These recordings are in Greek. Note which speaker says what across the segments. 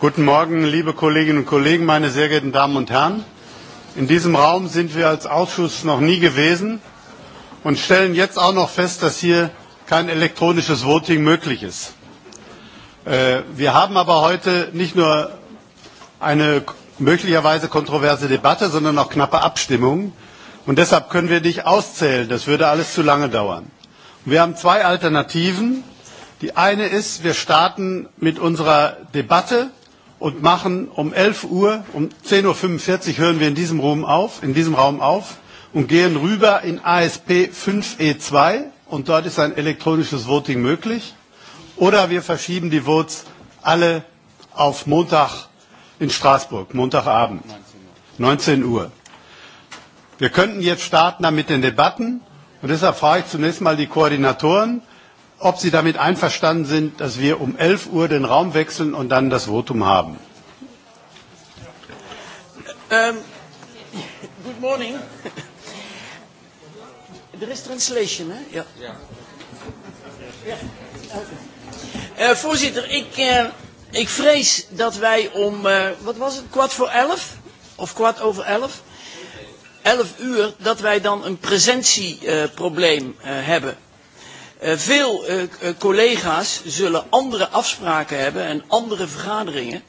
Speaker 1: Guten Morgen, liebe Kolleginnen und Kollegen, meine sehr geehrten Damen und Herren. In diesem Raum sind wir als Ausschuss noch nie gewesen und stellen jetzt auch noch fest, dass hier kein elektronisches Voting möglich ist. Wir haben aber heute nicht nur eine möglicherweise kontroverse Debatte, sondern auch knappe Abstimmungen. Und deshalb können wir nicht auszählen. Das würde alles zu lange dauern. Wir haben zwei Alternativen. Die eine ist, wir starten mit unserer Debatte und machen um 11 Uhr, um 10.45 Uhr hören wir in diesem, Raum auf, in diesem Raum auf und gehen rüber in ASP 5E2 und dort ist ein elektronisches Voting möglich. Oder wir verschieben die Votes alle auf Montag in Straßburg, Montagabend, 19 Uhr. Wir könnten jetzt starten mit den Debatten und deshalb frage ich zunächst mal die Koordinatoren, ob Sie damit einverstanden sind, dass wir um 11 Uhr den Raum wechseln und dann das Votum haben.
Speaker 2: Good morning. There is translation, hè? Ja. Voorzitter, ik, ik vrees dat wij om, wat was het, kwart voor elf? Of kwart over elf? Elf uur, dat wij dan een presentieprobleem hebben Veel collega's zullen andere afspraken hebben en andere vergaderingen.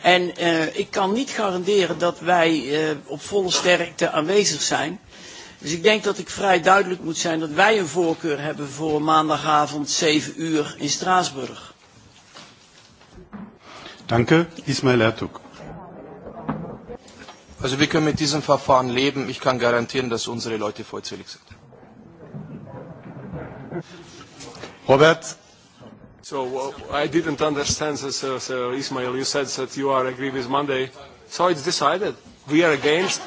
Speaker 2: En ik kan niet garanderen dat wij op volle sterkte aanwezig zijn. Dus ik denk dat ik vrij duidelijk moet zijn dat wij een voorkeur hebben voor maandagavond 7 uur in Straatsburg.
Speaker 1: Danke, Ismail Ertug.
Speaker 3: Also wir können mit diesem Verfahren leben. Ich kann garantieren, dass unsere Leute vollzählig sind. Robert.
Speaker 4: So I didn't understand, so, so Ismail, you said that you are agree with Monday. So it's decided. We are against,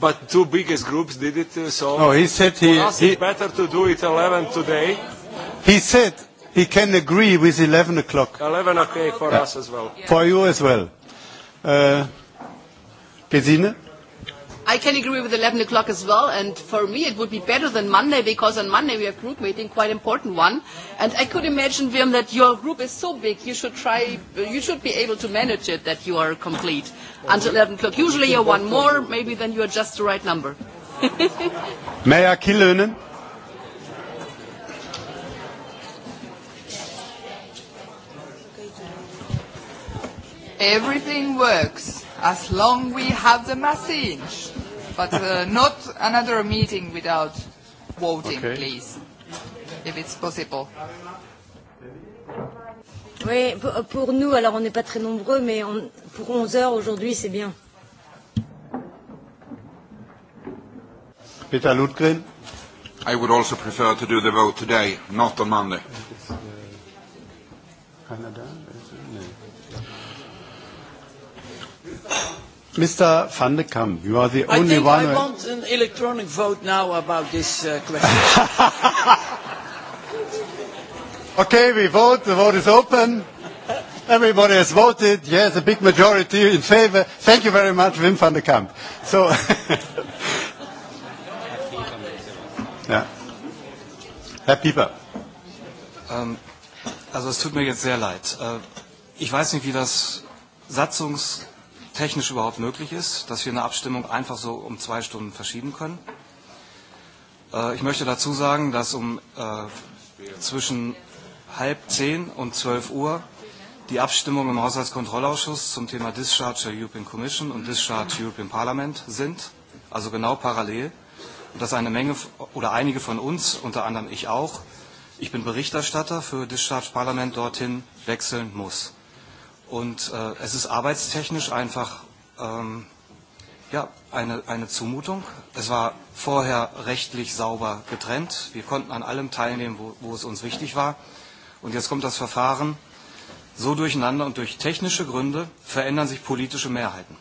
Speaker 4: but two biggest groups did it. So no, he said he, he, better to do it 11 today.
Speaker 1: He said he can agree with 11 o'clock.
Speaker 4: 11 okay for us as well.
Speaker 1: For you as well. Uh, Gesine?
Speaker 5: I can agree with 11 o'clock as well, and for me it would be better than Monday because on Monday we have group meeting, quite important one, and I could imagine, Wim, that your group is so big, you should try, you should be able to manage it that you are complete until 11 o'clock. Usually you're one more, maybe then you are just the right number.
Speaker 6: Everything works as long we have the message. But not another meeting without voting, please, if it's possible. Oui,
Speaker 7: pour nous, alors on n'est pas très nombreux, mais on, pour 11 heures aujourd'hui, c'est bien.
Speaker 1: Peter Lutgren. I would also prefer
Speaker 8: to do the vote today, not on Monday.
Speaker 1: Canada. Mr. Van de Kamp, you are the only I one. I want
Speaker 2: an electronic vote now about this question.
Speaker 1: okay, we vote. The vote is open. Everybody has voted. Yes, a big majority in favor. Thank you very much, Wim van de Kamp. So,
Speaker 9: ja.
Speaker 10: Herr Pieper. also es tut mir jetzt sehr leid. Ich weiß nicht, wie das Satzungs technisch überhaupt möglich ist, dass wir eine Abstimmung einfach so um zwei Stunden verschieben können. Ich möchte dazu sagen, dass um zwischen halb zehn und zwölf Uhr die Abstimmung im Haushaltskontrollausschuss zum Thema Discharge der European Commission und Discharge European Parliament sind, also genau parallel, und dass eine Menge oder einige von uns, unter anderem ich auch, ich bin Berichterstatter für Discharge Parlament dorthin wechseln muss. Und es ist arbeitstechnisch einfach ja, eine, eine Zumutung. Es war vorher rechtlich sauber getrennt. Wir konnten an allem teilnehmen, wo, wo es uns wichtig war. Und jetzt kommt das Verfahren so durcheinander und durch technische Gründe verändern sich politische Mehrheiten.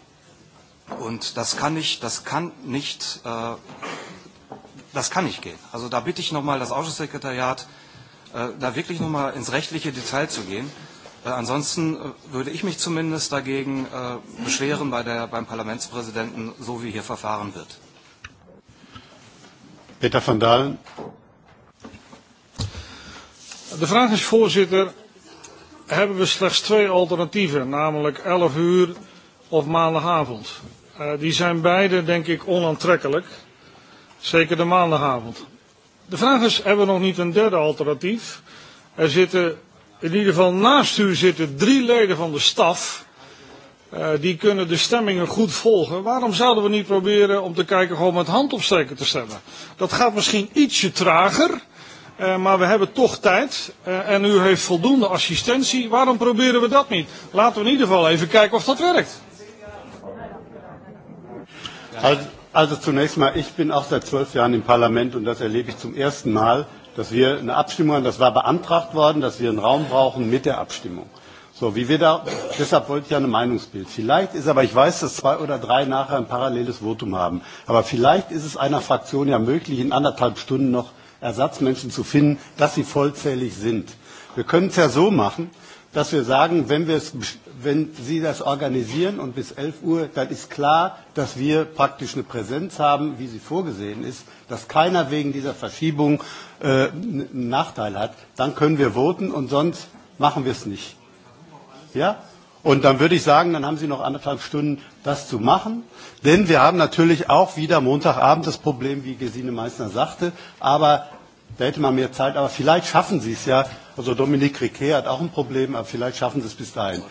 Speaker 10: Und das kann nicht, das kann nicht, das kann nicht gehen. Also da bitte ich nochmal das Ausschusssekretariat, äh, da wirklich nochmal ins rechtliche Detail zu gehen Ansonsten würde ich mich zumindest dagegen beschweren bei der, beim Parlamentspräsidenten, so wie hier verfahren wird.
Speaker 11: Peter van Dalen. De vraag is, voorzitter, hebben we slechts twee alternatieven, namelijk 11 uur of maandagavond? Die zijn beide, denk ik, onaantrekkelijk. Zeker de maandagavond. De vraag is, hebben we nog niet een derde alternatief? Er zitten In ieder geval naast u zitten drie leden van de staf. Die kunnen de stemmingen goed volgen. Waarom zouden we niet proberen om te kijken gewoon met handopsteken te stemmen? Dat gaat misschien ietsje trager, maar we hebben toch tijd. En u heeft voldoende assistentie. Waarom proberen we dat niet? Laten we in ieder geval even kijken of dat werkt.
Speaker 1: Also zunächst mal, ich bin auch seit zwölf Jahren im Parlament und das erlebe ich zum ersten Mal dass wir eine Abstimmung haben. Das war beantragt worden, dass wir einen Raum brauchen mit der Abstimmung. So, wie wir da, deshalb wollte ich ja ein Meinungsbild. Vielleicht ist aber, ich weiß, dass zwei oder drei nachher ein paralleles Votum haben, aber vielleicht ist es einer Fraktion ja möglich, in anderthalb Stunden noch Ersatzmenschen zu finden, dass sie vollzählig sind. Wir können es ja so machen, dass wir sagen, wenn, wir wenn Sie das organisieren und bis 11 Uhr, dann ist klar, dass wir praktisch eine Präsenz haben, wie sie vorgesehen ist, dass keiner wegen dieser Verschiebung einen Nachteil hat, dann können wir voten und sonst machen wir es nicht. Ja? Und dann würde ich sagen, dann haben Sie noch anderthalb Stunden, das zu machen. Denn wir haben natürlich auch wieder Montagabend das Problem, wie Gesine Meissner sagte. Aber da hätte man mehr Zeit. Aber vielleicht schaffen Sie es ja. Also Dominique Riquet hat auch ein Problem, aber vielleicht schaffen Sie es bis dahin.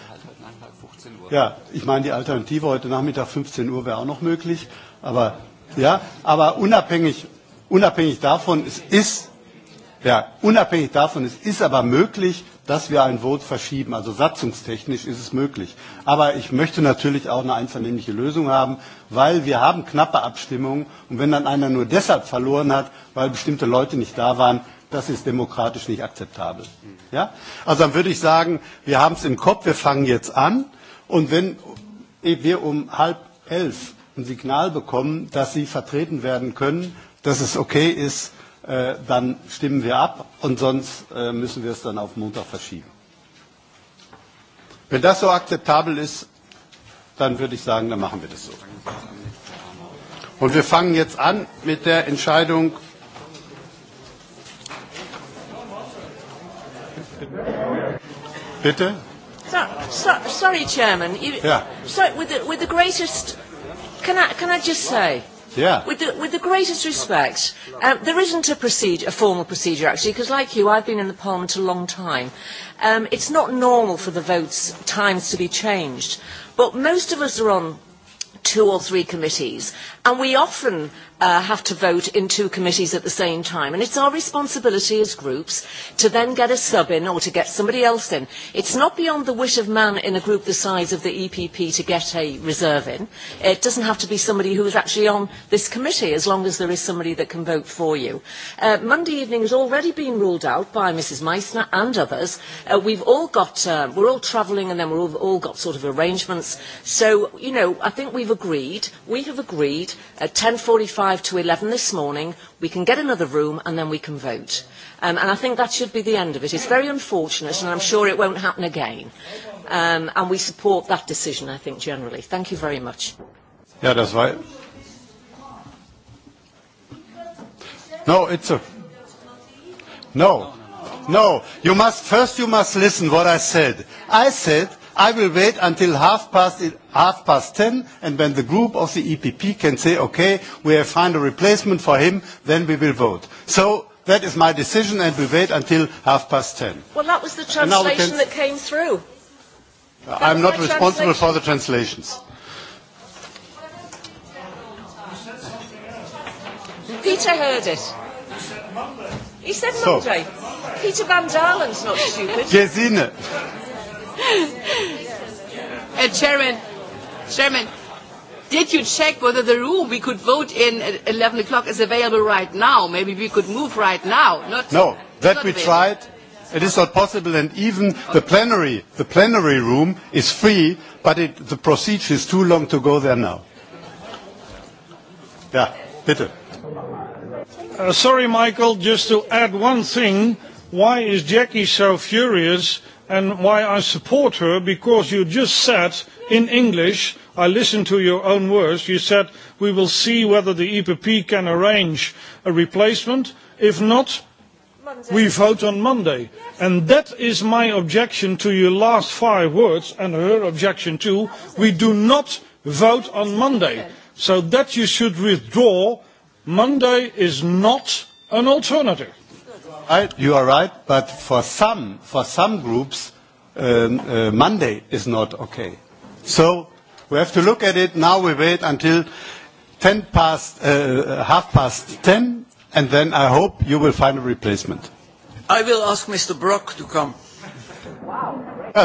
Speaker 1: Ja, ich meine, die Alternative heute Nachmittag 15 Uhr wäre auch noch möglich. Aber, ja, aber unabhängig, unabhängig davon, es ist Ja, unabhängig davon, es ist aber möglich, dass wir ein Vot verschieben. Also satzungstechnisch ist es möglich. Aber ich möchte natürlich auch eine einvernehmliche Lösung haben, weil wir haben knappe Abstimmungen. Und wenn dann einer nur deshalb verloren hat, weil bestimmte Leute nicht da waren, das ist demokratisch nicht akzeptabel. Ja? Also dann würde ich sagen, wir haben es im Kopf, wir fangen jetzt an. Und wenn wir um halb elf ein Signal bekommen, dass Sie vertreten werden können, dass es okay ist, dann stimmen wir ab und sonst müssen wir es dann auf Montag verschieben. Wenn das so akzeptabel ist, dann würde ich sagen, dann machen wir das so. Und wir fangen jetzt an mit der Entscheidung. Bitte?
Speaker 12: Sorry, Chairman. With the greatest. Can I just say. With, the, greatest respect, there isn't a procedure, a formal procedure actually, because like you, I've been in the Parliament a long time. Um, it's not normal for the votes times to be changed, but most of us are on two or three committees, and we often have to vote in two committees at the same time. And it's our responsibility as groups to then get a sub in or to get somebody else in. It's not beyond the wit of man in a group the size of the EPP to get a reserve in. It doesn't have to be somebody who is actually on this committee as long as there is somebody that can vote for you. Monday evening has already been ruled out by Mrs Meissner and others. We've all got, we're all travelling and then we've all got sort of arrangements. So, you know, I think we've agreed, we have agreed at 10.45 five to 11 this morning. We can get another room and then we can vote. And I think that should be the end of it. It's very unfortunate and I'm sure it won't happen again. And we support that decision, I think, generally. Thank you very much.
Speaker 1: No, it's a... No. No. You must, first you must listen what I said. I said I will wait until half past half past ten, and when the group of the EPP can say, okay, we have found a replacement for him, then we will vote. So that is my decision, and we wait until half past ten.
Speaker 12: Well, that was the translation that came through. I'm not responsible for
Speaker 1: the translations.
Speaker 12: Peter heard it. He said Monday. Peter Van Dalen's not stupid.
Speaker 1: Gesine.
Speaker 12: Uh,
Speaker 5: Chairman, Chairman, did you check whether the room we could vote in at 11 o'clock is available right now? Maybe we could move right now. Not, no,
Speaker 1: that we tried. It is not possible, and even the plenary, the plenary room is free, but it, the procedure is too long to go there now. Yeah, bitte.
Speaker 11: sorry, Michael, just to add one thing. Why is Jackie so furious and why I support her, because you just said in English, I listened to your own words, you said we will see whether the EPP can arrange a replacement. If not, we vote on Monday. And that is my objection to your last five words, and her objection too. We do not vote on Monday. So that you should withdraw. Monday is not an alternative you
Speaker 1: are right, but for some, for some groups, Monday is not okay. So we have to look at it. Now we wait until 10 past, half past 10, and then I hope you will find a replacement.
Speaker 2: I will ask Mr. Brock to come.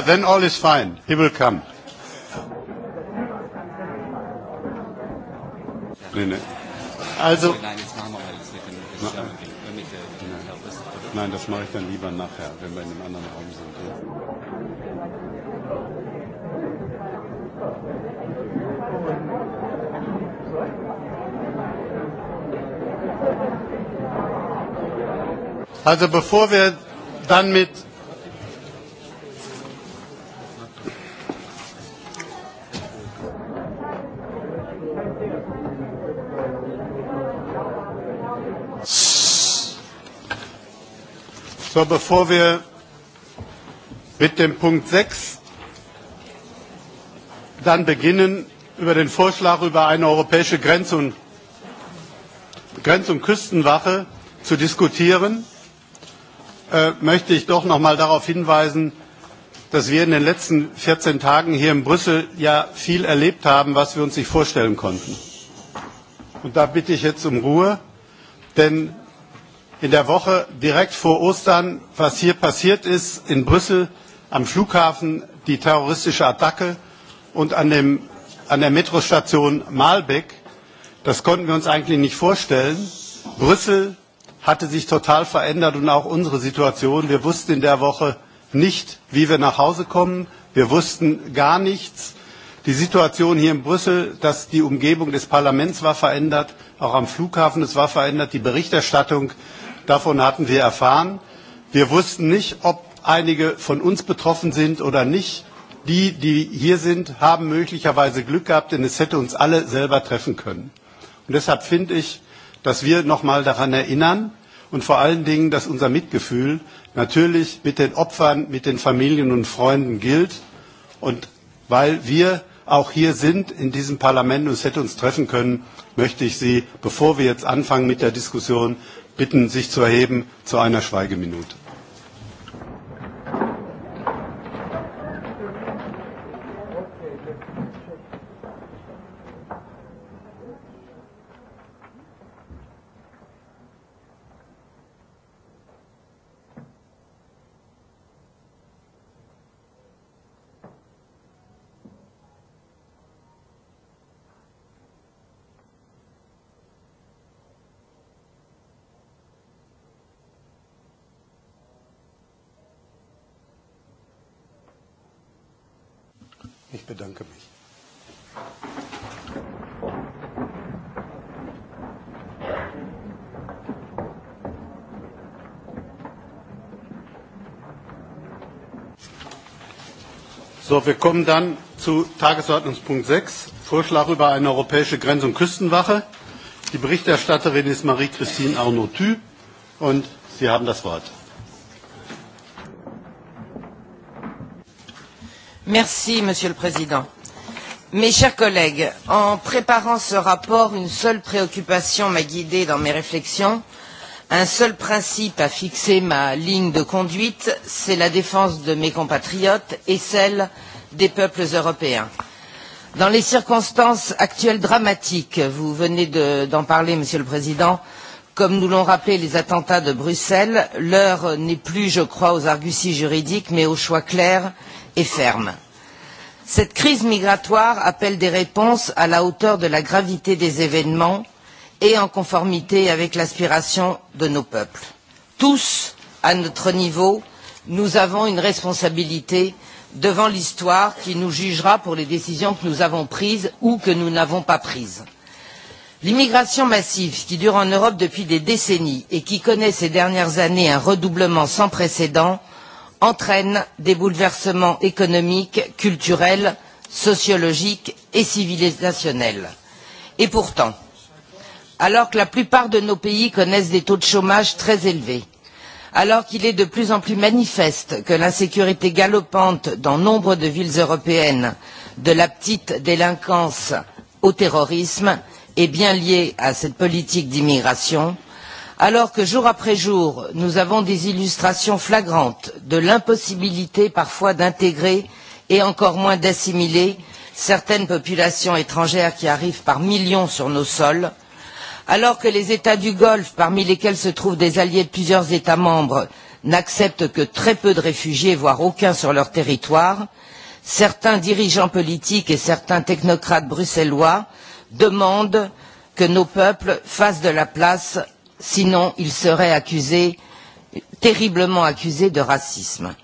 Speaker 1: Then all is fine. He will come. Also. Nein, das mache ich dann lieber nachher, wenn wir in einem anderen Raum sind. Also bevor wir dann mit So, bevor wir mit dem Punkt 6 dann beginnen, über den Vorschlag über eine europäische Grenz- und, Grenz und Küstenwache zu diskutieren, äh, möchte ich doch noch mal darauf hinweisen, dass wir in den letzten 14 Tagen hier in Brüssel ja viel erlebt haben, was wir uns nicht vorstellen konnten. Und da bitte ich jetzt um Ruhe, denn in der Woche direkt vor Ostern, was hier passiert ist, in Brüssel am Flughafen die terroristische Attacke und an der Metrostation Malbec. Das konnten wir uns eigentlich nicht vorstellen. Brüssel hatte sich total verändert und auch unsere Situation. Wir wussten in der Woche nicht, wie wir nach Hause kommen. Wir wussten gar nichts. Die Situation hier in Brüssel, dass die Umgebung des Parlaments war verändert, auch am Flughafen, es war verändert, die Berichterstattung Davon hatten wir erfahren. Wir wussten nicht, ob einige von uns betroffen sind oder nicht. Die, die hier sind, haben möglicherweise Glück gehabt, denn es hätte uns alle selber treffen können. Und deshalb finde ich, dass wir noch einmal daran erinnern und vor allen Dingen, dass unser Mitgefühl natürlich mit den Opfern, mit den Familien und Freunden gilt. Und weil wir auch hier sind in diesem Parlament und es hätte uns treffen können, möchte ich Sie, bevor wir jetzt anfangen mit der Diskussion, bitten, sich zu erheben zu einer Schweigeminute. So, wir kommen dann zu Tagesordnungspunkt 6, Vorschlag über eine europäische Grenz- und Küstenwache. Die Berichterstatterin ist Marie-Christine Arnautu und Sie haben das
Speaker 13: Wort. Merci, Monsieur le Président. Mes chers collègues, en préparant ce rapport, une seule préoccupation m'a guidée dans mes réflexions Un seul principe a fixé ma ligne de conduite, c'est la défense de mes compatriotes et celle des peuples européens. Dans les circonstances actuelles dramatiques, vous venez d'en parler, Monsieur le Président, comme nous l'ont rappelé les attentats de Bruxelles, l'heure n'est plus, je crois, aux arguties juridiques, mais aux choix clairs et fermes. Cette crise migratoire appelle des réponses à la hauteur de la gravité des événements et en conformité avec l'aspiration de nos peuples. Tous, à notre niveau, nous avons une responsabilité devant l'histoire qui nous jugera pour les décisions que nous avons prises ou que nous n'avons pas prises. L'immigration massive qui dure en Europe depuis des décennies et qui connaît ces dernières années un redoublement sans précédent entraîne des bouleversements économiques, culturels, sociologiques et civilisationnels. Et pourtant, alors que la plupart de nos pays connaissent des taux de chômage très élevés alors qu'il est de plus en plus manifeste que l'insécurité galopante dans nombre de villes européennes de la petite délinquance au terrorisme est bien liée à cette politique d'immigration alors que jour après jour nous avons des illustrations flagrantes de l'impossibilité parfois d'intégrer et encore moins d'assimiler certaines populations étrangères qui arrivent par millions sur nos sols alors que les états du golfe parmi lesquels se trouvent des alliés de plusieurs états membres n'acceptent que très peu de réfugiés voire aucun sur leur territoire certains dirigeants politiques et certains technocrates bruxellois demandent que nos peuples fassent de la place sinon ils seraient accusés terriblement accusés de racisme.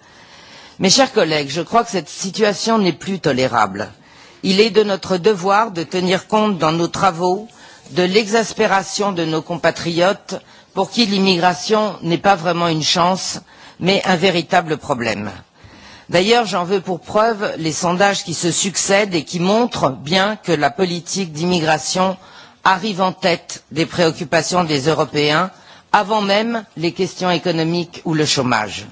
Speaker 13: mes chers collègues je crois que cette situation n'est plus tolérable. il est de notre devoir de tenir compte dans nos travaux de l'exaspération de nos compatriotes pour qui l'immigration n'est pas vraiment une chance, mais un véritable problème. D'ailleurs, j'en veux pour preuve les sondages qui se succèdent et qui montrent bien que la politique d'immigration arrive en tête des préoccupations des Européens, avant même les questions économiques ou le chômage.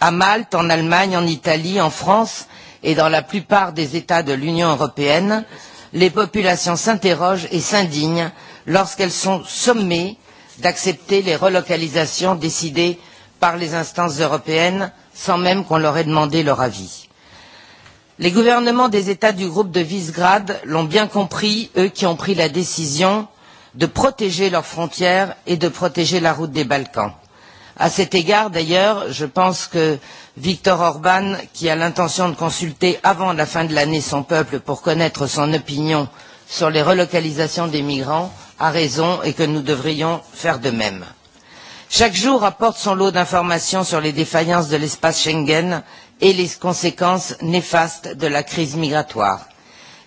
Speaker 13: À Malte, en Allemagne, en Italie, en France et dans la plupart des États de l'Union européenne, les populations s'interrogent et s'indignent lorsqu'elles sont sommées d'accepter les relocalisations décidées par les instances européennes sans même qu'on leur ait demandé leur avis. Les gouvernements des États du groupe de Visegrad l'ont bien compris, eux qui ont pris la décision de protéger leurs frontières et de protéger la route des Balkans. À cet égard, d'ailleurs, je pense que Viktor Orban, qui a l'intention de consulter avant la fin de l'année son peuple pour connaître son opinion sur les relocalisations des migrants, a raison et que nous devrions faire de même. Chaque jour apporte son lot d'informations sur les défaillances de l'espace Schengen et les conséquences néfastes de la crise migratoire.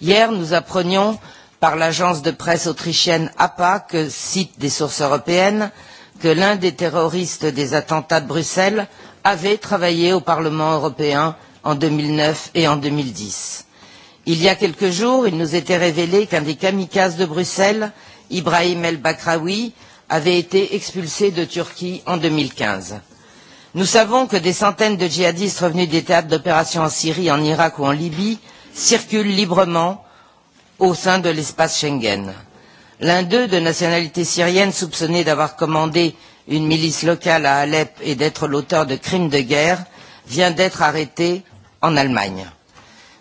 Speaker 13: Hier, nous apprenions par l'agence de presse autrichienne APA, que cite des sources européennes, que l'un des terroristes des attentats de Bruxelles avait travaillé au Parlement européen en 2009 et en 2010. Il y a quelques jours, il nous était révélé qu'un des kamikazes de Bruxelles, Ibrahim El Bakraoui, avait été expulsé de Turquie en 2015. Nous savons que des centaines de djihadistes revenus des théâtres d'opération en Syrie, en Irak ou en Libye circulent librement au sein de l'espace Schengen. L'un d'eux, de nationalité syrienne, soupçonné d'avoir commandé une milice locale à Alep et d'être l'auteur de crimes de guerre, vient d'être arrêté en Allemagne.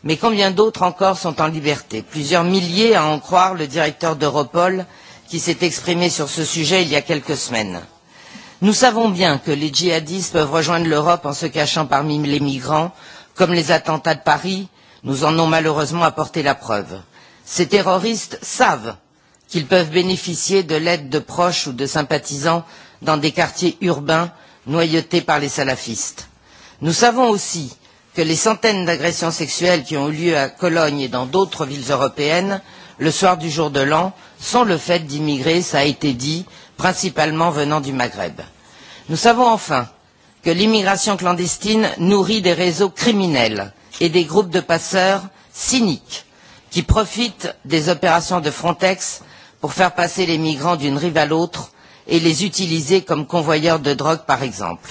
Speaker 13: Mais combien d'autres encore sont en liberté Plusieurs milliers à en croire le directeur d'Europol qui s'est exprimé sur ce sujet il y a quelques semaines. Nous savons bien que les djihadistes peuvent rejoindre l'Europe en se cachant parmi les migrants, comme les attentats de Paris nous en ont malheureusement apporté la preuve. Ces terroristes savent qu'ils peuvent bénéficier de l'aide de proches ou de sympathisants dans des quartiers urbains noyautés par les salafistes. Nous savons aussi que les centaines d'agressions sexuelles qui ont eu lieu à Cologne et dans d'autres villes européennes le soir du jour de l'an sont le fait d'immigrés, ça a été dit, principalement venant du Maghreb. Nous savons enfin que l'immigration clandestine nourrit des réseaux criminels et des groupes de passeurs cyniques qui profitent des opérations de Frontex pour faire passer les migrants d'une rive à l'autre et les utiliser comme convoyeurs de drogue, par exemple.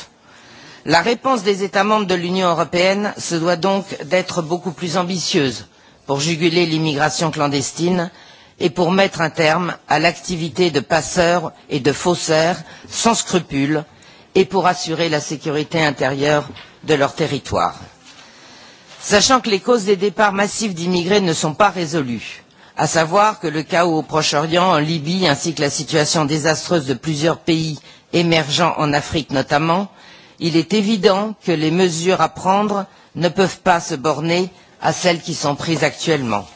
Speaker 13: La réponse des États membres de l'Union européenne se doit donc d'être beaucoup plus ambitieuse pour juguler l'immigration clandestine et pour mettre un terme à l'activité de passeurs et de faussaires sans scrupules et pour assurer la sécurité intérieure de leur territoire. Sachant que les causes des départs massifs d'immigrés ne sont pas résolues, à savoir que le chaos au Proche-Orient, en Libye, ainsi que la situation désastreuse de plusieurs pays émergents en Afrique notamment, il est évident que les mesures à prendre ne peuvent pas se borner à celles qui sont prises actuellement.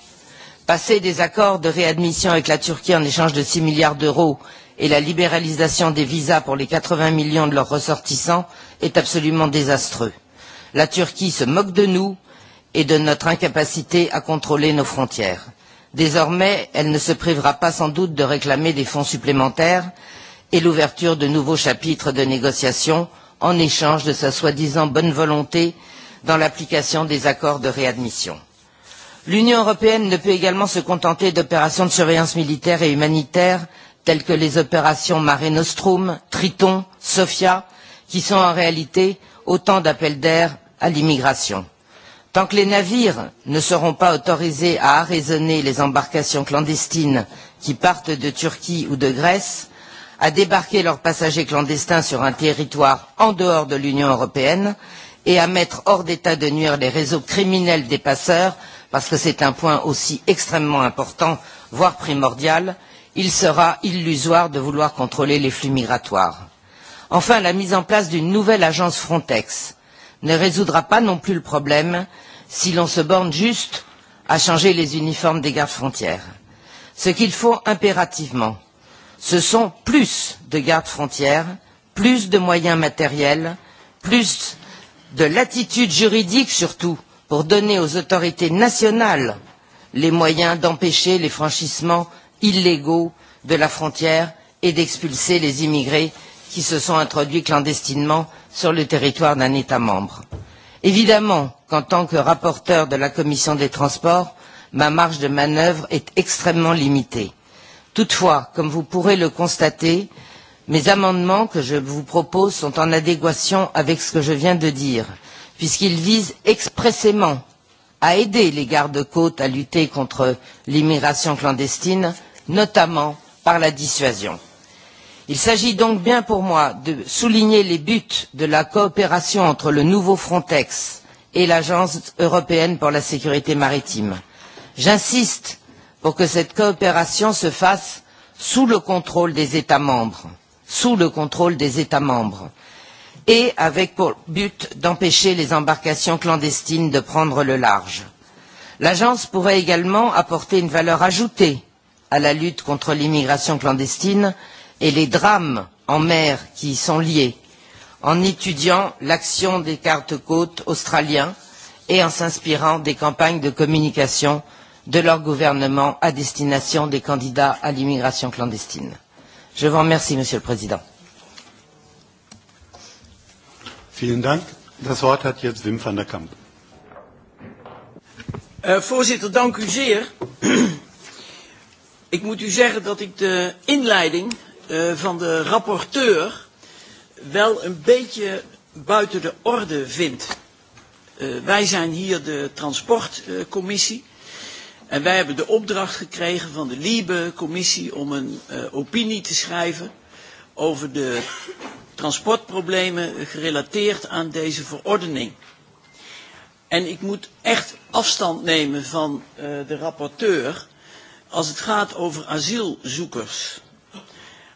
Speaker 13: Passer des accords de réadmission avec la Turquie en échange de six milliards d'euros et la libéralisation des visas pour les quatre vingts millions de leurs ressortissants est absolument désastreux. La Turquie se moque de nous et de notre incapacité à contrôler nos frontières. Désormais, elle ne se privera pas sans doute de réclamer des fonds supplémentaires et l'ouverture de nouveaux chapitres de négociations en échange de sa soi-disant bonne volonté dans l'application des accords de réadmission. L'Union européenne ne peut également se contenter d'opérations de surveillance militaire et humanitaire telles que les opérations Mare Nostrum, Triton, SOFIA, qui sont en réalité autant d'appels d'air à l'immigration. Tant que les navires ne seront pas autorisés à arraisonner les embarcations clandestines qui partent de Turquie ou de Grèce, à débarquer leurs passagers clandestins sur un territoire en dehors de l'Union européenne et à mettre hors d'état de nuire les réseaux criminels des passeurs, parce que c'est un point aussi extrêmement important, voire primordial, il sera illusoire de vouloir contrôler les flux migratoires. Enfin, la mise en place d'une nouvelle agence Frontex ne résoudra pas non plus le problème si l'on se borne juste à changer les uniformes des gardes frontières. Ce qu'il faut impérativement, ce sont plus de gardes frontières, plus de moyens matériels, plus de latitude juridique surtout, pour donner aux autorités nationales les moyens d'empêcher les franchissements illégaux de la frontière et d'expulser les immigrés qui se sont introduits clandestinement sur le territoire d'un État membre. Évidemment qu'en tant que rapporteur de la Commission des transports, ma marge de manœuvre est extrêmement limitée. Toutefois, comme vous pourrez le constater, mes amendements que je vous propose sont en adéquation avec ce que je viens de dire, puisqu'ils visent expressément à aider les gardes-côtes à lutter contre l'immigration clandestine, notamment par la dissuasion. Il s'agit donc bien pour moi de souligner les buts de la coopération entre le nouveau Frontex et l'Agence européenne pour la sécurité maritime. J'insiste pour que cette coopération se fasse sous le contrôle des États membres, sous le contrôle des États membres, et avec pour but d'empêcher les embarcations clandestines de prendre le large. L'Agence pourrait également apporter une valeur ajoutée à la lutte contre l'immigration clandestine et les drames en mer qui y sont liés, en étudiant l'action des cartes cotes australiens et en s'inspirant des campagnes de communication de leur gouvernement à destination des candidats à l'immigration clandestine. Je vous remercie, Monsieur le Président.
Speaker 1: Vielen Dank. Das
Speaker 2: van de rapporteur wel een beetje buiten de orde vindt. Wij zijn hier de transportcommissie en wij hebben de opdracht gekregen van de LIBE-commissie om een opinie te schrijven over de transportproblemen gerelateerd aan deze verordening. En ik moet echt afstand nemen van de rapporteur als het gaat over asielzoekers.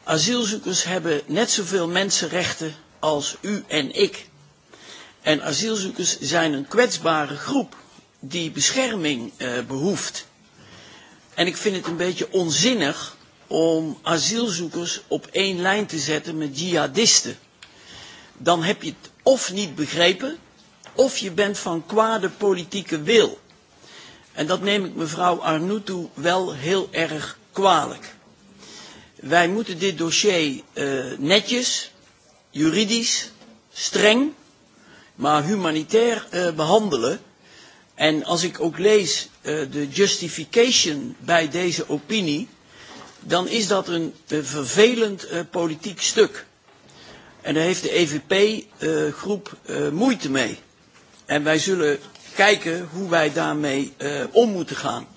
Speaker 2: Asielzoekers hebben net zoveel mensenrechten als u en ik. En asielzoekers zijn een kwetsbare groep die bescherming behoeft. En ik vind het een beetje onzinnig om asielzoekers op één lijn te zetten met jihadisten. Dan heb je het of niet begrepen, of je bent van kwade politieke wil. En dat neem ik mevrouw Arnoutou wel heel erg kwalijk. Wij moeten dit dossier netjes, juridisch, streng, maar humanitair behandelen. En als ik ook lees de justification bij deze opinie, dan is dat een vervelend politiek stuk. En daar heeft de EVP-groep moeite mee. En wij zullen kijken hoe wij daarmee om moeten gaan.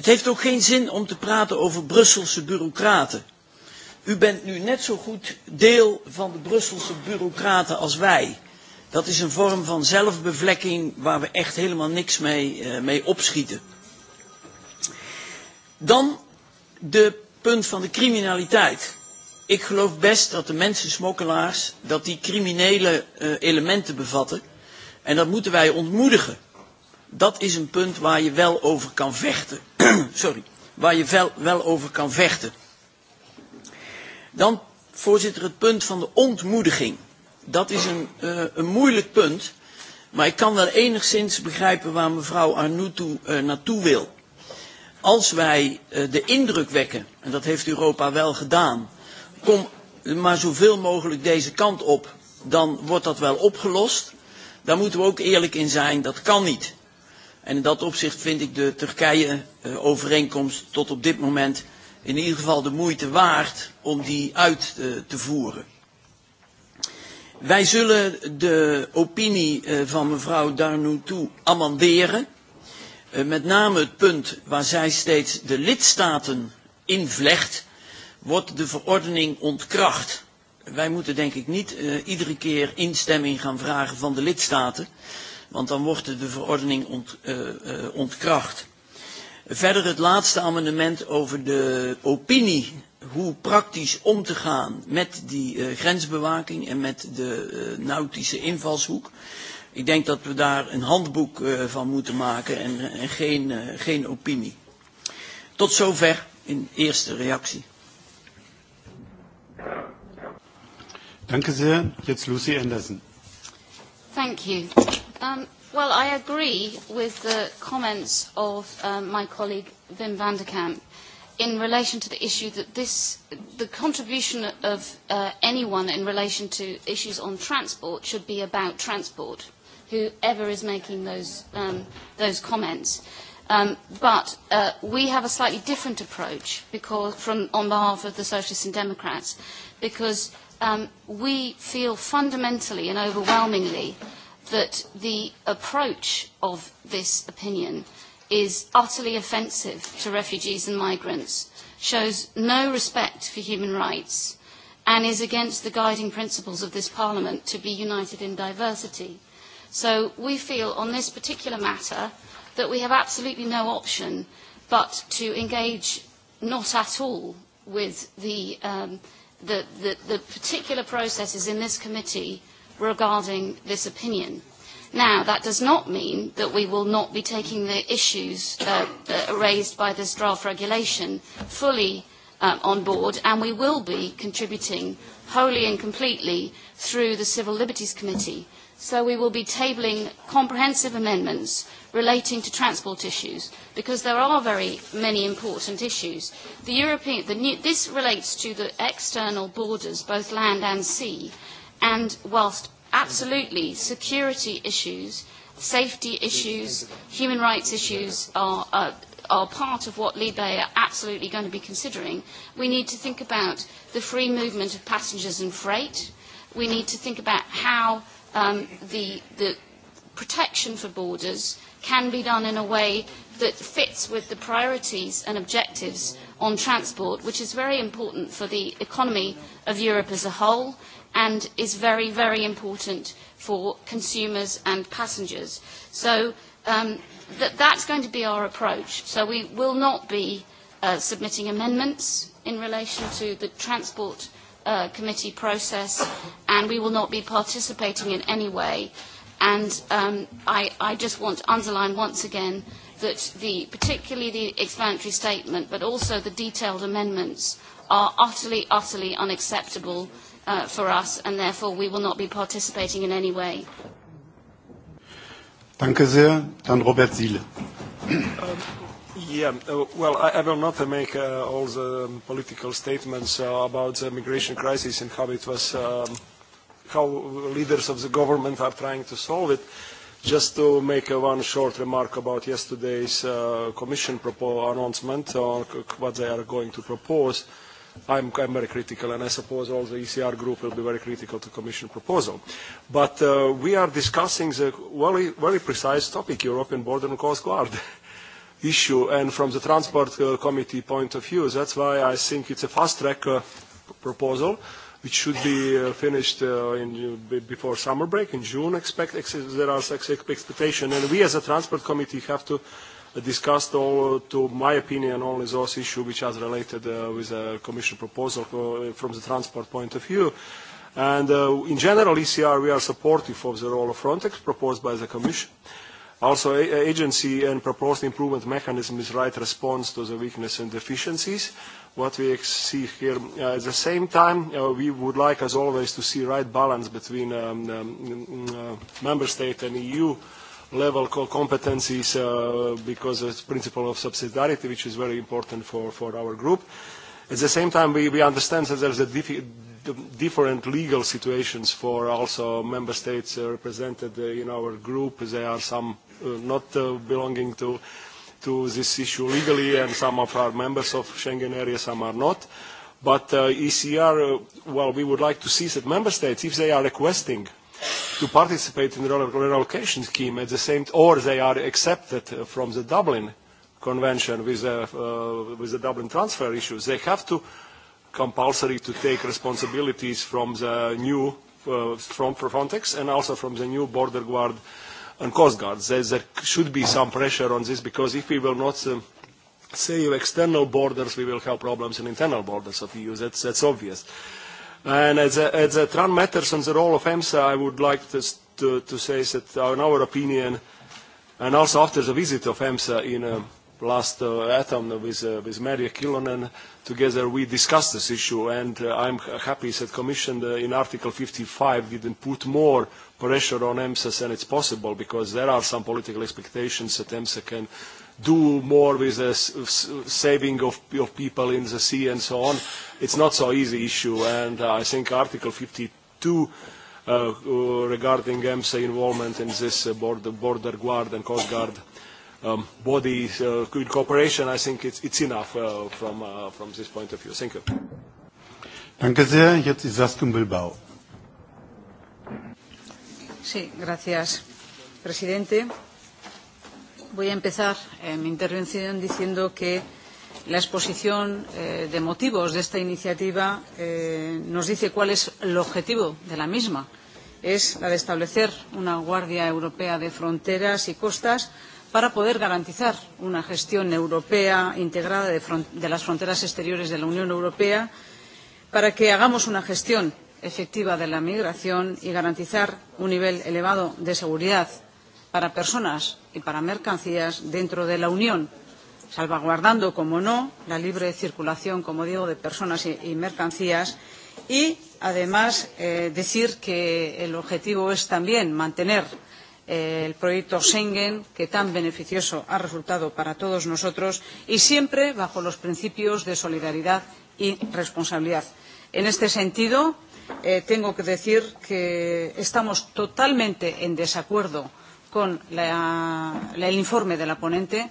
Speaker 2: Het heeft ook geen zin om te praten over Brusselse bureaucraten. U bent nu net zo goed deel van de Brusselse bureaucraten als wij. Dat is een vorm van zelfbevlekking waar we echt helemaal niks mee, mee opschieten. Dan de punt van de criminaliteit. Ik geloof best dat de mensensmokkelaars dat die criminele elementen bevatten. En dat moeten wij ontmoedigen dat is een punt waar je wel over kan vechten. Sorry, waar je wel, wel over kan vechten. Dan, voorzitter, het punt van de ontmoediging. Dat is een, een moeilijk punt, maar ik kan wel enigszins begrijpen waar mevrouw Arnoutou naartoe wil. Als wij de indruk wekken, en dat heeft Europa wel gedaan, kom maar zoveel mogelijk deze kant op, dan wordt dat wel opgelost. Daar moeten we ook eerlijk in zijn, dat kan niet. En in dat opzicht vind ik de Turkije-overeenkomst tot op dit moment in ieder geval de moeite waard om die uit te voeren. Wij zullen de opinie van mevrouw Darnoutou amenderen. Met name het punt waar zij steeds de lidstaten invlecht, wordt de verordening ontkracht. Wij moeten denk ik niet iedere keer instemming gaan vragen van de lidstaten want dan wordt de verordening ontkracht. Verder het laatste amendement over de opinie hoe praktisch om te gaan met die grensbewaking en met de nautische invalshoek. Ik denk dat we daar een handboek van moeten maken en geen opinie. Tot zover in eerste reactie.
Speaker 1: Dank u zeer. Jetzt Lucy Anderson.
Speaker 14: Thank you. Well, I agree with the comments of my colleague Wim van der Kamp in relation to the issue that this, the contribution of anyone in relation to issues on transport should be about transport, whoever is making those those comments. But we have a slightly different approach because, from on behalf of the Socialists and Democrats, because we feel fundamentally and overwhelmingly that the approach of this opinion is utterly offensive to refugees and migrants, shows no respect for human rights, and is against the guiding principles of this Parliament to be united in diversity. So we feel on this particular matter that we have absolutely no option but to engage not at all with the particular processes in this committee regarding this opinion. Now, that does not mean that we will not be taking the issues raised by this draft regulation fully on board, and we will be contributing wholly and completely through the Civil Liberties Committee. So we will be tabling comprehensive amendments relating to transport issues, because there are very many important issues. This relates to the external borders, both land and sea And whilst absolutely security issues, safety issues, human rights issues are are part of what Libe are absolutely going to be considering, we need to think about the free movement of passengers and freight. We need to think about how the protection for borders can be done in a way that fits with the priorities and objectives on transport, which is very important for the economy of Europe as a whole and is very, very important for consumers and passengers. So that's going to be our approach. So we will not be submitting amendments in relation to the Transport Committee process, and we will not be participating in any way. And I just want to underline once again that particularly the explanatory statement, but also the detailed amendments, are utterly, utterly unacceptable for us, and therefore we will not be participating in any way.
Speaker 1: Danke sehr. Dann Robert
Speaker 4: Ziele. Yeah, well, I will not make all the political statements about the migration crisis and how it was, how leaders of the government are trying to solve it. Just to make one short remark about yesterday's Commission announcement on what they are going to propose. I'm very critical, and I suppose all the ECR group will be very critical to Commission proposal. But we are discussing the very precise topic, European Border and Coast Guard issue, and from the Transport Committee point of view, that's why I think it's a fast-track proposal, which should be finished before summer break in June. Expect There are expectations, and we as a Transport Committee have to discussed all, to my opinion, only those issues which are related with the Commission proposal from the transport point of view. And in general, ECR, we are supportive of the role of Frontex proposed by the Commission. Also, agency and proposed improvement mechanism is right response to the weakness and deficiencies. What we see here, at the same time, we would like, as always, to see right balance between member state and EU level called competencies because of the principle of subsidiarity, which is very important for our group. At the same time, we understand that there are different legal situations for also member states represented in our group. There are some not belonging to this issue legally, and some of our members of Schengen area, some are not. But ECR, well, we would like to see that member states, if they are requesting to participate in the relocation scheme at the same or they are accepted from the Dublin Convention with the Dublin transfer issues, they have to compulsory to take responsibilities from the new Frontex and also from the new border guard and coast guards. There should be some pressure on this because if we will not save external borders, we will have problems in internal borders of the EU. That's obvious. And as the Trump matters on the role of EMSA, I would like to say that in our opinion, and also after the visit of EMSA in last autumn with with Maria Kilonen, together we discussed this issue, and I'm happy that Commission in Article 55 didn't put more pressure on EMSA than it's possible, because there are some political expectations that EMSA can do more with the saving of people in the sea and so on. It's not so easy issue, and I think Article 52 regarding EMSA involvement in this border guard and coast guard body cooperation, I think it's enough from this point of view. Thank
Speaker 1: you. sehr. Jetzt
Speaker 15: Sí, gracias, presidente. Voy a empezar mi intervención diciendo que la exposición de motivos de esta iniciativa nos dice cuál es el objetivo de la misma. Es la de establecer una Guardia Europea de Fronteras y Costas para poder garantizar una gestión europea integrada de las fronteras exteriores de la Unión Europea, para que hagamos una gestión efectiva de la migración y garantizar un nivel elevado de seguridad para personas y para mercancías dentro de la Unión, salvaguardando, como no, la libre circulación, como digo, de personas y mercancías y, además, decir que el objetivo es también mantener el proyecto Schengen, que tan beneficioso ha resultado para todos nosotros, y siempre bajo los principios de solidaridad y responsabilidad. En este sentido, tengo que decir que estamos totalmente en desacuerdo con la, el informe de la ponente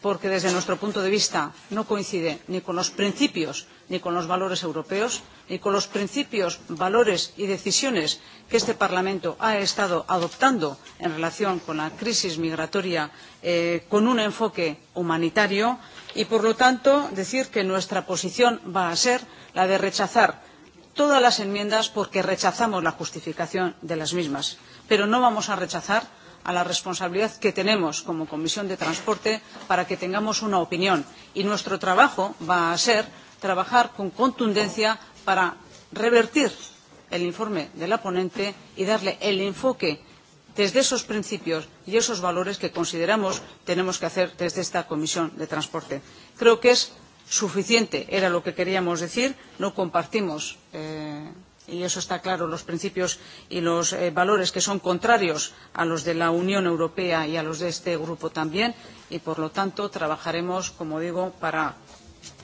Speaker 15: porque desde nuestro punto de vista no coincide ni con los principios ni con los valores europeos ni con los principios valores y decisiones que este parlamento ha estado adoptando en relación con la crisis migratoria con un enfoque humanitario y por lo tanto decir que nuestra posición va a ser la de rechazar todas las enmiendas porque rechazamos la justificación de las mismas pero no vamos a rechazar a la responsabilidad que tenemos como Comisión de Transporte para que tengamos una opinión. Y nuestro trabajo va a ser trabajar con contundencia para revertir el informe de la ponente y darle el enfoque desde esos principios y esos valores que consideramos tenemos que hacer desde esta Comisión de Transporte. Creo que es suficiente, era lo que queríamos decir. No compartimos y eso está claro, los principios y los valores que son contrarios a los de la Unión Europea y a los de este grupo también, y por lo tanto trabajaremos, como digo, para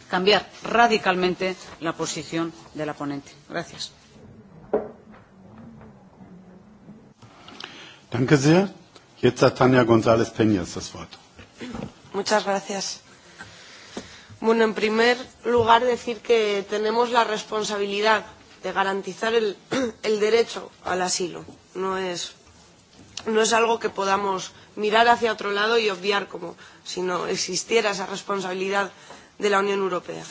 Speaker 15: cambiar radicalmente la posición de la ponente. Gracias.
Speaker 1: Danke González das Wort.
Speaker 16: Muchas gracias. Bueno, en primer lugar, decir que tenemos la responsabilidad de garantizar el, el derecho al asilo. No es, no es algo que podamos mirar hacia otro lado y obviar como si no existiera esa responsabilidad de la Unión Europea.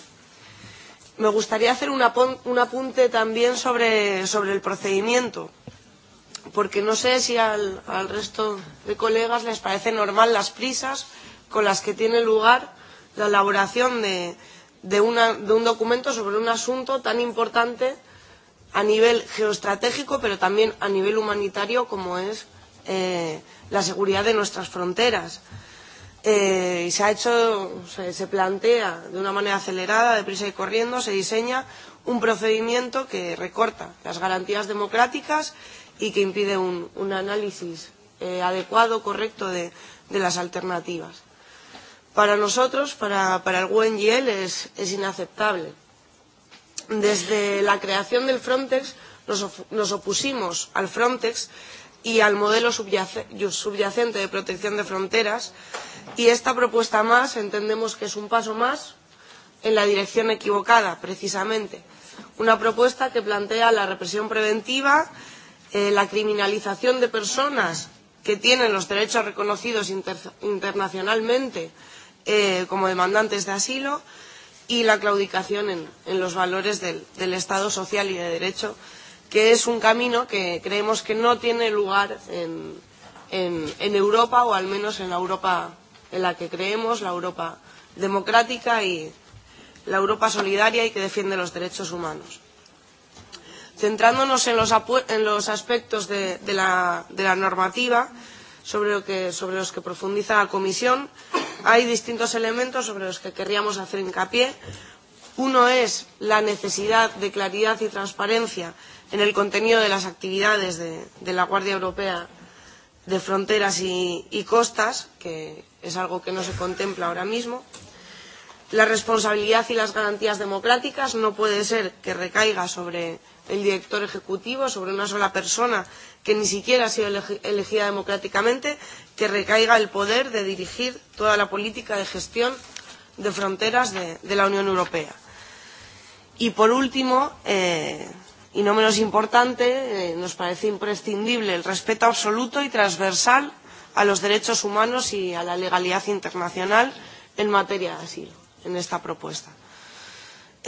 Speaker 16: Me gustaría hacer un apunte también sobre, sobre el procedimiento, porque no sé si al, al resto de colegas les parece normal las prisas con las que tiene lugar la elaboración de, de, una, de un documento sobre un asunto tan importante a nivel geoestratégico, pero también a nivel humanitario, como es eh, la seguridad de nuestras fronteras. Eh, se ha hecho, se, plantea de una manera acelerada, deprisa y corriendo, se diseña un procedimiento que recorta las garantías democráticas y que impide un, un análisis eh, adecuado, correcto de, de las alternativas. Para nosotros, para, para el UNGL, es, es inaceptable Desde la creación del Frontex nos opusimos al Frontex y al modelo subyacente de protección de fronteras y esta propuesta más entendemos que es un paso más en la dirección equivocada, precisamente. Una propuesta que plantea la represión preventiva, la criminalización de personas que tienen los derechos reconocidos internacionalmente como demandantes de asilo y la claudicación en, en los valores del, del Estado social y de derecho, que es un camino que creemos que no tiene lugar en, en, en Europa o al menos en la Europa en la que creemos, la Europa democrática y la Europa solidaria y que defiende los derechos humanos. Centrándonos en los, en los aspectos de, de, la, de la normativa, sobre, lo que, sobre los que profundiza la Comisión, hay distintos elementos sobre los que querríamos hacer hincapié. Uno es la necesidad de claridad y transparencia en el contenido de las actividades de, de la Guardia Europea de Fronteras y, y Costas, que es algo que no se contempla ahora mismo. La responsabilidad y las garantías democráticas no puede ser que recaiga sobre el director ejecutivo sobre una sola persona que ni siquiera ha sido elegida democráticamente, que recaiga el poder de dirigir toda la política de gestión de fronteras de la Unión Europea. Y por último, y no menos importante, nos parece imprescindible el respeto absoluto y transversal a los derechos humanos y a la legalidad internacional en materia de asilo, en esta propuesta.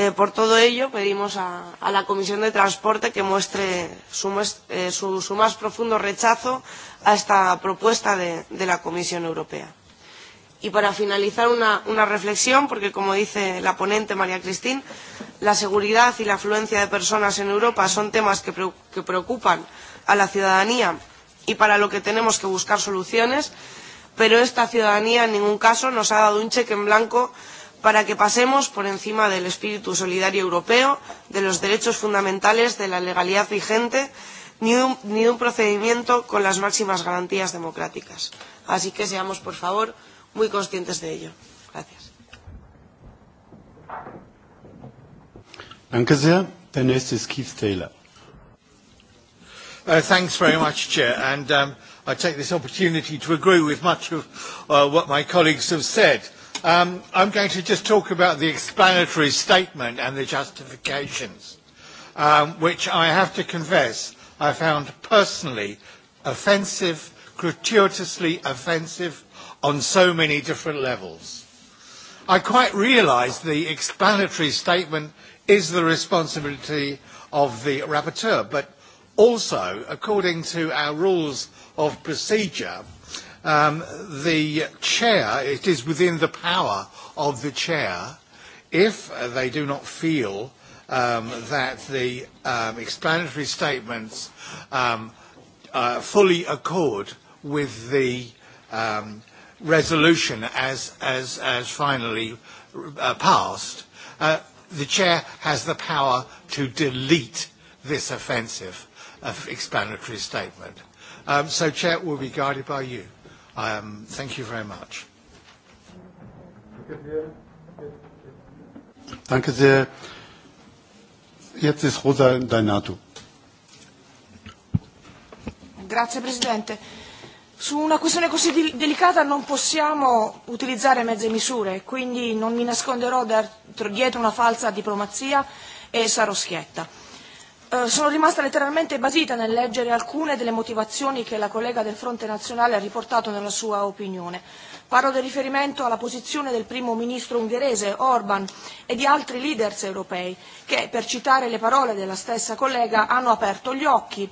Speaker 16: Eh, por todo ello, pedimos a, a la Comisión de Transporte que muestre su, su, más profundo rechazo a esta propuesta de, la Comisión Europea. Y para finalizar, una, reflexión, porque como dice la ponente María Cristín, la seguridad y la afluencia de personas en Europa son temas que, que preocupan a la ciudadanía y para lo que tenemos que buscar soluciones, pero esta ciudadanía en ningún caso nos ha dado un cheque en blanco para que pasemos por encima del espíritu solidario europeo, de los derechos fundamentales, de la legalidad vigente, ni de un procedimiento con las máximas garantías democráticas. Así que seamos, por favor, muy conscientes de ello. Gracias.
Speaker 1: Keith
Speaker 17: Thanks very much, Chair. And I take this opportunity to agree with much of what my colleagues have said Um, I'm going to just talk about the explanatory statement and the justifications, um, which I have to confess I found personally offensive, gratuitously offensive on so many different levels. I quite realise the explanatory statement is the responsibility of the rapporteur, but also, according to our rules of procedure, the chair, it is within the power of the chair, if they do not feel that the explanatory statements fully accord with the resolution as as as finally passed, the chair has the power to delete this offensive explanatory statement. So, chair, will be guided by you. Thank you very much.
Speaker 1: Danke sehr. Jetzt ist
Speaker 18: Grazie Presidente. Su una questione così delicata non possiamo utilizzare mezze misure, quindi non mi nasconderò dietro una falsa diplomazia e sarò schietta. Sono rimasta letteralmente basita nel leggere alcune delle motivazioni che la collega del Fronte Nazionale ha riportato nella sua opinione. Parlo del riferimento alla posizione del primo ministro ungherese Orban e di altri leader europei che, per citare le parole della stessa collega, hanno aperto gli occhi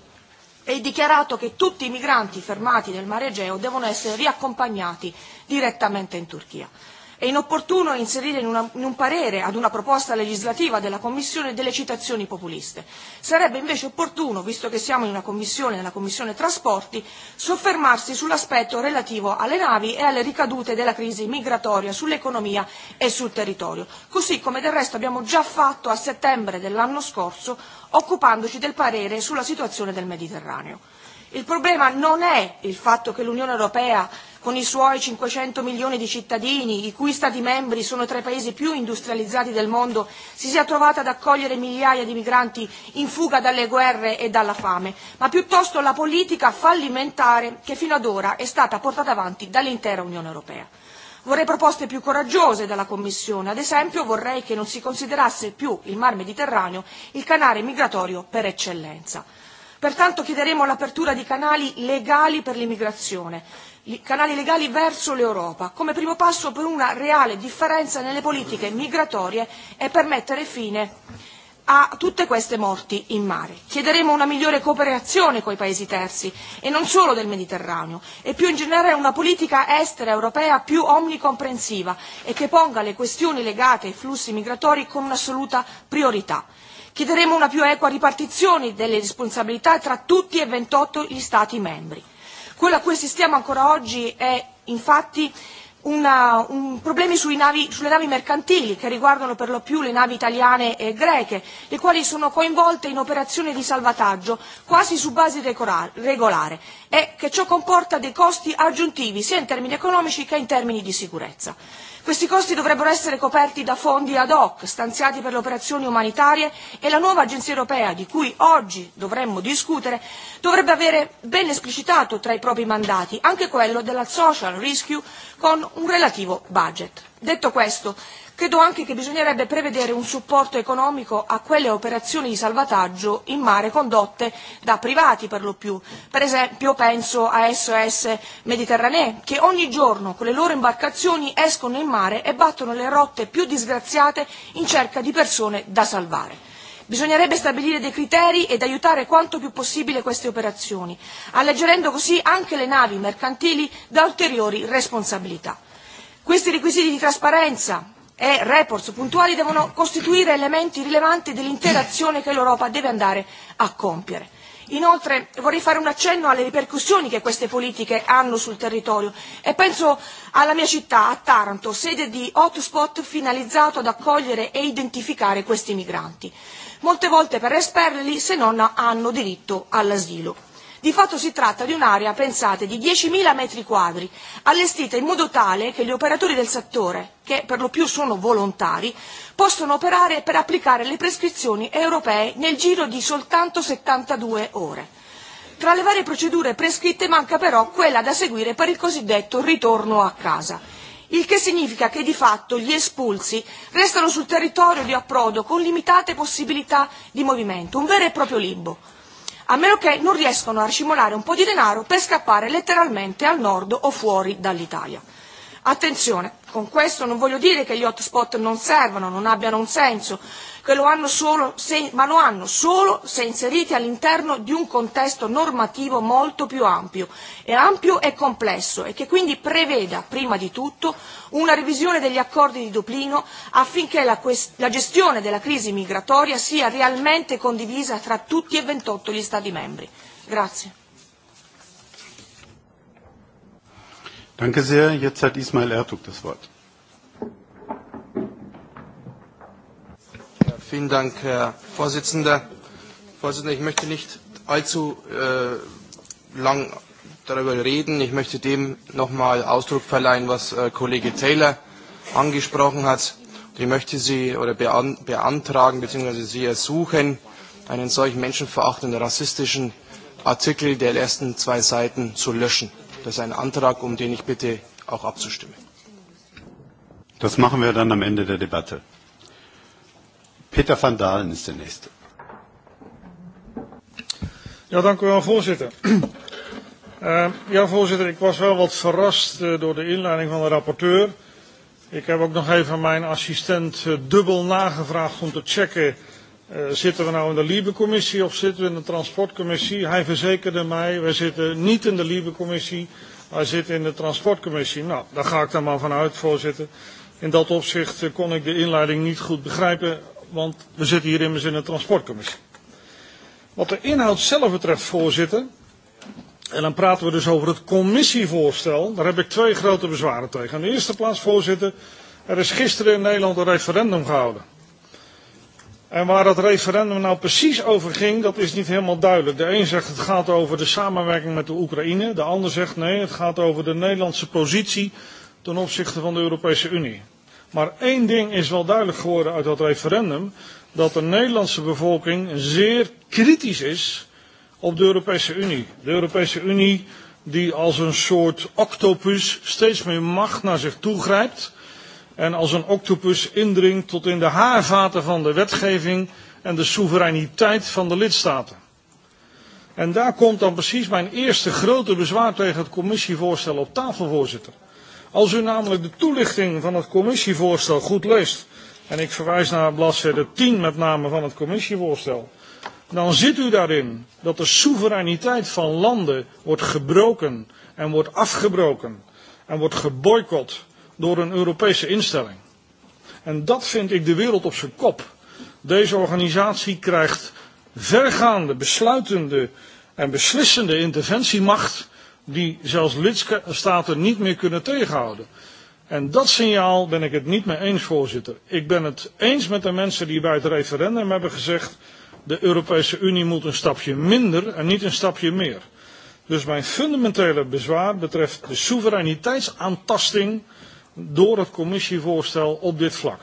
Speaker 18: e dichiarato che tutti i migranti fermati nel mare Egeo devono essere riaccompagnati direttamente in Turchia. È inopportuno inserire in, una, in un parere ad una proposta legislativa della Commissione delle citazioni populiste. Sarebbe invece opportuno, visto che siamo in una Commissione, nella Commissione Trasporti, soffermarsi sull'aspetto relativo alle navi e alle ricadute della crisi migratoria sull'economia e sul territorio, così come del resto abbiamo già fatto a settembre dell'anno scorso occupandoci del parere sulla situazione del Mediterraneo. Il problema non è il fatto che l'Unione Europea con i suoi 500 milioni di cittadini, i cui Stati membri sono tra i paesi più industrializzati del mondo, si sia trovata ad accogliere migliaia di migranti in fuga dalle guerre e dalla fame, ma piuttosto la politica fallimentare che fino ad ora è stata portata avanti dall'intera Unione Europea. Vorrei proposte più coraggiose dalla Commissione, ad esempio vorrei che non si considerasse più il Mar Mediterraneo il canale migratorio per eccellenza. Pertanto chiederemo l'apertura di canali legali per l'immigrazione canali legali verso l'Europa, come primo passo per una reale differenza nelle politiche migratorie e per mettere fine a tutte queste morti in mare. Chiederemo una migliore cooperazione con i paesi terzi e non solo del Mediterraneo e più in generale una politica estera europea più omnicomprensiva e che ponga le questioni legate ai flussi migratori con un'assoluta priorità. Chiederemo una più equa ripartizione delle responsabilità tra tutti e 28 gli Stati membri Quello a cui assistiamo ancora oggi è infatti un, problemi sulle navi mercantili che riguardano per lo più le navi italiane e greche, le quali sono coinvolte in operazioni di salvataggio quasi su base regolare e che ciò comporta dei costi aggiuntivi sia in termini economici che in termini di sicurezza. Questi costi dovrebbero essere coperti da fondi ad hoc stanziati per le operazioni umanitarie e la nuova agenzia europea, di cui oggi dovremmo discutere, dovrebbe avere ben esplicitato tra i propri mandati anche quello della social rescue con un relativo budget. Detto questo, Credo anche che bisognerebbe prevedere un supporto economico a quelle operazioni di salvataggio in mare condotte da privati per lo più. Per esempio penso a SOS Mediterranee, che ogni giorno con le loro imbarcazioni escono in mare e battono le rotte più disgraziate in cerca di persone da salvare. Bisognerebbe stabilire dei criteri ed aiutare quanto più possibile queste operazioni, alleggerendo così anche le navi mercantili da ulteriori responsabilità. Questi requisiti di trasparenza, e report puntuali devono costituire elementi rilevanti dell'intera azione che l'Europa deve andare a compiere. Inoltre vorrei fare un accenno alle ripercussioni che queste politiche hanno sul territorio e penso alla mia città, a Taranto, sede di hotspot finalizzato ad accogliere e identificare questi migranti. Molte volte per esperli se non hanno diritto all'asilo. Di fatto si tratta di un'area, pensate, di 10.000 metri quadri, allestita in modo tale che gli operatori del settore, che per lo più sono volontari, possono operare per applicare le prescrizioni europee nel giro di soltanto 72 ore. Tra le varie procedure prescritte manca però quella da seguire per il cosiddetto ritorno a casa, il che significa che di fatto gli espulsi restano sul territorio di approdo con limitate possibilità di movimento, un vero e proprio limbo a meno che non riescano a ricimolare un po' di denaro per scappare letteralmente al nord o fuori dall'Italia. Attenzione, con questo non voglio dire che gli hotspot non servano, non abbiano un senso, che lo hanno solo se, ma lo hanno solo se inseriti all'interno di un contesto normativo molto più ampio e ampio e complesso e che quindi preveda prima di tutto una revisione degli accordi di Dublino affinché la, la gestione della crisi migratoria sia realmente condivisa tra tutti e 28 gli Stati membri. Grazie.
Speaker 1: Danke sehr. Jetzt hat Ismail Ertug das Wort.
Speaker 3: Vielen Dank, Herr Vorsitzender. ich möchte nicht allzu lang darüber reden. Ich möchte dem noch nochmal Ausdruck verleihen, was Kollege Taylor angesprochen hat. Ich möchte Sie oder beantragen bzw. Sie ersuchen, einen solchen menschenverachtenden, rassistischen Artikel der ersten zwei Seiten zu löschen. Das ist ein Antrag, um den ich bitte auch abzustimmen.
Speaker 1: Das machen wir dann am Ende der Debatte. Peter van Dalen is
Speaker 19: de eerste.
Speaker 11: Ja, dank u wel, voorzitter. Ja, voorzitter, ik was wel wat verrast door de inleiding van de rapporteur. Ik heb ook nog even mijn assistent dubbel nagevraagd om te checken... zitten we nou in de Libe-commissie of zitten we in de Transportcommissie? Hij verzekerde mij, we zitten niet in de Libe-commissie, wij zitten in de Transportcommissie. Nou, daar ga ik dan maar vanuit, voorzitter. In dat opzicht kon ik de inleiding niet goed begrijpen want we zitten hier immers in de transportcommissie. Wat de inhoud zelf betreft, voorzitter, en dan praten we dus over het commissievoorstel, daar heb ik twee grote bezwaren tegen. In de eerste plaats, voorzitter, er is gisteren in Nederland een referendum gehouden. En waar dat referendum nou precies over ging, dat is niet helemaal duidelijk. De een zegt het gaat over de samenwerking met de Oekraïne, de ander zegt nee, het gaat over de Nederlandse positie ten opzichte van de Europese Unie. Maar één ding is wel duidelijk geworden uit dat referendum, dat de Nederlandse bevolking zeer kritisch is op de Europese Unie. De Europese Unie die als een soort octopus steeds meer macht naar zich toegrijpt en als een octopus indringt tot in de haarvaten van de wetgeving en de soevereiniteit van de lidstaten. En daar komt dan precies mijn eerste grote bezwaar tegen het commissievoorstel op tafel, voorzitter. Als u namelijk de toelichting van het commissievoorstel goed leest, en ik verwijs naar bladzijde 10 met name van het commissievoorstel, dan ziet u daarin dat de soevereiniteit van landen wordt gebroken en wordt afgebroken en wordt geboycott door een Europese instelling. En dat vind ik de wereld op zijn kop. Deze organisatie krijgt vergaande, besluitende en beslissende interventiemacht die zelfs lidstaten niet meer kunnen tegenhouden. En dat signaal ben ik het niet mee eens, voorzitter. Ik ben het eens met de mensen die bij het referendum hebben gezegd... de Europese Unie moet een stapje minder en niet een stapje meer. Dus mijn fundamentele bezwaar betreft de soevereiniteitsaantasting... door het commissievoorstel op dit vlak.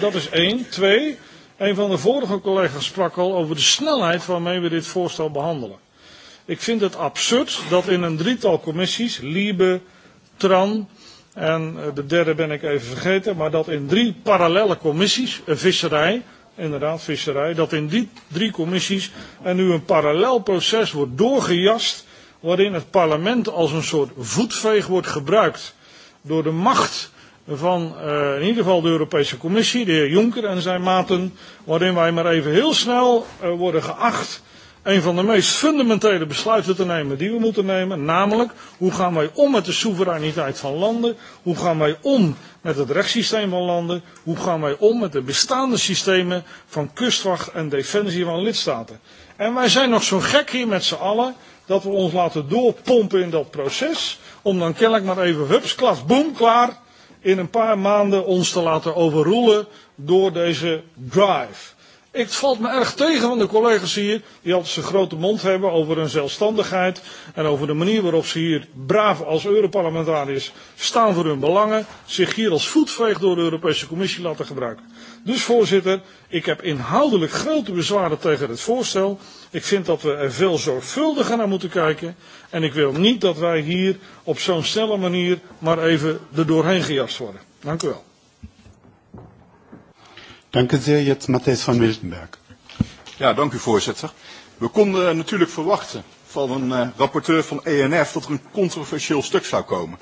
Speaker 11: Dat is één. Twee, een van de vorige collega's sprak al over de snelheid waarmee we dit voorstel behandelen. Ik vind het absurd dat in een drietal commissies, LIBE, TRAN en de derde ben ik even vergeten, maar dat in drie parallele commissies, visserij, inderdaad visserij, dat in die drie commissies er nu een parallel proces wordt doorgejast waarin het parlement als een soort voetveeg wordt gebruikt door de macht van in ieder geval de Europese Commissie, de heer Juncker en zijn maten, waarin wij maar even heel snel worden geacht een van de meest fundamentele besluiten te nemen die we moeten nemen, namelijk hoe gaan wij om met de soevereiniteit van landen, hoe gaan wij om met het rechtssysteem van landen, hoe gaan wij om met de bestaande systemen van kustwacht en defensie van lidstaten. En wij zijn nog zo gek hier met z'n allen dat we ons laten doorpompen in dat proces, om dan kennelijk maar even hups, klas, boem, klaar, in een paar maanden ons te laten overroelen door deze drive. Ik valt me erg tegen van de collega's hier, die altijd een grote mond hebben over hun zelfstandigheid en over de manier waarop ze hier braaf als Europarlementariërs staan voor hun belangen, zich hier als voetveeg door de Europese Commissie laten gebruiken. Dus voorzitter, ik heb inhoudelijk grote bezwaren tegen het voorstel. Ik vind dat we er veel zorgvuldiger naar moeten kijken en ik wil niet dat wij hier op zo'n snelle manier maar even er doorheen gejast worden. Dank u wel
Speaker 1: u zeer. Jetzt Matthijs van Miltenberg.
Speaker 20: Ja, dank u voorzitter. We konden natuurlijk verwachten van een rapporteur van ENF dat er een controversieel stuk zou komen.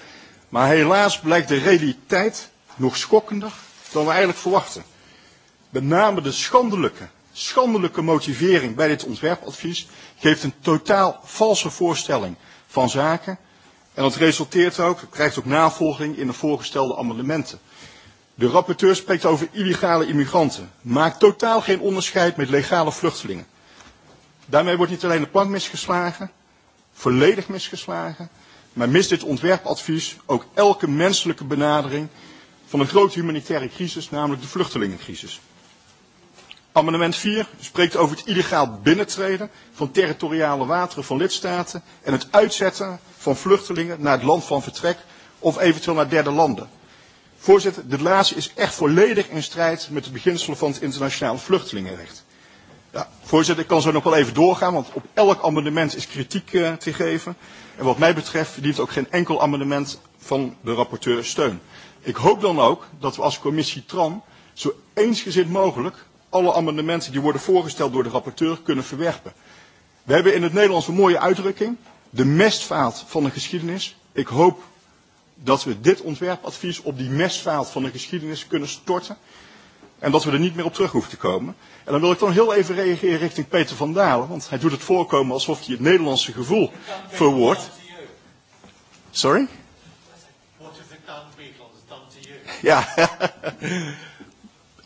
Speaker 20: Maar helaas blijkt de realiteit nog schokkender dan we eigenlijk verwachten. Met name de schandelijke, schandelijke motivering bij dit ontwerpadvies geeft een totaal valse voorstelling van zaken. En dat resulteert ook, krijgt ook navolging in de voorgestelde amendementen. De rapporteur spreekt over illegale immigranten, maakt totaal geen onderscheid met legale vluchtelingen. Daarmee wordt niet alleen de plank misgeslagen, volledig misgeslagen, maar mist dit ontwerpadvies ook elke menselijke benadering van een grote humanitaire crisis, namelijk de vluchtelingencrisis. Amendement 4 spreekt over het illegaal binnentreden van territoriale wateren van lidstaten en het uitzetten van vluchtelingen naar het land van vertrek of eventueel naar derde landen. Voorzitter, dit laatste is echt volledig in strijd met de beginselen van het internationaal vluchtelingenrecht. Ja, voorzitter, ik kan zo nog wel even doorgaan, want op elk amendement is kritiek te geven. En wat mij betreft verdient ook geen enkel amendement van de rapporteur steun. Ik hoop dan ook dat we als commissie Tram zo eensgezind mogelijk alle amendementen die worden voorgesteld door de rapporteur kunnen verwerpen. We hebben in het Nederlands een mooie uitdrukking, de mestvaat van de geschiedenis. Ik hoop dat we dit ontwerpadvies op die mesvaalt van de geschiedenis kunnen storten en dat we er niet meer op terug hoeven te komen. En dan wil ik dan heel even reageren richting Peter van Dalen, want hij doet het voorkomen alsof hij het Nederlandse gevoel verwoordt. Sorry? Ja,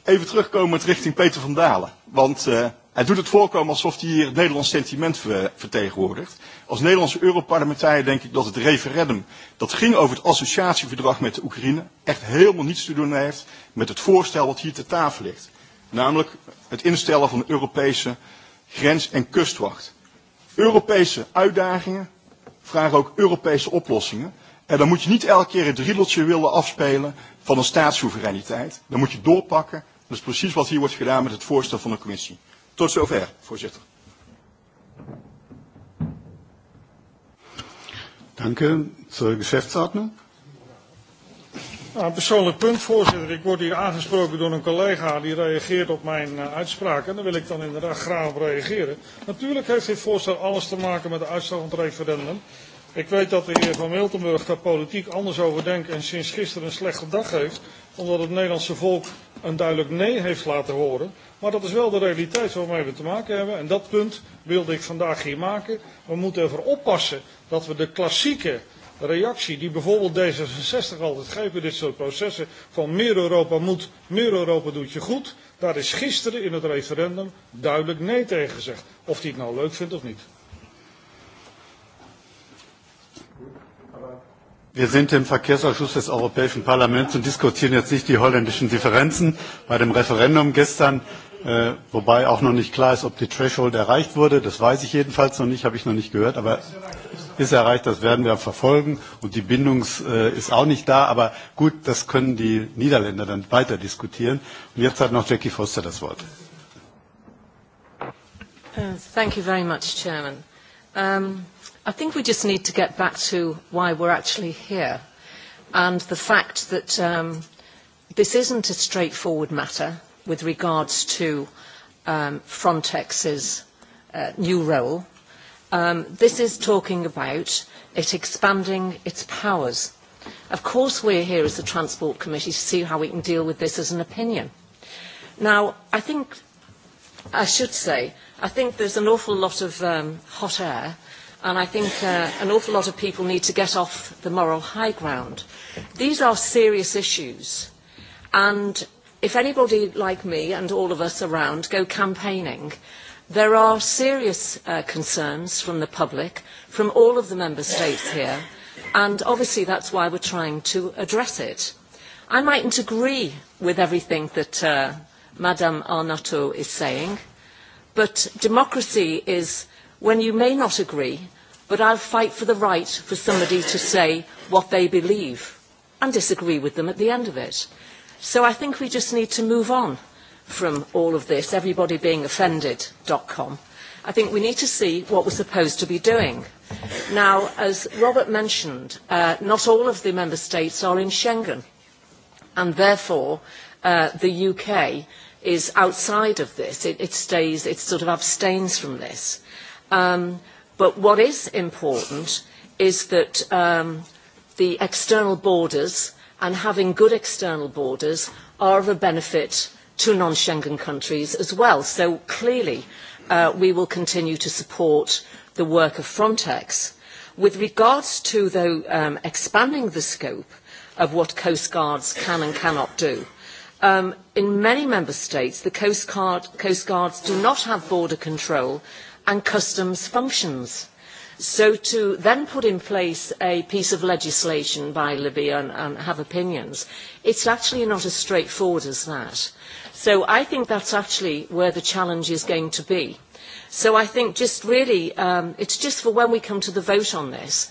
Speaker 20: even terugkomen richting Peter van Dalen, want hij doet het voorkomen alsof hij hier het Nederlands sentiment vertegenwoordigt. Als Nederlandse Europarlementariër denk ik dat het referendum, dat ging over het associatieverdrag met de Oekraïne, echt helemaal niets te doen heeft met het voorstel wat hier ter tafel ligt. Namelijk het instellen van een Europese grens- en kustwacht. Europese uitdagingen vragen ook Europese oplossingen. En dan moet je niet elke keer het riedeltje willen afspelen van een staatssoevereiniteit. Dan moet je doorpakken. Dat is precies wat hier wordt gedaan met het voorstel van de commissie. Tot zover, voorzitter.
Speaker 1: Danke. Zur Geschäftsordnung.
Speaker 20: Een persoonlijk
Speaker 11: punt, voorzitter. Ik word hier aangesproken door een collega die reageert op mijn uitspraak. En daar wil ik dan inderdaad graag op reageren. Natuurlijk heeft dit voorstel alles te maken met de uitslag van het referendum. Ik weet dat de heer Van Miltenburg daar politiek anders over denkt en sinds gisteren een slechte dag heeft. Omdat het Nederlandse volk een duidelijk nee heeft laten horen. Maar dat is wel de realiteit waarmee we te maken hebben. En dat punt wilde ik vandaag hier maken. We moeten ervoor oppassen dat we de klassieke reactie die bijvoorbeeld D66 altijd geeft bij dit soort processen van meer Europa moet, meer Europa doet je goed, daar is gisteren in het referendum duidelijk nee tegen gezegd. Of die het nou leuk vindt of niet.
Speaker 1: Wir sind im Verkehrsausschuss des Europäischen Parlaments und diskutieren jetzt nicht die holländischen Differenzen. Bei dem Referendum gestern wobei auch noch nicht klar ist, ob die Threshold erreicht wurde. Das weiß ich jedenfalls noch nicht, habe ich noch nicht gehört, aber ist erreicht, das werden wir verfolgen. Und die Bindung ist auch nicht da, aber gut, das können die Niederländer dann weiter diskutieren. Und jetzt hat noch Jackie Foster das Wort.
Speaker 12: Thank you very much, Chairman. Um, I think we just need to get back to why we're actually here and the fact that um, this isn't a straightforward matter with regards to Frontex's new role. This is talking about it expanding its powers. Of course we're here as the Transport Committee to see how we can deal with this as an opinion. Now, I think, I should say, I think there's an awful lot of hot air and I think an awful lot of people need to get off the moral high ground. These are serious issues and if anybody like me and all of us around go campaigning, there are serious concerns from the public, from all of the member states here, and obviously that's why we're trying to address it. I mightn't agree with everything that Madame Arnato is saying, but democracy is when you may not agree, but I'll fight for the right for somebody to say what they believe and disagree with them at the end of it. So I think we just need to move on from all of this, everybody being com. I think we need to see what we're supposed to be doing. Now, as Robert mentioned, not all of the member states are in Schengen, and therefore the UK is outside of this. It stays, it sort of abstains from this. But what is important is that the external borders and having good external borders are of a benefit to non-Schengen countries as well. So clearly we will continue to support the work of Frontex. With regards to, expanding the scope of what Coast Guards can and cannot do, in many member states the Coast Guards do not have border control and customs functions. So to then put in place a piece of legislation by Libya and have opinions, it's actually not as straightforward as that. So I think that's actually where the challenge is going to be. So I think just really, it's just for when we come to the vote on this,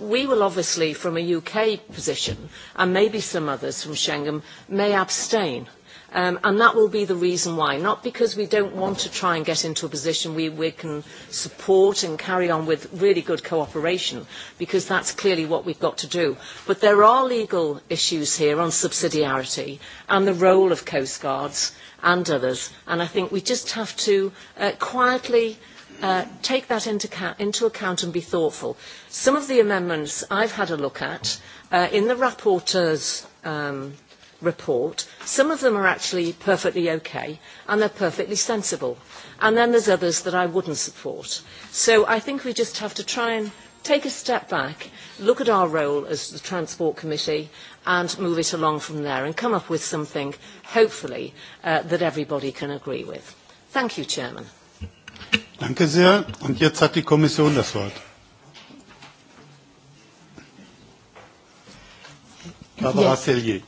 Speaker 12: we will obviously, from a UK position, and maybe some others from Schengen, may abstain And that will be the reason why, not because we don't want to try and get into a position where we can support and carry on with really good cooperation, because that's clearly what we've got to do. But there are legal issues here on subsidiarity and the role of coast guards and others, and I think we just have to quietly take that into account and be thoughtful. Some of the amendments I've had a look at in the rapporteur's report. Some of them are actually perfectly okay and they're perfectly sensible. And then there's others that I wouldn't support. So I think we just have to try and take a step back, look at our role as the Transport Committee and move it along from there and come up with something, hopefully, that everybody can agree with. Thank you, Chairman.
Speaker 1: Danke sehr. Und jetzt hat die Kommission das Wort. Barbara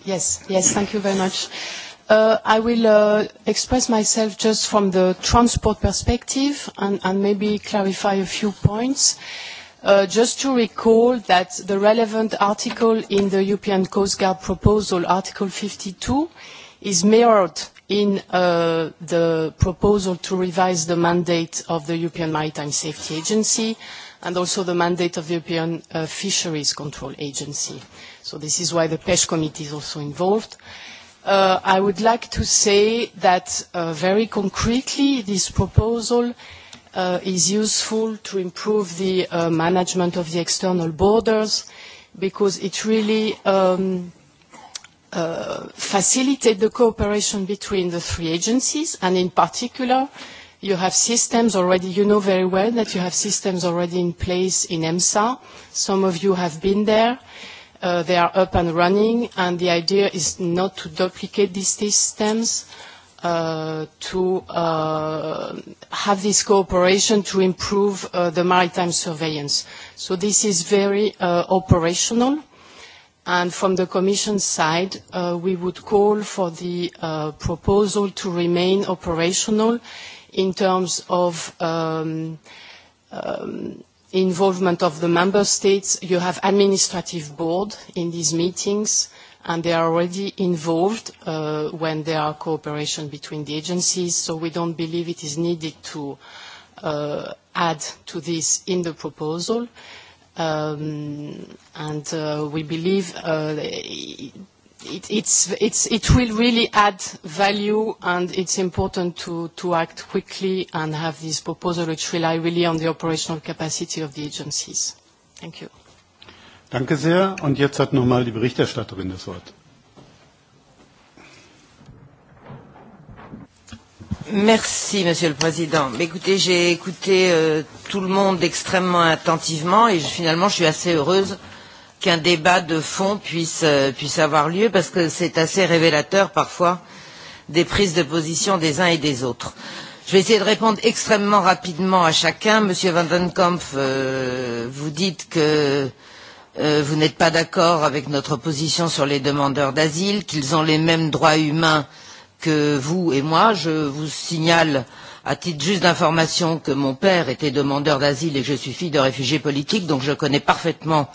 Speaker 5: Yes, yes, thank you very much. I will express myself just from the transport perspective and maybe clarify a few points. Just to recall that the relevant article in the European Coast Guard proposal, Article 52, is mirrored in the proposal to revise the mandate of the European Maritime Safety Agency and also the mandate of the European Fisheries Control Agency. So this is why the PESH Committee is also involved. I would like to say that very concretely this proposal is useful to improve the management of the external borders because it really facilitates the cooperation between the three agencies and in particular You have systems already, you know very well that you have systems already in place in EMSA. Some of you have been there. They are up and running, and the idea is not to duplicate these systems, to have this cooperation to improve the maritime surveillance. So this is very operational. And from the Commission side, we would call for the proposal to remain operational in terms of involvement of the member states. You have administrative board in these meetings, and they are already involved when there are cooperation between the agencies, so we don't believe it is needed to add to this in the proposal. And we believe It will really add value, and it's important to act quickly and have this proposal which rely really on the operational capacity of the agencies. Thank you.
Speaker 1: Danke sehr. Und jetzt hat nochmal die Berichterstatterin das Wort.
Speaker 13: Merci, Monsieur le Président. Écoutez, j'ai écouté tout le monde extrêmement attentivement et finalement, je suis assez heureuse qu'un débat de fond puisse puisse avoir lieu parce que c'est assez révélateur parfois des prises de position des uns et des autres. Je vais essayer de répondre extrêmement rapidement à chacun. Monsieur Van den euh, vous dites que vous n'êtes pas d'accord avec notre position sur les demandeurs d'asile, qu'ils ont les mêmes droits humains que vous et moi. Je vous signale à titre juste d'information que mon père était demandeur d'asile et que je suis fille de réfugiés politique, donc je connais parfaitement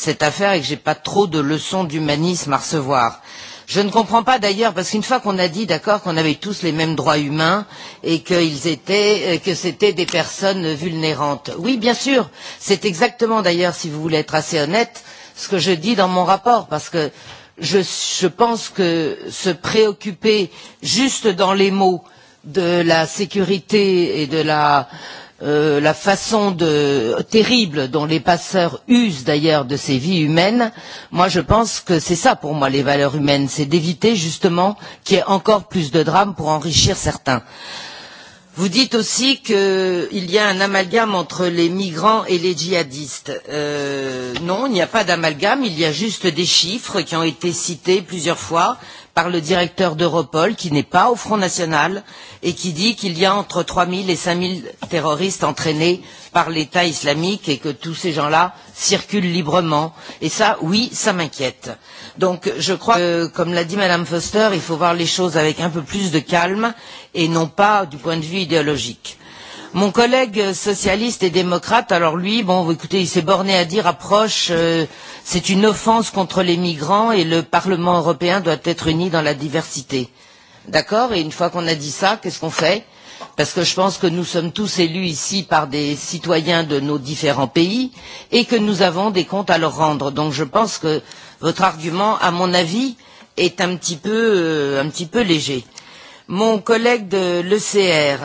Speaker 13: cette affaire et que je n'ai pas trop de leçons d'humanisme à recevoir. Je ne comprends pas d'ailleurs, parce qu'une fois qu'on a dit d'accord qu'on avait tous les mêmes droits humains et que c'était des personnes vulnérantes. Oui, bien sûr, c'est exactement d'ailleurs, si vous voulez être assez honnête, ce que je dis dans mon rapport, parce que je pense que se préoccuper juste dans les mots de la sécurité et de la la façon terrible dont les passeurs usent d'ailleurs de ces vies humaines, moi je pense que c'est ça pour moi les valeurs humaines, c'est d'éviter justement qu'il y ait encore plus de drames pour enrichir certains. Vous dites aussi qu'il y a un amalgame entre les migrants et les djihadistes. Non, il n'y a pas d'amalgame, il y a juste des chiffres qui ont été cités plusieurs fois par le directeur d'Europol, qui n'est pas au Front National, et qui dit qu'il y a entre 3 et 5 terroristes entraînés par l'État islamique et que tous ces gens-là circulent librement. Et ça, oui, ça m'inquiète. Donc, je crois que, comme l'a dit Madame Foster, il faut voir les choses avec un peu plus de calme et non pas du point de vue idéologique. Mon collègue socialiste et démocrate, alors lui, bon, écoutez, il s'est borné à dire approche, c'est une offense contre les migrants et le Parlement européen doit être uni dans la diversité. D'accord Et une fois qu'on a dit ça, qu'est-ce qu'on fait Parce que je pense que nous sommes tous élus ici par des citoyens de nos différents pays et que nous avons des comptes à leur rendre. Donc je pense que votre argument, à mon avis, est un petit peu léger. Mon collègue de l'ECR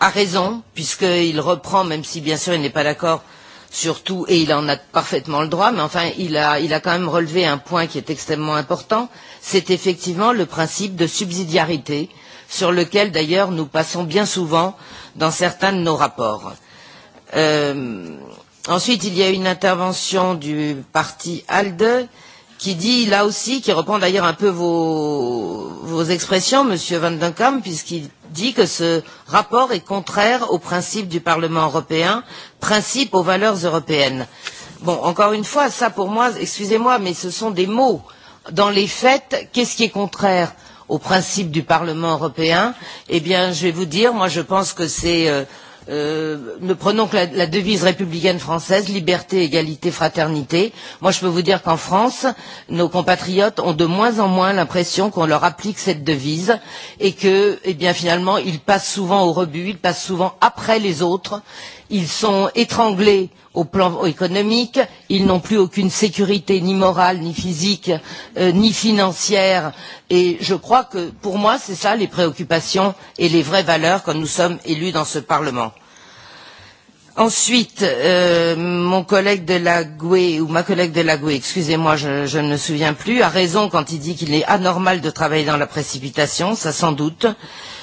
Speaker 13: a raison, puisqu'il reprend, même si bien sûr il n'est pas d'accord sur tout, et il en a parfaitement le droit, mais enfin il a quand même relevé un point qui est extrêmement important, c'est effectivement le principe de subsidiarité, sur lequel d'ailleurs nous passons bien souvent dans certains de nos rapports. Ensuite, il y a une intervention du parti ALDE qui dit là aussi, qui reprend d'ailleurs un peu vos, vos expressions, Monsieur Van Dunkham, puisqu'il dit que ce rapport est contraire aux principes du Parlement européen, principes aux valeurs européennes. Bon, encore une fois, ça pour moi, excusez-moi, mais ce sont des mots. Dans les faits, qu'est-ce qui est contraire aux principes du Parlement européen Eh bien, je vais vous dire, moi je pense que c'est ne prenons que la devise républicaine française liberté égalité fraternité moi je peux vous dire qu'en France nos compatriotes ont de moins en moins l'impression qu'on leur applique cette devise et que eh bien finalement ils passent souvent au rebut ils passent souvent après les autres ils sont étranglés au plan économique, ils n'ont plus aucune sécurité ni morale, ni physique, ni financière, et je crois que, pour moi, c'est ça les préoccupations et les vraies valeurs quand nous sommes élus dans ce Parlement. Ensuite, mon collègue de la GUE, ou ma collègue de la GUE, excusez-moi, je ne me souviens plus, a raison quand il dit qu'il est anormal de travailler dans la précipitation, ça sans doute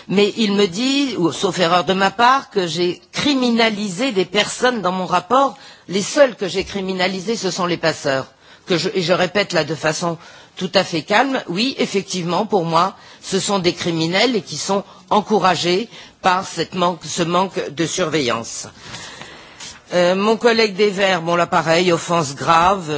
Speaker 13: mais il me dit, sauf erreur de ma part, que j'ai criminalisé des personnes dans mon rapport. Les seuls que j'ai criminalisés, ce sont les passeurs. Que je, et je répète là de façon tout à fait calme, oui, effectivement, pour moi, ce sont des criminels et qui sont encouragés par ce manque de surveillance. Mon collègue des Verts, bon là pareil, offense grave.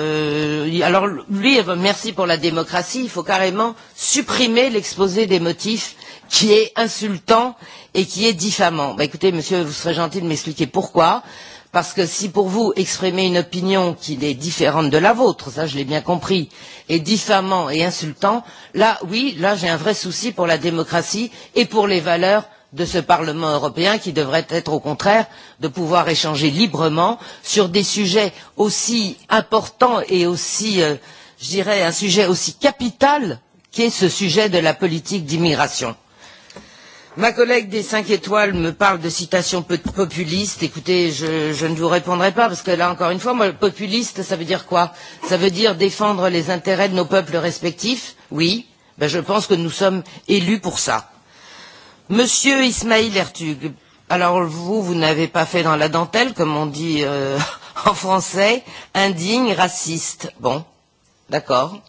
Speaker 13: Alors lui, merci pour la démocratie, il faut carrément supprimer l'exposé des motifs qui est insultant et qui est diffamant. Écoutez, monsieur, vous serez gentil de m'expliquer pourquoi. Parce que si pour vous, exprimer une opinion qui est différente de la vôtre, ça je l'ai bien compris, est diffamant et insultant, là, oui, là j'ai un vrai souci pour la démocratie et pour les valeurs de ce Parlement européen qui devrait être au contraire de pouvoir échanger librement sur des sujets aussi importants et aussi, je dirais, un sujet aussi capital qu'est ce sujet de la politique d'immigration Ma collègue des cinq étoiles me parle de citations populistes. Écoutez, je ne vous répondrai pas parce que là, encore une fois, moi, populiste, ça veut dire quoi Ça veut dire défendre les intérêts de nos peuples respectifs Oui, je pense que nous sommes élus pour ça. Monsieur Ismail Ertug, alors vous, vous n'avez pas fait dans la dentelle, comme on dit en français, indigne, raciste. Bon, d'accord.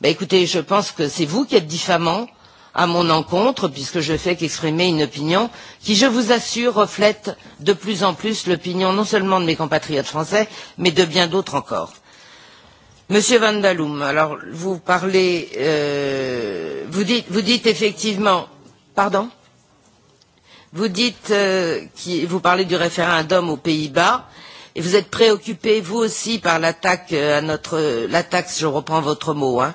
Speaker 13: Ben Écoutez, je pense que c'est vous qui êtes diffamant à mon encontre, puisque je ne fais qu'exprimer une opinion qui, je vous assure, reflète de plus en plus l'opinion non seulement de mes compatriotes français, mais de bien d'autres encore. Monsieur Van Dalum, alors vous parlez, vous dites effectivement, pardon, vous dites, vous parlez du référendum aux Pays-Bas et vous êtes préoccupé vous aussi par l'attaque à notre, l'attaque, je reprends votre mot, hein,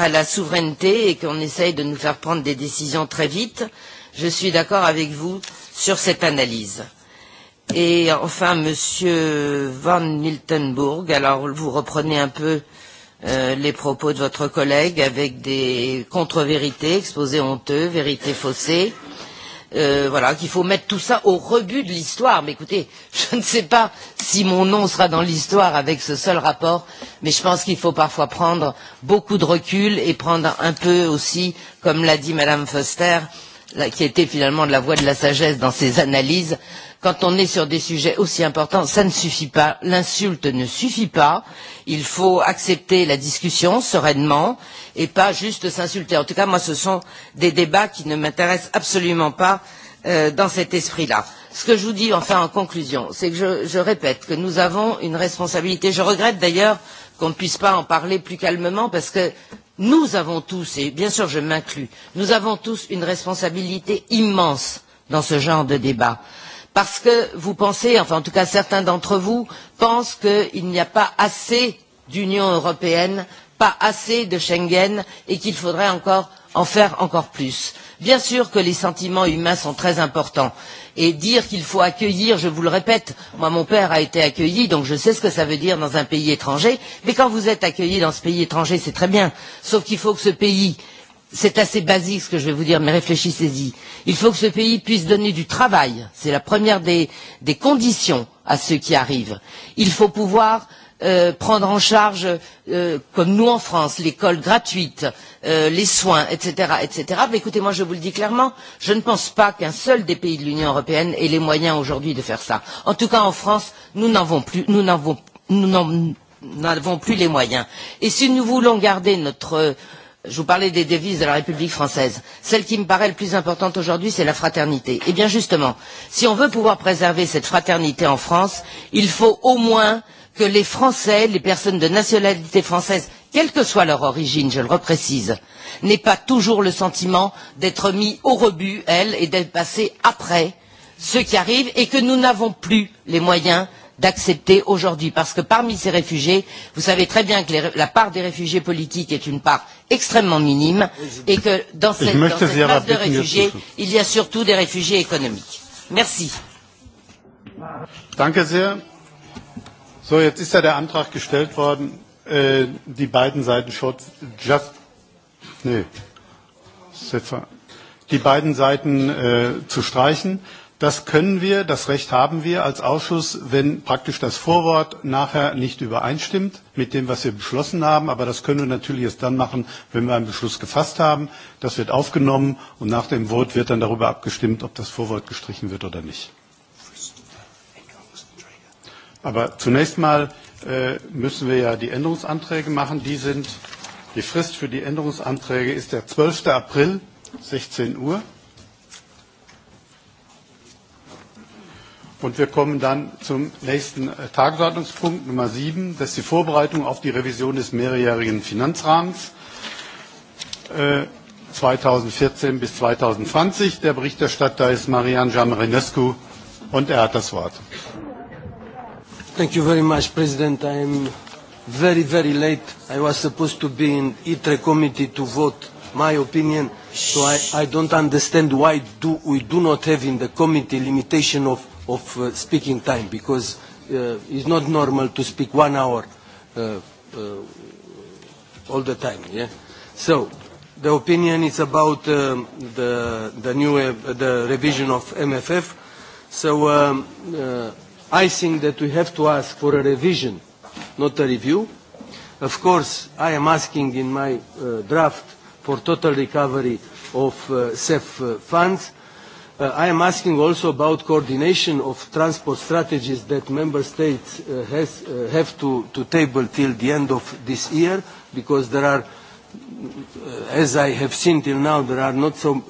Speaker 13: à la souveraineté et qu'on essaye de nous faire prendre des décisions très vite. Je suis d'accord avec vous sur cette analyse. Et enfin, Monsieur Van Miltenburg, alors vous reprenez un peu les propos de votre collègue avec des contre-vérités, exposés honteux, vérités faussées voilà qu'il faut mettre tout ça au rebut de l'histoire. Mais écoutez, je ne sais pas si mon nom sera dans l'histoire avec ce seul rapport, mais je pense qu'il faut parfois prendre beaucoup de recul et prendre un peu aussi, comme l'a dit Madame Foster, qui était finalement de la voix de la sagesse dans ses analyses, quand on est sur des sujets aussi importants, ça ne suffit pas. L'insulte ne suffit pas. Il faut accepter la discussion sereinement et pas juste s'insulter. En tout cas, moi, ce sont des débats qui ne m'intéressent absolument pas dans cet esprit-là. Ce que je vous dis, enfin, en conclusion, c'est que je répète que nous avons une responsabilité. Je regrette d'ailleurs qu'on ne puisse pas en parler plus calmement parce que nous avons tous, et bien sûr je m'inclus, nous avons tous une responsabilité immense dans ce genre de débat parce que vous pensez, enfin en tout cas certains d'entre vous, pensent qu'il n'y a pas assez d'Union européenne, pas assez de Schengen et qu'il faudrait encore en faire encore plus. Bien sûr que les sentiments humains sont très importants et dire qu'il faut accueillir, je vous le répète, moi mon père a été accueilli donc je sais ce que ça veut dire dans un pays étranger, mais quand vous êtes accueilli dans ce pays étranger c'est très bien, sauf qu'il faut que ce pays c'est assez basique ce que je vais vous dire, mais réfléchissez-y. Il faut que ce pays puisse donner du travail. C'est la première des conditions à ceux qui arrivent. Il faut pouvoir prendre en charge, comme nous en France, l'école gratuite, les soins, etc. Mais écoutez, moi je vous le dis clairement, je ne pense pas qu'un seul des pays de l'Union européenne ait les moyens aujourd'hui de faire ça. En tout cas, en France, nous n'avons plus nous n'avons plus les moyens. Et si nous voulons garder notre je vous parlais des devises de la République française. Celle qui me paraît le plus importante aujourd'hui, c'est la fraternité. Eh bien justement, si on veut pouvoir préserver cette fraternité en France, il faut au moins que les Français, les personnes de nationalité française, quelle que soit leur origine, je le reprécise, n'aient pas toujours le sentiment d'être mis au rebut, elles, et d'être passées après ceux qui arrivent, et que nous n'avons plus les moyens d'accepter aujourd'hui parce que parmi ces réfugiés vous savez très bien que la part des réfugiés politiques est une part extrêmement minime et que dans cette masse de réfugiés il y a surtout des réfugiés économiques. merci. danke sehr.
Speaker 1: so jetzt ist ja der antrag gestellt worden die beiden seiten just nee die beiden seiten zu streichen. Das können wir, das Recht haben wir als Ausschuss, wenn praktisch das Vorwort nachher nicht übereinstimmt mit dem, was wir beschlossen haben. Aber das können wir natürlich erst dann machen, wenn wir einen Beschluss gefasst haben. Das wird aufgenommen und nach dem Wort wird dann darüber abgestimmt, ob das Vorwort gestrichen wird oder nicht. Aber zunächst mal müssen wir ja die Änderungsanträge machen. Die sind, die Frist für die Änderungsanträge ist der 12. April, 16 Uhr. Und wir kommen dann zum nächsten Tagesordnungspunkt Nummer 7. Das ist die Vorbereitung auf die Revision des mehrjährigen Finanzrahmens äh, 2014 bis 2020. Der Berichterstatter ist Marian Jamarinescu und er hat das Wort.
Speaker 19: Thank you very much, President. I am very, very late. I was supposed to be in ITRE committee to vote my opinion, so I, I don't understand why do, we do not have in the committee limitation of of speaking time because it's not normal to speak one hour all the time. Yeah. So the opinion is about the the new the revision of MFF. So I think that we have to ask for a revision, not a review. Of course, I am asking in my draft for total recovery of CEF funds I am asking also about coordination of transport strategies that member states have to table till the end of this year, because there are, as I have seen till now, there are not so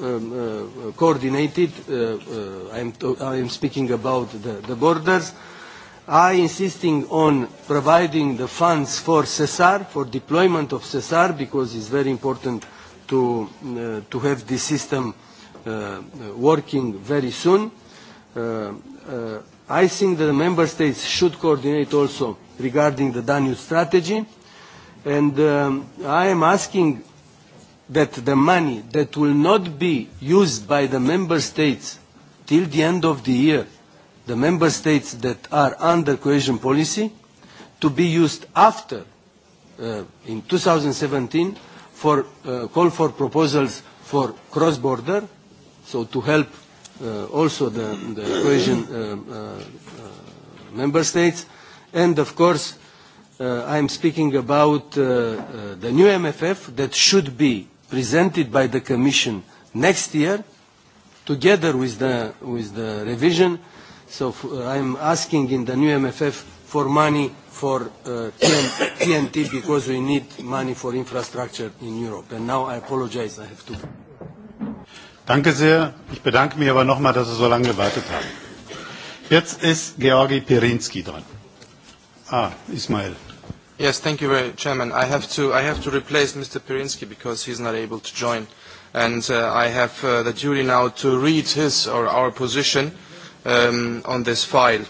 Speaker 19: coordinated. I am speaking about the borders. I insisting on providing the funds for CESAR, for deployment of CESAR, because it's very important to have this system working very soon. I think that the member states should coordinate also regarding the Danube strategy. And I am asking that the money that will not be used by the member states till the end of the year, the member states that are under cohesion policy, to be used after, in 2017, for call for proposals for cross-border so to help also the the cohesion member states. And of course, I am speaking about the new MFF that should be presented by the Commission next year, together with the with the revision. So I am asking in the new MFF for money for TNT because we need money for infrastructure in Europe. And now I apologize, I have to.
Speaker 1: Danke sehr. Ich bedanke mich aber nochmal, dass Sie so lange gewartet haben. Jetzt ist Georgi Pirinski dran. Ah, Ismail.
Speaker 3: Yes, thank you, very, Chairman. I have to, I have to replace Mr. Pirinski because he's not able to join. And I have the duty now to read his or our position um, on this file.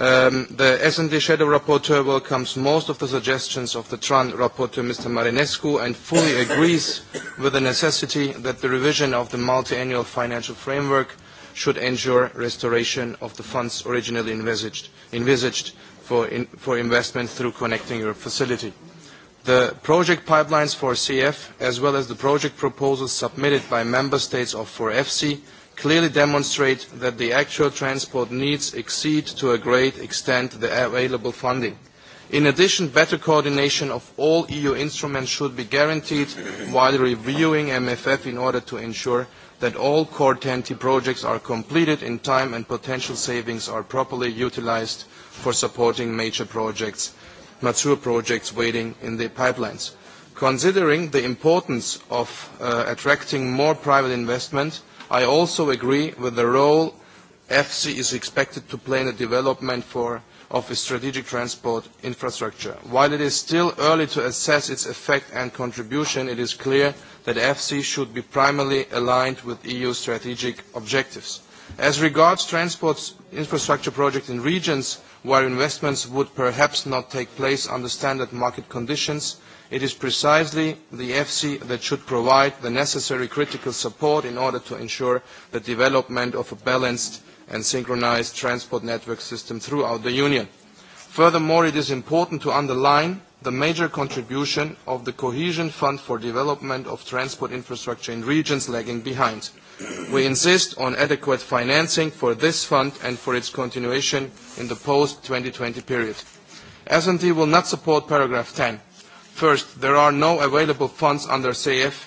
Speaker 3: The S&D Shadow Rapporteur welcomes most of the suggestions of the TRAN Rapporteur, Mr. Marinescu, and fully agrees with the necessity that the revision of the multiannual financial framework should ensure restoration of the funds originally envisaged for investment through Connecting Europe Facility. The project pipelines for CF, as well as the project proposals submitted by member states of for fc clearly demonstrate that the actual transport needs exceed to a great extent the available funding. In addition, better coordination of all EU instruments should be guaranteed while reviewing MFF in order to ensure that all core ten projects are completed in time and potential savings are properly utilised for supporting major projects, mature projects waiting in the pipelines. Considering the importance of attracting more private investment, I also agree with the role FC is expected to play in the development of a strategic transport infrastructure. While it is still early to assess its effect and contribution, it is clear that FC should be primarily aligned with EU strategic objectives. As regards transport infrastructure projects in regions where investments would perhaps not take place under standard market conditions, It is precisely the EFSI that should provide the necessary critical support in order to ensure the development of a balanced and synchronized transport network system throughout the Union. Furthermore, it is important to underline the major contribution of the Cohesion Fund for development of transport infrastructure in regions lagging behind. We insist on adequate financing for this fund and for its continuation in the post-2020 period. SNT will not support paragraph 10 First, there are no available funds under CEF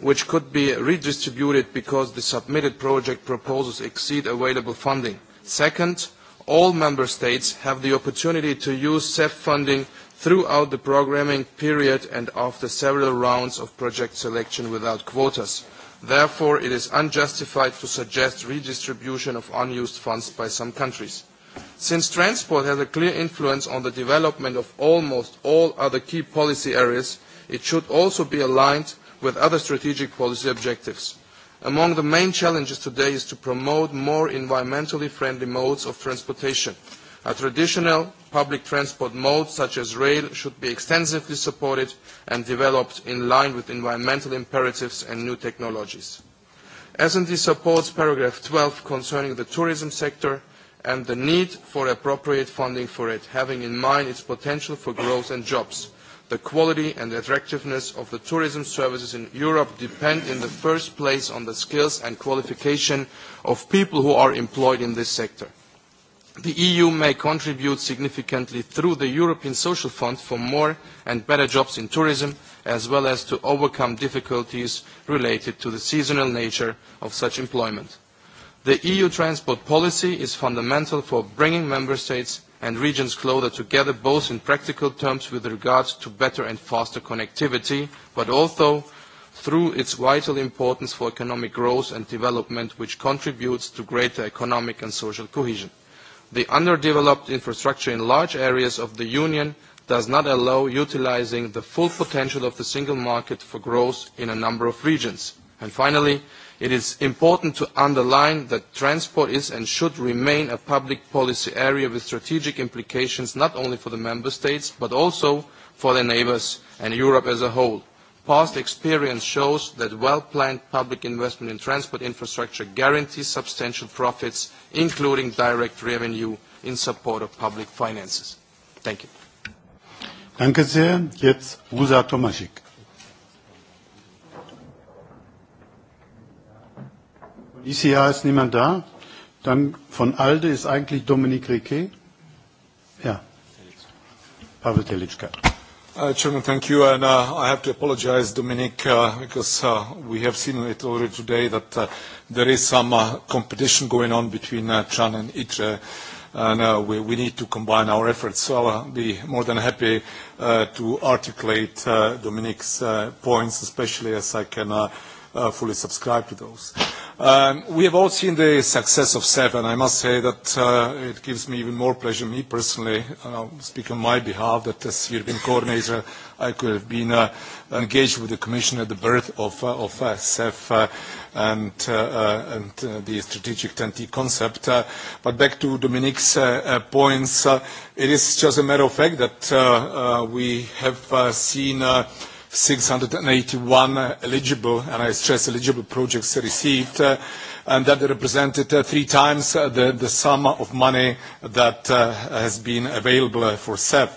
Speaker 3: which could be redistributed because the submitted project proposals exceed available funding. Second, all member states have the opportunity to use CEF funding throughout the programming period and after several rounds of project selection without quotas. Therefore, it is unjustified to suggest redistribution of unused funds by some countries. Since transport has a clear influence on the development of almost all other key policy areas, it should also be aligned with other strategic policy objectives. Among the main challenges today is to promote more environmentally friendly modes of transportation. A traditional public transport mode such as rail should be extensively supported and developed in line with environmental imperatives and new technologies. D supports paragraph 12 concerning the tourism sector and the need for appropriate funding for it, having in mind its potential for growth and jobs. The quality and attractiveness of the tourism services in Europe depend in the first place on the skills and qualification of people who are employed in this sector. The EU may contribute significantly through the European Social Fund for more and better jobs in tourism, as well as to overcome difficulties related to the seasonal nature of such employment. The EU transport policy is fundamental for bringing member states and regions closer together, both in practical terms with regard to better and faster connectivity, but also through its vital importance for economic growth and development, which contributes to greater economic and social cohesion. The underdeveloped infrastructure in large areas of the Union does not allow utilising the full potential of the single market for growth in a number of regions. And finally, It is important to underline that transport is and should remain a public policy area with strategic implications not only for the member states but also for their neighbours and Europe as a whole. Past experience shows that well-planned public investment in transport infrastructure guarantees substantial profits, including direct revenue in support of public finances. Thank
Speaker 1: ICA ist niemand da. Dann von ALDE ist eigentlich Dominik Riquet. Ja. Pavel Telitschka.
Speaker 8: Chairman, thank you. And I have to apologize, Dominic, because we have seen it already today that there is some competition going on between Chan and ITRE, and we we need to combine our efforts. So I'll be more than happy to articulate Dominic's points, especially as I can fully subscribe to those. We have all seen the success of and I must say that it gives me even more pleasure, me personally, speak on my behalf, that as European coordinator I could have been engaged with the Commission at the birth of CEF and the strategic TEN-T concept. But back to Dominique's points, it is just a matter of fact that we have seen 681 eligible, and I stress eligible projects received, and that represented three times the sum of money that has been available for CEF.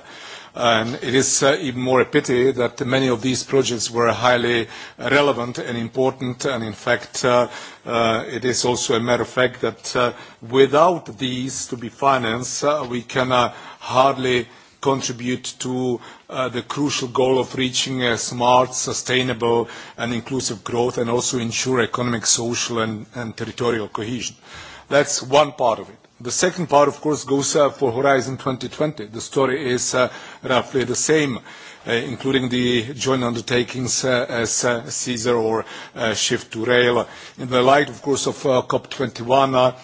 Speaker 8: And it is even more a pity that many of these projects were highly relevant and important, and in fact, it is also a matter of fact that without these to be financed, we can hardly contribute to the crucial goal of reaching a smart, sustainable and inclusive growth and also ensure economic, social and territorial cohesion. That's one part of it. The second part, of course, goes for Horizon 2020. The story is roughly the same, including the joint undertakings as CESAR or Shift to Rail. In the light, of course, of COP21,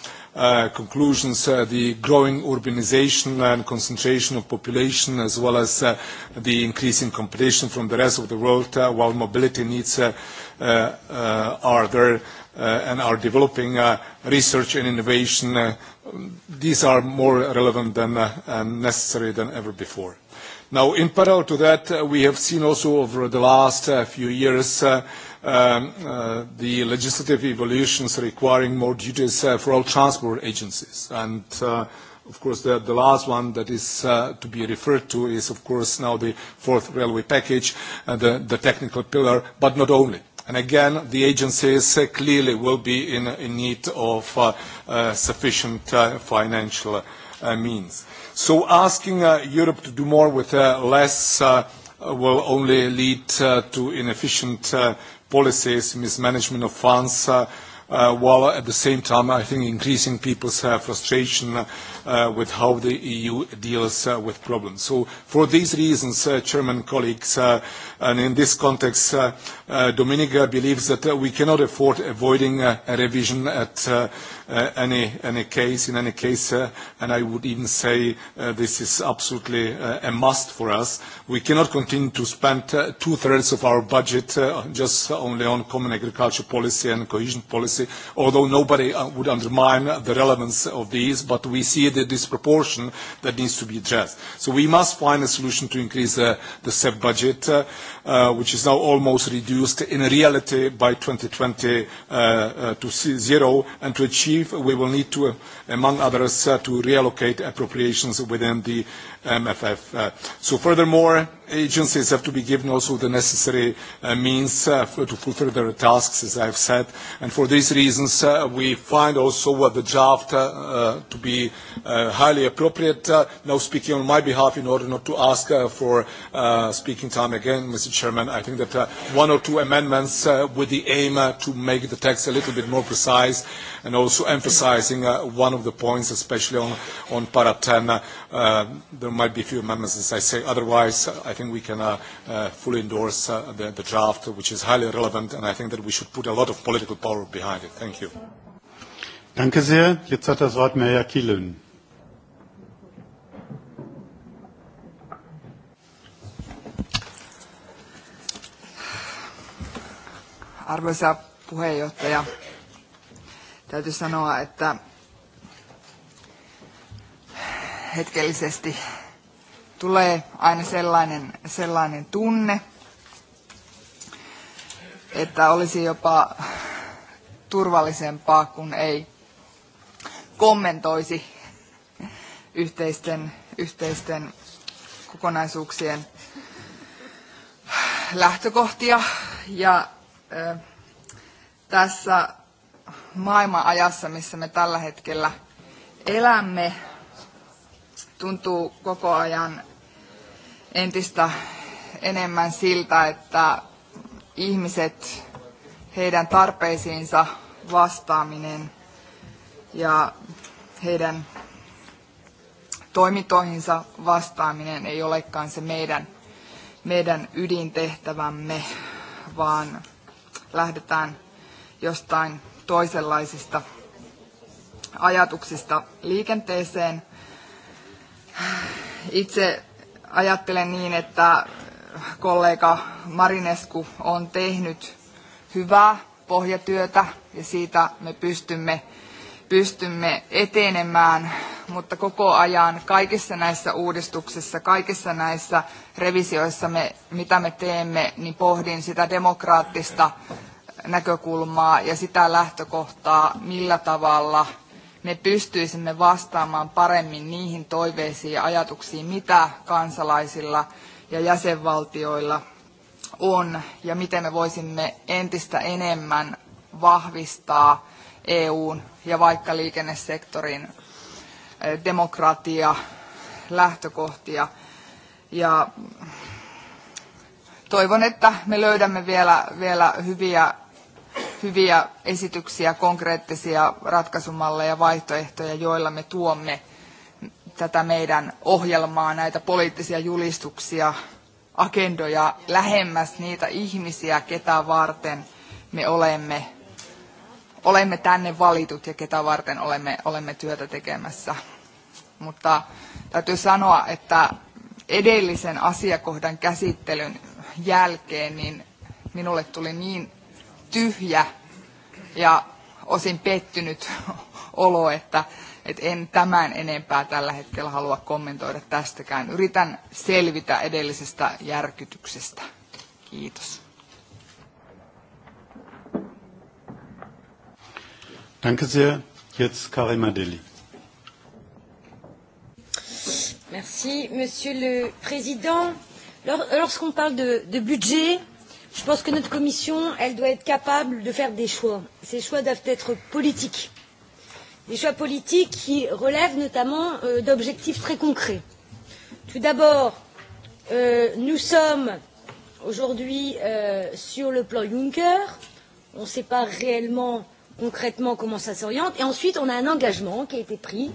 Speaker 8: conclusions, the growing urbanization and concentration of population, as well as the increasing competition from the rest of the world, while mobility needs are there and are developing research and innovation, these are more relevant and necessary than ever before. Now, in parallel to that, we have seen also over the last few years the legislative evolutions requiring more duties for all transport agencies. And of course, the last one that is to be referred to is, of course, now the fourth railway package, the technical pillar, but not only. And again, the agencies clearly will be in need of sufficient financial means. So asking Europe to do more with less will only lead to inefficient policies, mismanagement of funds, while at the same time, I think, increasing people's frustration with how the EU deals with problems. So for these reasons, Chairman colleagues, and in this context, Dominica believes that we cannot afford avoiding a revision at any any case in any case and I would even say this is absolutely a must for us. We cannot continue to spend two thirds of our budget just only on common agriculture policy and cohesion policy, although nobody would undermine the relevance of these, but we see the disproportion that needs to be addressed. So we must find a solution to increase the CEF budget which is now almost reduced in reality by 2020 to zero. And to achieve, we will need to among others, to reallocate appropriations within the MFF. So furthermore, agencies have to be given also the necessary means to fulfill their tasks, as I have said. And for these reasons, we find also the draft to be highly appropriate. Now speaking on my behalf, in order not to ask for speaking time again, Mr. Chairman, I think that one or two amendments with the aim to make the text a little bit more precise and also emphasizing one one of the points, especially on, on para 10. there might be a few amendments, as I say. Otherwise, I think we can fully endorse the, the draft, which is highly relevant, and I think that we should put a lot of political power behind it. Thank you.
Speaker 1: Danke sehr. Jetzt hat das Wort
Speaker 6: Arvoisa puheenjohtaja, täytyy sanoa, että hetkellisesti tulee aina sellainen, sellainen tunne, että olisi jopa turvallisempaa, kun ei kommentoisi yhteisten, yhteisten kokonaisuuksien lähtökohtia. Ja ö, tässä maailmanajassa, missä me tällä hetkellä elämme, tuntuu koko ajan entistä enemmän siltä, että ihmiset, heidän tarpeisiinsa vastaaminen ja heidän toimintoihinsa vastaaminen ei olekaan se meidän, meidän ydintehtävämme, vaan lähdetään jostain toisenlaisista ajatuksista liikenteeseen – Itse ajattelen niin, että kollega Marinesku on tehnyt hyvää pohjatyötä ja siitä me pystymme, pystymme etenemään, mutta koko ajan kaikissa näissä uudistuksissa, kaikissa näissä revisioissa, me, mitä me teemme, niin pohdin sitä demokraattista näkökulmaa ja sitä lähtökohtaa, millä tavalla – me pystyisimme vastaamaan paremmin niihin toiveisiin ja ajatuksiin, mitä kansalaisilla ja jäsenvaltioilla on ja miten me voisimme entistä enemmän vahvistaa EUn ja vaikka liikennesektorin demokratia lähtökohtia. Ja toivon, että me löydämme vielä, vielä hyviä hyviä esityksiä, konkreettisia ratkaisumalleja, vaihtoehtoja, joilla me tuomme tätä meidän ohjelmaa, näitä poliittisia julistuksia, agendoja lähemmäs niitä ihmisiä, ketä varten me olemme, olemme tänne valitut ja ketä varten olemme, olemme työtä tekemässä. Mutta täytyy sanoa, että edellisen asiakohdan käsittelyn jälkeen niin minulle tuli niin tyhjä ja osin pettynyt olo, että en tämän enempää tällä hetkellä halua kommentoida tästäkään. Yritän selvitä edellisestä järkytyksestä. Kiitos.
Speaker 1: Danke sehr. Jetzt
Speaker 7: Merci, Monsieur le Président. Lorsqu'on parle de budget, Je pense que notre commission, elle doit être capable de faire des choix. Ces choix doivent être politiques. Des choix politiques qui relèvent notamment d'objectifs très concrets. Tout d'abord, nous sommes aujourd'hui sur le plan Juncker. On ne sait pas réellement, concrètement, comment ça s'oriente. Et ensuite, on a un engagement qui a été pris,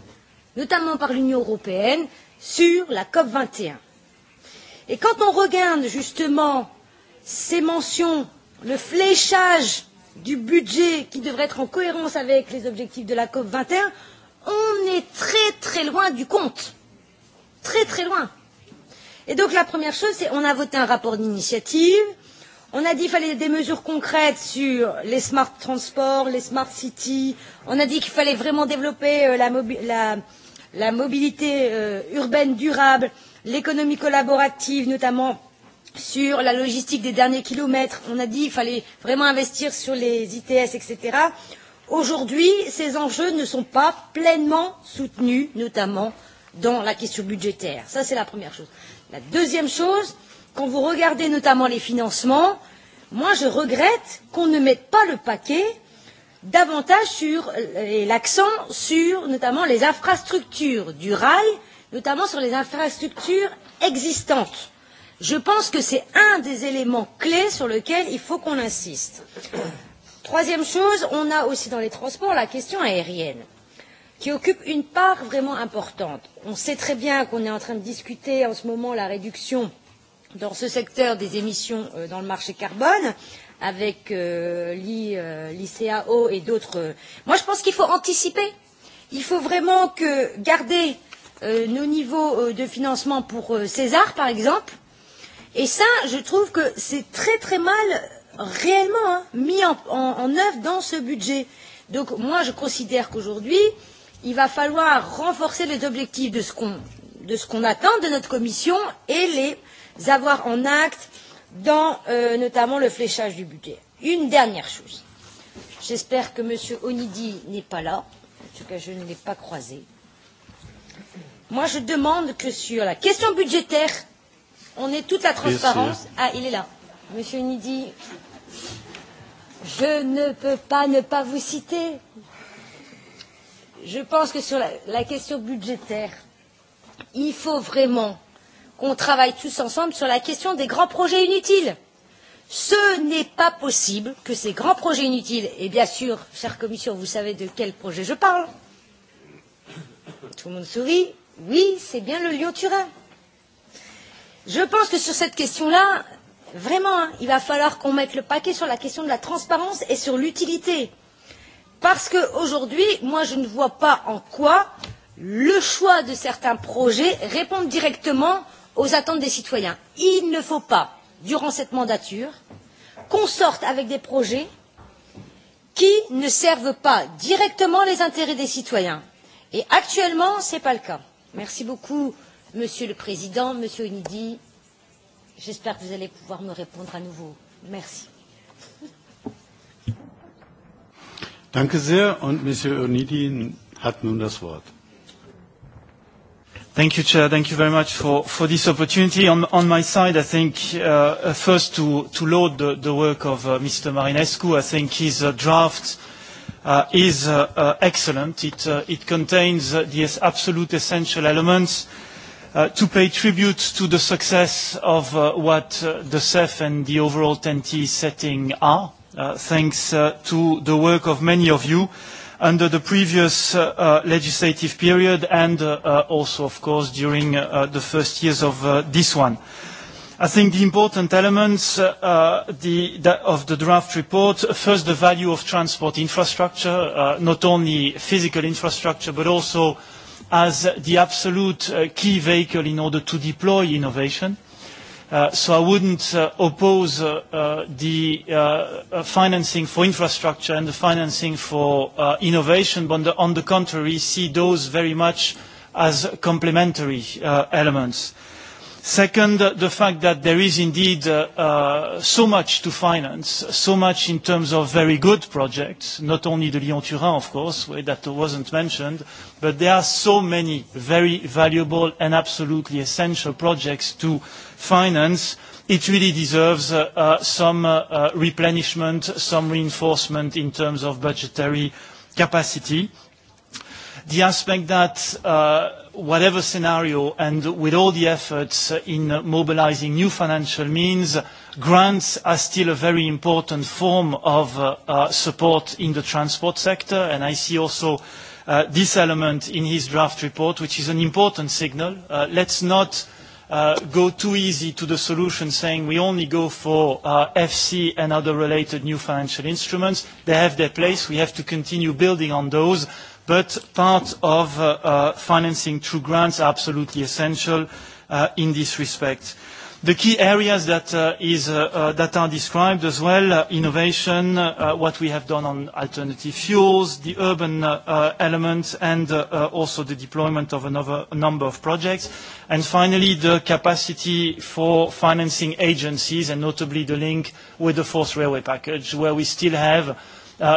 Speaker 7: notamment par l'Union européenne, sur la COP 21. Et quand on regarde justement ces mentions, le fléchage du budget qui devrait être en cohérence avec les objectifs de la COP 21, on est très très loin du compte. Très très loin. Et donc la première chose, c'est qu'on a voté un rapport d'initiative, on a dit qu'il fallait des mesures concrètes sur les smart transports, les smart cities, on a dit qu'il fallait vraiment développer la mobilité urbaine durable, l'économie collaborative, notamment sur la logistique des derniers kilomètres. On a dit qu'il fallait vraiment investir sur les ITS, etc. Aujourd'hui, ces enjeux ne sont pas pleinement soutenus, notamment dans la question budgétaire. Ça, c'est la première chose. La deuxième chose, quand vous regardez notamment les financements, moi, je regrette qu'on ne mette pas le paquet davantage sur l'accent sur notamment les infrastructures du rail, notamment sur les infrastructures existantes Je pense que c'est un des éléments clés sur lequel il faut qu'on insiste. Troisième chose, on a aussi dans les transports la question aérienne, qui occupe une part vraiment importante. On sait très bien qu'on est en train de discuter en ce moment la réduction dans ce secteur des émissions dans le marché carbone, avec l'ICAO et d'autres. Moi, je pense qu'il faut anticiper. Il faut vraiment que garder nos niveaux de financement pour César, par exemple, Et ça, je trouve que c'est très très mal réellement mis en, en, œuvre dans ce budget. Donc moi, je considère qu'aujourd'hui, il va falloir renforcer les objectifs de ce qu'on de ce qu'on attend de notre commission et les avoir en acte dans notamment le fléchage du budget. Une dernière chose. J'espère que M. Onidi n'est pas là. En tout cas, je ne l'ai pas croisé. Moi, je demande que sur la question budgétaire, on est toute la transparence. Ah, il est là. Monsieur Nidi, je ne peux pas ne pas vous citer. Je pense que sur la, la question budgétaire, il faut vraiment qu'on travaille tous ensemble sur la question des grands projets inutiles. Ce n'est pas possible que ces grands projets inutiles, et bien sûr, chère commission, vous savez de quel projet je parle. Tout le monde sourit. Oui, c'est bien le Lyon-Turin. Je pense que sur cette question-là, vraiment, il va falloir qu'on mette le paquet sur la question de la transparence et sur l'utilité. Parce qu'aujourd'hui, moi, je ne vois pas en quoi le choix de certains projets répond directement aux attentes des citoyens. Il ne faut pas, durant cette mandature, qu'on sorte avec des projets qui ne servent pas directement les intérêts des citoyens. Et actuellement, ce n'est pas le cas. Merci beaucoup Monsieur le Président, Monsieur Unidi, j'espère que vous allez pouvoir me répondre à nouveau. Merci.
Speaker 1: Danke sehr und Monsieur Unidi
Speaker 21: hat nun das Wort. Thank you, Chair. Thank you very much for for this opportunity. On my side, I think first to to laud the work of Mr. Marinescu. I think his draft is excellent. It contains the absolute essential elements to pay tribute to the success of what the CEF and the overall TEN-T setting are, thanks to the work of many of you under the previous legislative period and also, of course, during the first years of this one. I think the important elements of the draft report, first the value of transport infrastructure, not only physical infrastructure, but also as the absolute key vehicle in order to deploy innovation. So I not oppose the financing for infrastructure and the financing for innovation, but on the contrary, see those very much as complementary elements. Second, the fact that there is indeed so much to finance, so much in terms of very good projects, not only the Lyon-Turin, of course, that wasn't mentioned, but there are so many very valuable and absolutely essential projects to finance. It really deserves some replenishment, some reinforcement in terms of budgetary capacity the aspect that whatever scenario and with all the efforts in mobilising new financial means, grants are still a very important form of support in the transport sector. And I see also this element in his draft report, which is an important signal. Let's not go too easy to the solution saying we only go for FC and other related new financial instruments. They have their place. We have to continue building on those. But part of financing through grants are absolutely essential in this respect. The key areas that are described as well, innovation, what we have done on alternative fuels, the urban elements, and also the deployment of another number of projects. And finally, the capacity for financing agencies, and notably the link with the fourth railway package, where we still have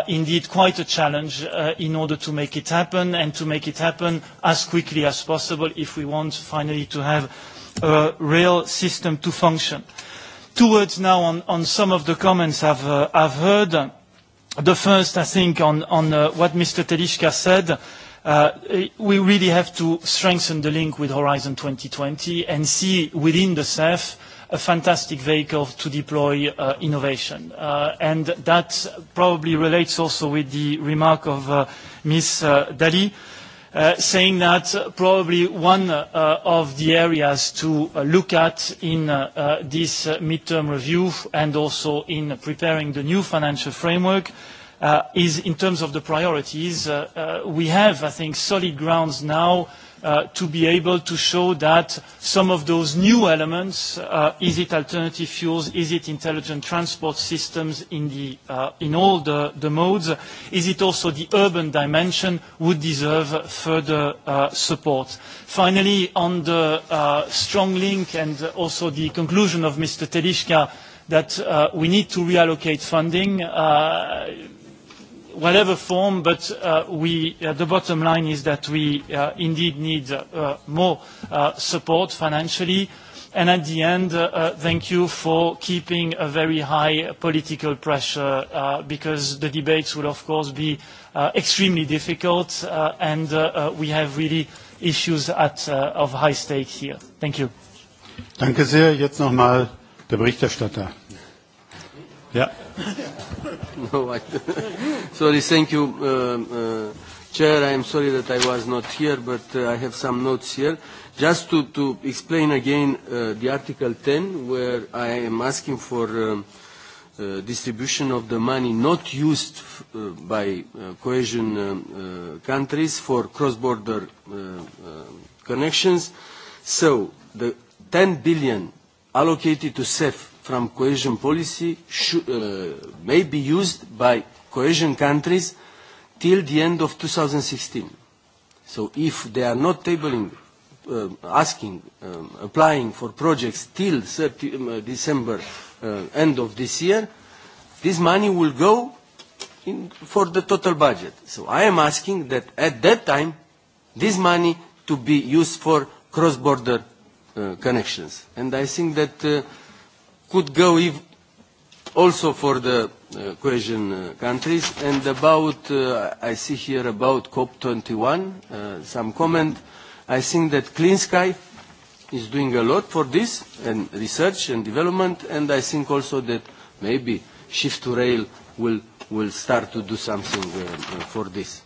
Speaker 21: indeed quite a challenge in order to make it happen, and to make it happen as quickly as possible if we want finally to have Real system to function. Two words now on some of the comments I've heard. The first, I think, on what Mr. Telishka said, we really have to strengthen the link with Horizon 2020 and see within the CEF a fantastic vehicle to deploy innovation. And that probably relates also with the remark of Ms. Dali saying that probably one of the areas to look at in this mid-term review and also in preparing the new financial framework is in terms of the priorities. We have, I think, solid grounds now to be able to show that some of those new elements, is it alternative fuels, is it intelligent transport systems in all the modes, is it also the urban dimension, would deserve further support. Finally, on the strong link and also the conclusion of Mr. Telishka that we need to reallocate funding, whatever form, but the bottom line is that we indeed need more support financially. And at the end, thank you for keeping a very high political pressure, because the debates will of course be extremely difficult, and we have really issues at of high stake here. Thank you.
Speaker 1: Danke sehr. Jetzt der
Speaker 19: Yeah. sorry, thank you, Chair. I am sorry that I was not here, but I have some notes here. Just to, to explain again uh, the Article 10, where I am asking for uh, distribution of the money not used uh, by uh, cohesion uh, countries for cross-border uh, uh, connections. So the 10 billion allocated to CEF from cohesion policy may be used by cohesion countries till the end of 2016. So if they are not tabling, asking, applying for projects till December end of this year, this money will go for the total budget. So I am asking that at that time, this money to be used for cross-border connections. And I think that could go also for the cohesion countries. And about, I see here about COP21, some comment. I think that Clean Sky is doing a lot for this, and research and development, and I think also that maybe Shift to Rail will will start to do something for this.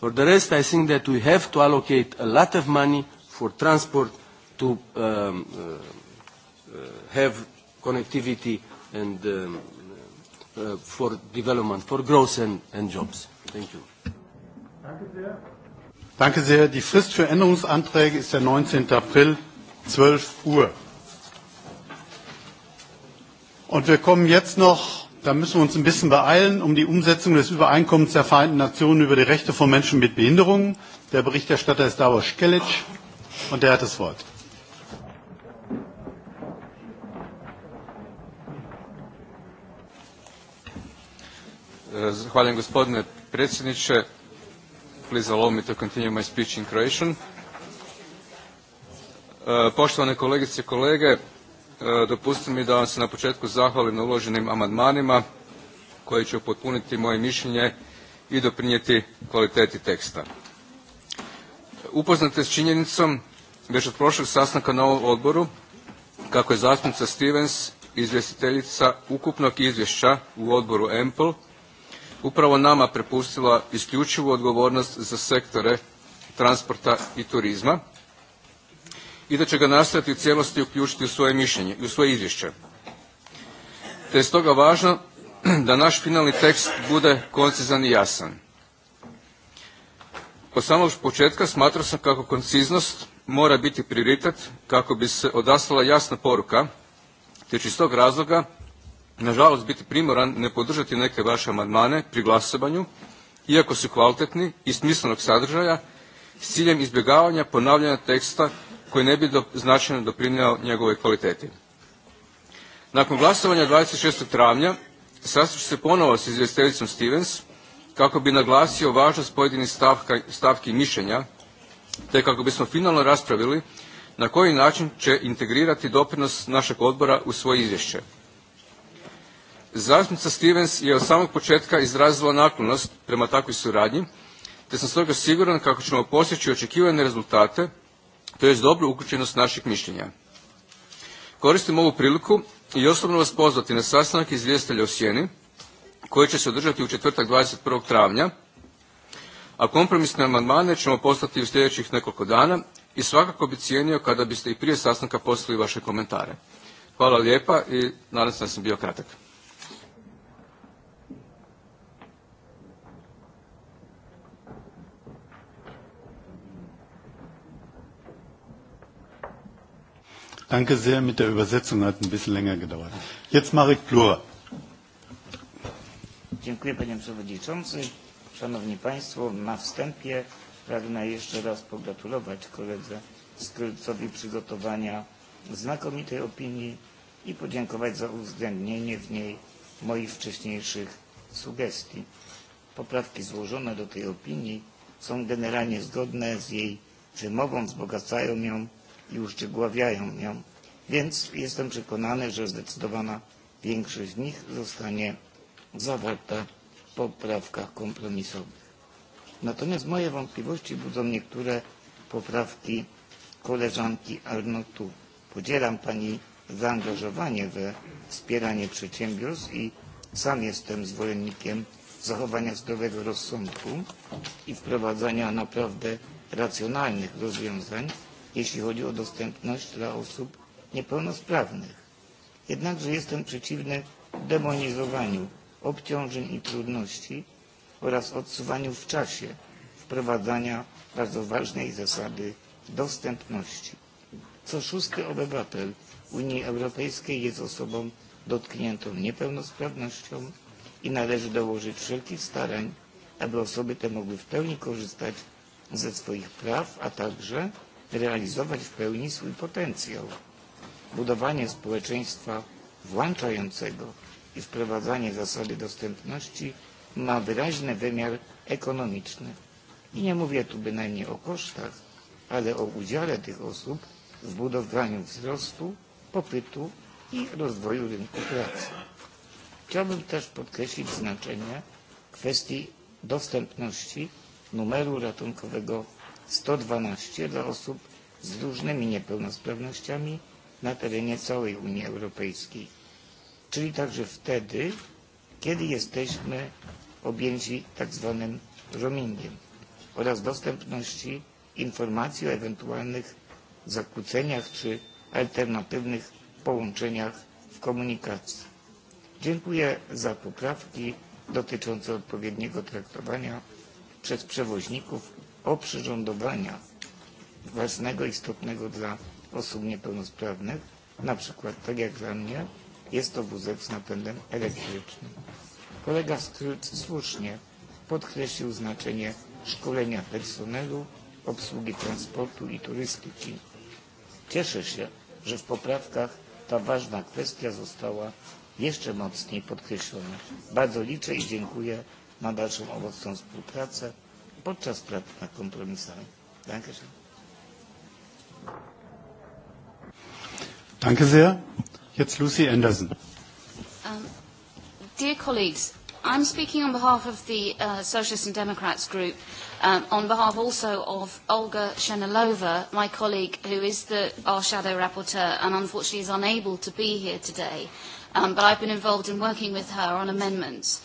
Speaker 19: For the rest, I think that we have to allocate a lot of money for transport to have connectivity and for development, for growth and jobs. Thank you.
Speaker 1: Danke sehr. Die Frist für Änderungsanträge ist der 19. April, 12 Uhr. Und wir kommen jetzt noch, da müssen wir uns ein bisschen beeilen, um die Umsetzung des Übereinkommens der Vereinten Nationen über die Rechte von Menschen mit Behinderungen. Der Berichterstatter ist Davos Skelic und er hat das Wort.
Speaker 9: Zahvaljujem gospodine predsjedniče. Please allow me to continue my speech in Croatian. Poštovane kolegice i kolege, dopustite mi da vam se na početku zahvalim na uloženim amandmanima koji će upotpuniti moje mišljenje i doprinijeti kvaliteti teksta. Upoznate s činjenicom već od prošlog sastanka na ovom odboru kako je zastupnica Stevens izvjestiteljica ukupnog izvješća u odboru EMPL upravo nama prepustila isključivu odgovornost za sektore transporta i turizma i da će ga nastojati u cijelosti uključiti u svoje mišljenje i u svoje izvješće. Te je stoga važno da naš finalni tekst bude koncizan i jasan. Od samog početka smatrao sam kako konciznost mora biti prioritet kako bi se odaslala jasna poruka, te ću iz tog razloga nažalost biti primoran ne podržati neke vaše amandmane pri glasovanju, iako su kvalitetni i smislenog sadržaja, s ciljem izbjegavanja ponavljanja teksta koji ne bi značajno doprinio njegovoj kvaliteti. Nakon glasovanja 26. travnja sastuću se ponovo s izvjestiteljicom Stevens kako bi naglasio važnost pojedinih stavki mišljenja, te kako bismo finalno raspravili na koji način će integrirati doprinos našeg odbora u svoje izvješće. Zastupnica Stevens je od samog početka izrazila naklonost prema takvoj suradnji, te sam stoga siguran kako ćemo postići očekivane rezultate, to je dobru uključenost naših mišljenja. Koristim ovu priliku i osobno vas pozvati na sastanak izvjestitelja u Sjeni, koji će se održati u četvrtak 21. travnja, a kompromisne amandmane ćemo postati u sljedećih nekoliko dana i svakako bi cijenio kada biste i prije sastanka poslali vaše komentare. Hvala lijepa i nadam se da sam bio kratak.
Speaker 1: Danke sehr. Mit der Übersetzung hat ein bisschen länger gedauert. Jetzt Marek Plura.
Speaker 22: Dziękuję Panie Przewodniczący. Szanowni Państwo, na wstępie pragnę jeszcze raz pogratulować koledze Skrylcowi przygotowania znakomitej opinii i podziękować za uwzględnienie w niej moich wcześniejszych sugestii. Poprawki złożone do tej opinii są generalnie zgodne z jej wymową, wzbogacają ją już uszczegóławiają nią, więc jestem przekonany, że zdecydowana większość z nich zostanie zawarta w poprawkach kompromisowych. Natomiast moje wątpliwości budzą niektóre poprawki koleżanki Arnotu. Podzielam Pani zaangażowanie we wspieranie przedsiębiorstw i sam jestem zwolennikiem zachowania zdrowego rozsądku i wprowadzania naprawdę racjonalnych rozwiązań, jeśli chodzi o dostępność dla osób niepełnosprawnych. Jednakże jestem przeciwny demonizowaniu obciążeń i trudności oraz odsuwaniu w czasie wprowadzania bardzo ważnej zasady dostępności. Co szósty obywatel Unii Europejskiej jest osobą dotkniętą niepełnosprawnością i należy dołożyć wszelkich starań, aby osoby te mogły w pełni korzystać ze swoich praw, a także realizować w pełni swój potencjał. Budowanie społeczeństwa włączającego i wprowadzanie zasady dostępności ma wyraźny wymiar ekonomiczny. I nie mówię tu bynajmniej o kosztach, ale o udziale tych osób w budowaniu wzrostu, popytu i rozwoju rynku pracy. Chciałbym też podkreślić znaczenie kwestii dostępności numeru ratunkowego 112 dla osób z różnymi niepełnosprawnościami na terenie całej Unii Europejskiej, czyli także wtedy, kiedy jesteśmy objęci tak zwanym roamingiem oraz dostępności informacji o ewentualnych zakłóceniach czy alternatywnych połączeniach w komunikacji. Dziękuję za poprawki dotyczące odpowiedniego traktowania przez przewoźników oprzyrządowania ważnego, istotnego dla osób niepełnosprawnych, na przykład, tak jak dla mnie, jest to wózek z napędem elektrycznym. Kolega Skrót słusznie podkreślił znaczenie szkolenia personelu, obsługi transportu i turystyki. Cieszę się, że w poprawkach ta ważna kwestia została jeszcze mocniej podkreślona. Bardzo liczę i dziękuję na dalszą owocną współpracę podczas prac na kompromisach.
Speaker 1: Danke sehr. Jetzt Lucy Anderson.
Speaker 14: Dear colleagues, I'm speaking on behalf of the Socialist and Democrats group, on behalf also of Olga Shenilova, my colleague, who is the, our shadow rapporteur and unfortunately is unable to be here today. But I've been involved in working with her on amendments.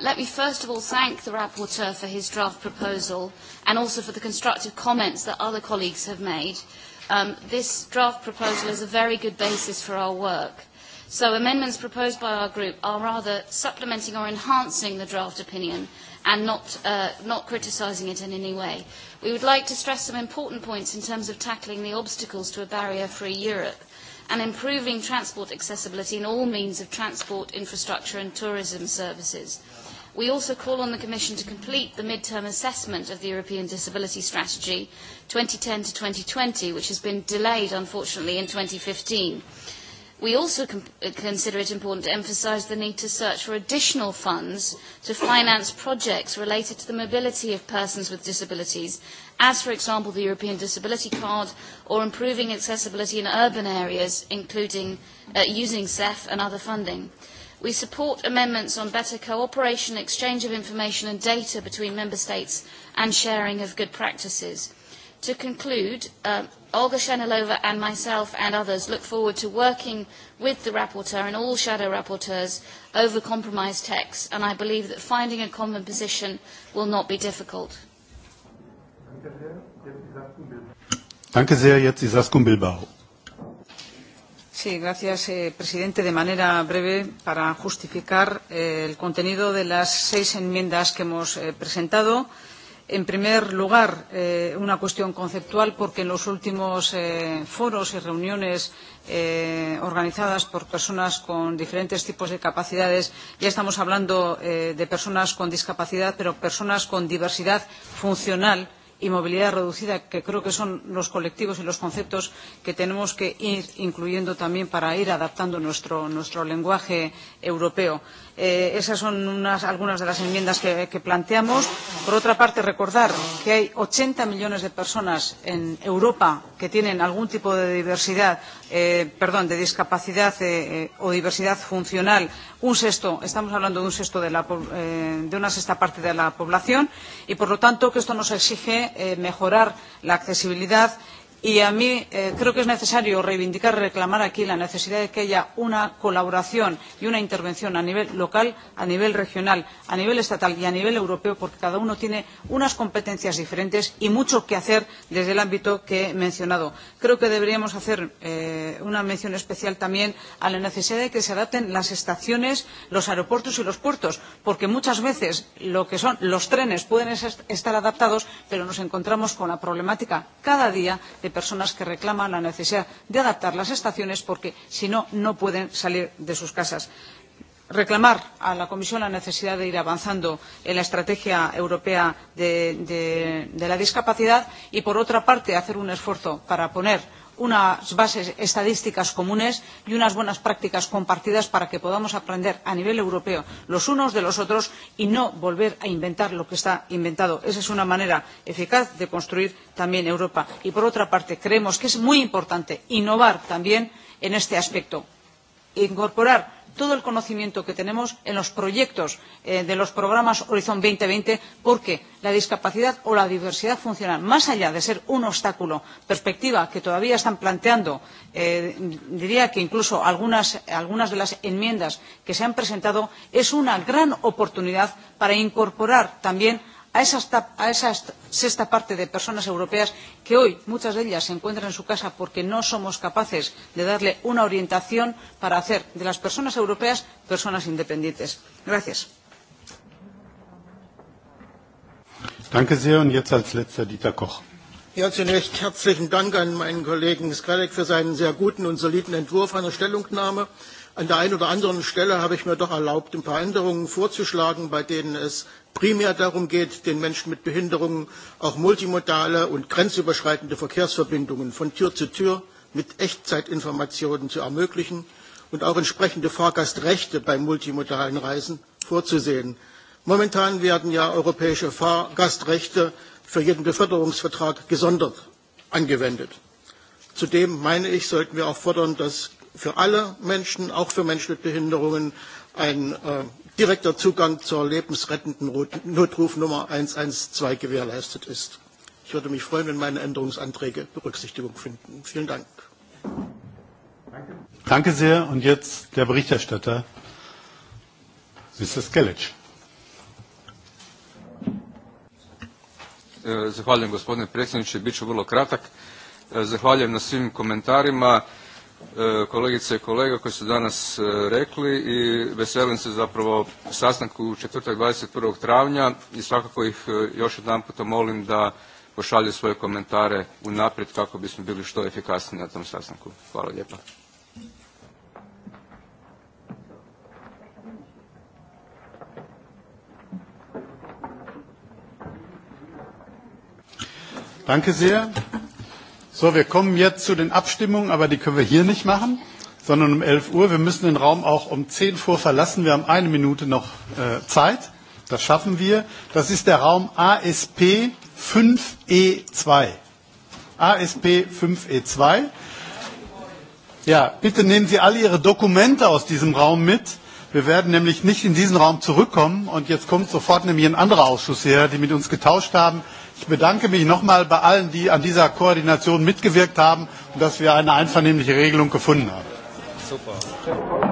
Speaker 14: Let me first of all thank the rapporteur for his draft proposal and also for the constructive comments that other colleagues have made. This draft proposal is a very good basis for our work. So amendments proposed by our group are rather supplementing or enhancing the draft opinion and not criticising it in any way. We would like to stress some important points in terms of tackling the obstacles to a barrier-free Europe and improving transport accessibility in all means of transport, infrastructure and tourism services. We also call on the Commission to complete the mid-term assessment of the European Disability Strategy 2010 to 2020, which has been delayed, unfortunately, in 2015. We also consider it important to emphasise the need to search for additional funds to finance projects related to the mobility of persons with disabilities, as, for example, the European Disability Card, or improving accessibility in urban areas, including using CEF and other funding. We support amendments on better cooperation, exchange of information and data between member states, and sharing of good practices. To conclude, Olga Shenilova and myself and others look forward to working with the rapporteur and all shadow rapporteurs over compromise texts, and I believe that finding a common position will not be difficult.
Speaker 1: Danke sehr, jetzt Isaskun Bilbao.
Speaker 15: Sí, gracias, eh, presidente. De manera breve, para justificar el contenido de las seis enmiendas que hemos presentado, en primer lugar, una cuestión conceptual, porque en los últimos foros y reuniones organizadas por personas con diferentes tipos de capacidades, ya estamos hablando de personas con discapacidad, pero personas con diversidad funcional y movilidad reducida, que creo que son los colectivos y los conceptos que tenemos que ir incluyendo también para ir adaptando nuestro lenguaje europeo. Esas son unas, algunas de las enmiendas que, que planteamos. Por otra parte, recordar que hay 80 millones de personas en Europa que tienen algún tipo de diversidad, eh, perdón, de discapacidad eh, o diversidad funcional. Un sexto, estamos hablando de un sexto de, la, eh, de una sexta parte de la población y, por lo tanto, que esto nos exige mejorar la accesibilidad y a mí creo que es necesario reivindicar y reclamar aquí la necesidad de que haya una colaboración y una intervención a nivel local a nivel regional a nivel estatal y a nivel europeo porque cada uno tiene unas competencias diferentes y mucho que hacer desde el ámbito que he mencionado. creo que deberíamos hacer una mención especial también a la necesidad de que se adapten las estaciones los aeropuertos y los puertos porque muchas veces lo que son los trenes pueden estar adaptados pero nos encontramos con la problemática cada día personas que reclaman la necesidad de adaptar las estaciones porque si no no pueden salir de sus casas reclamar a la comisión la necesidad de ir avanzando en la estrategia europea de la discapacidad y por otra parte hacer un esfuerzo para poner unas bases estadísticas comunes y unas buenas prácticas compartidas para que podamos aprender a nivel europeo los unos de los otros y no volver a inventar lo que está inventado. Esa es una manera eficaz de construir también Europa. Y por otra parte, creemos que es muy importante innovar también en este aspecto. Incorporar todo el conocimiento que tenemos en los proyectos de los programas Horizon 2020, porque la discapacidad o la diversidad funcional, más allá de ser un obstáculo, perspectiva que todavía están planteando, diría que incluso algunas de las enmiendas que se han presentado, es una gran oportunidad para incorporar también a esa sexta parte de personas europeas que hoy muchas de ellas se encuentran en su casa porque no somos capaces de darle una orientación para hacer de las personas europeas personas independientes. Gracias.
Speaker 1: Danke sehr. Und jetzt als letzter Dieter Koch. zunächst herzlichen Dank an meinen Kollegen Skalek für seinen sehr guten und soliden Entwurf einer Stellungnahme An der einen oder anderen Stelle habe ich mir doch erlaubt, ein paar Änderungen vorzuschlagen, bei denen es primär darum geht, den Menschen mit Behinderungen auch multimodale und grenzüberschreitende Verkehrsverbindungen von Tür zu Tür mit Echtzeitinformationen zu ermöglichen und auch entsprechende Fahrgastrechte bei multimodalen Reisen vorzusehen. Momentan werden ja europäische Fahrgastrechte für jeden Beförderungsvertrag gesondert angewendet. Zudem meine ich, sollten wir auch fordern, dass für alle Menschen, auch für Menschen mit Behinderungen, ein direkter Zugang zur lebensrettenden Notrufnummer 112 gewährleistet ist. Ich würde mich freuen, wenn meine Änderungsanträge Berücksichtigung finden. Vielen Dank. Danke sehr. Und jetzt der Berichterstatter, Mr. Skelec.
Speaker 9: gospodine predsjedniče. ću vrlo kratak. Zahvaljujem na svim komentarima kolegice i kolega koji su danas rekli i veselim se zapravo sastanku u četvrtak 21. travnja i svakako ih još puta molim da pošalju svoje komentare unaprijed kako bismo bili što efikasniji na tom sastanku. Hvala lijepa.
Speaker 1: Danke sehr. So, wir kommen jetzt zu den Abstimmungen, aber die können wir hier nicht machen, sondern um 11 Uhr. Wir müssen den Raum auch um 10 Uhr verlassen. Wir haben eine Minute noch Zeit. Das schaffen wir. Das ist der Raum ASP 5E2. ASP 5E2. Ja, bitte nehmen Sie alle Ihre Dokumente aus diesem Raum mit. Wir werden nämlich nicht in diesen Raum zurückkommen. Und jetzt kommt sofort nämlich ein anderer Ausschuss her, die mit uns getauscht haben. Ich bedanke mich nochmal bei allen, die an dieser Koordination mitgewirkt haben und dass wir eine einvernehmliche Regelung gefunden haben.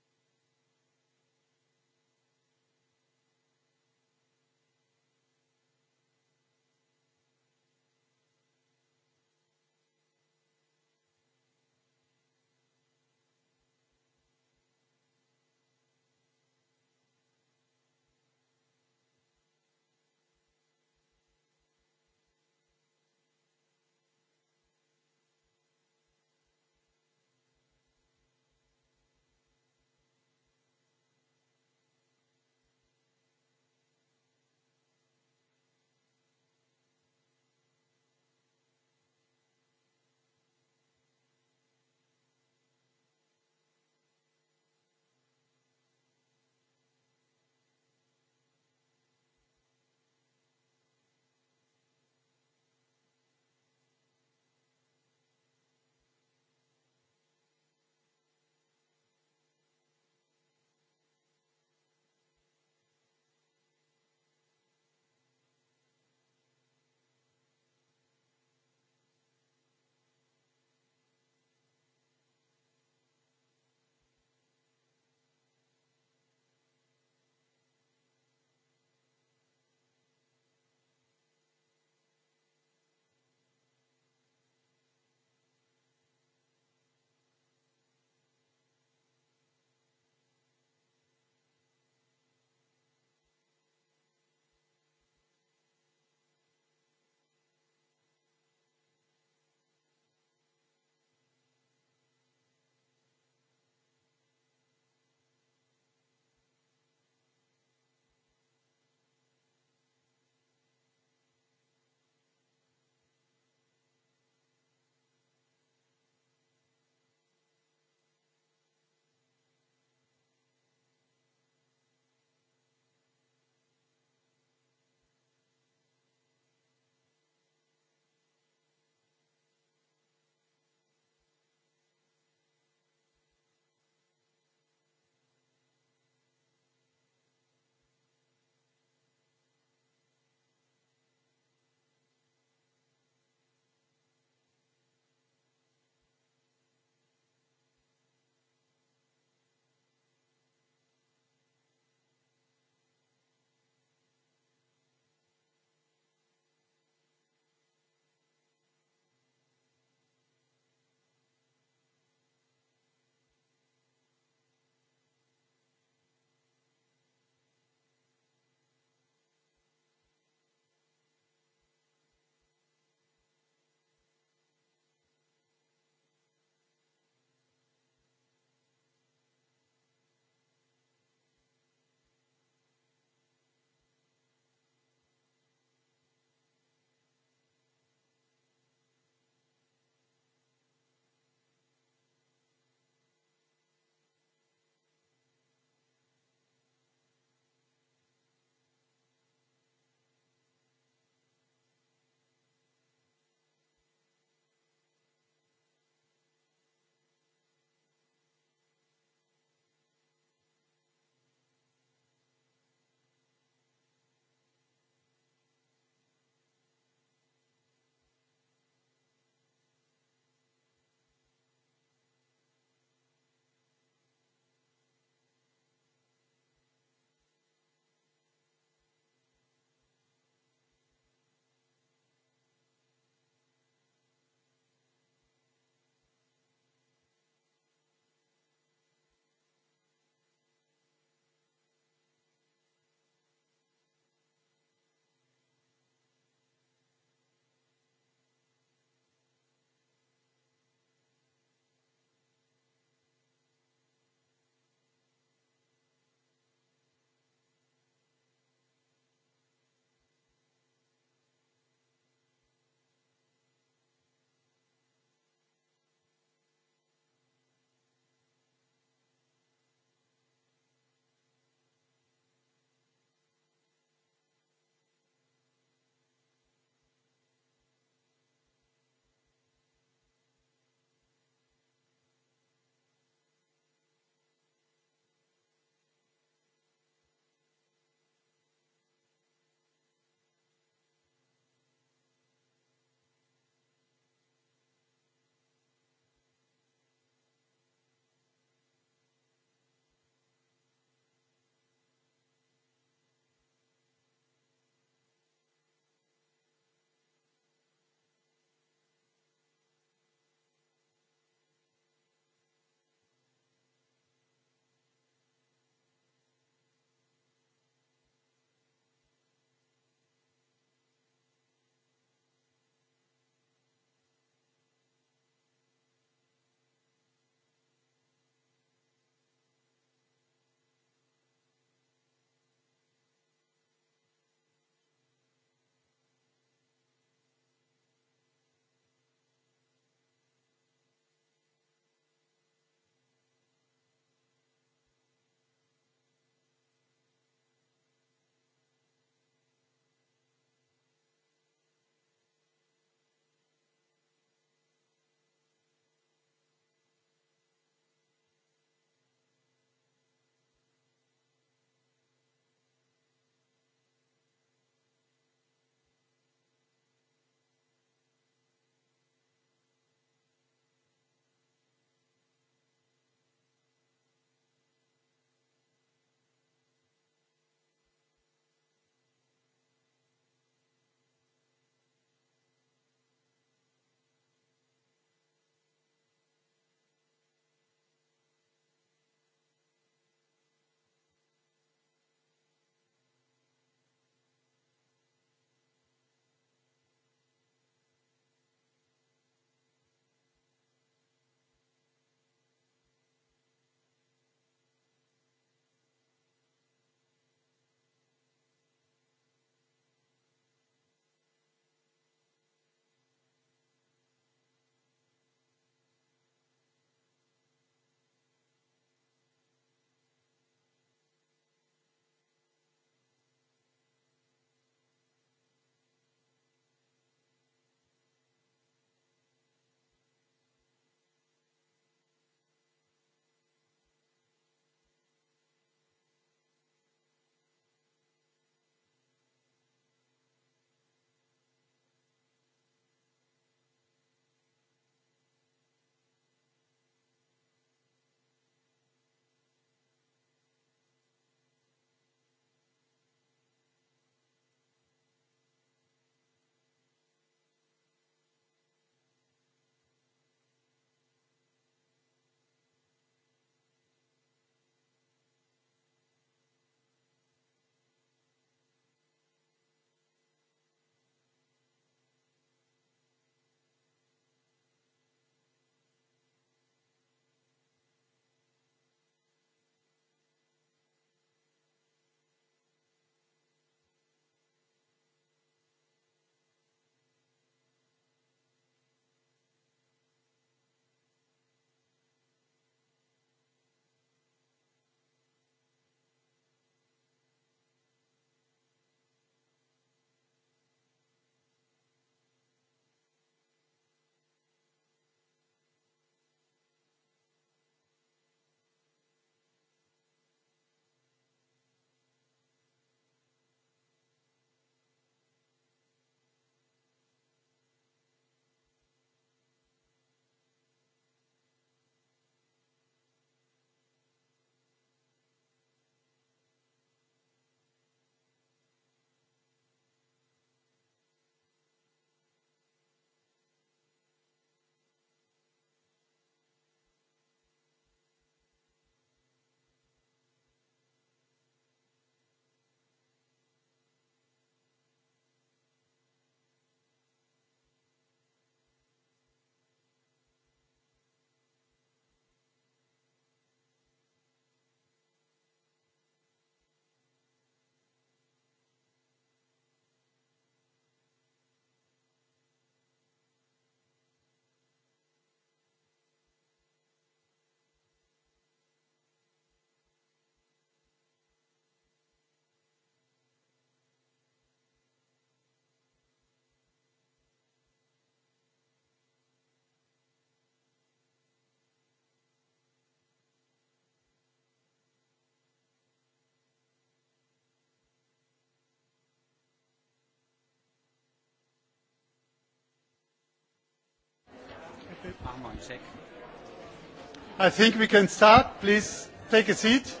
Speaker 1: I think we can start. Please take a seat.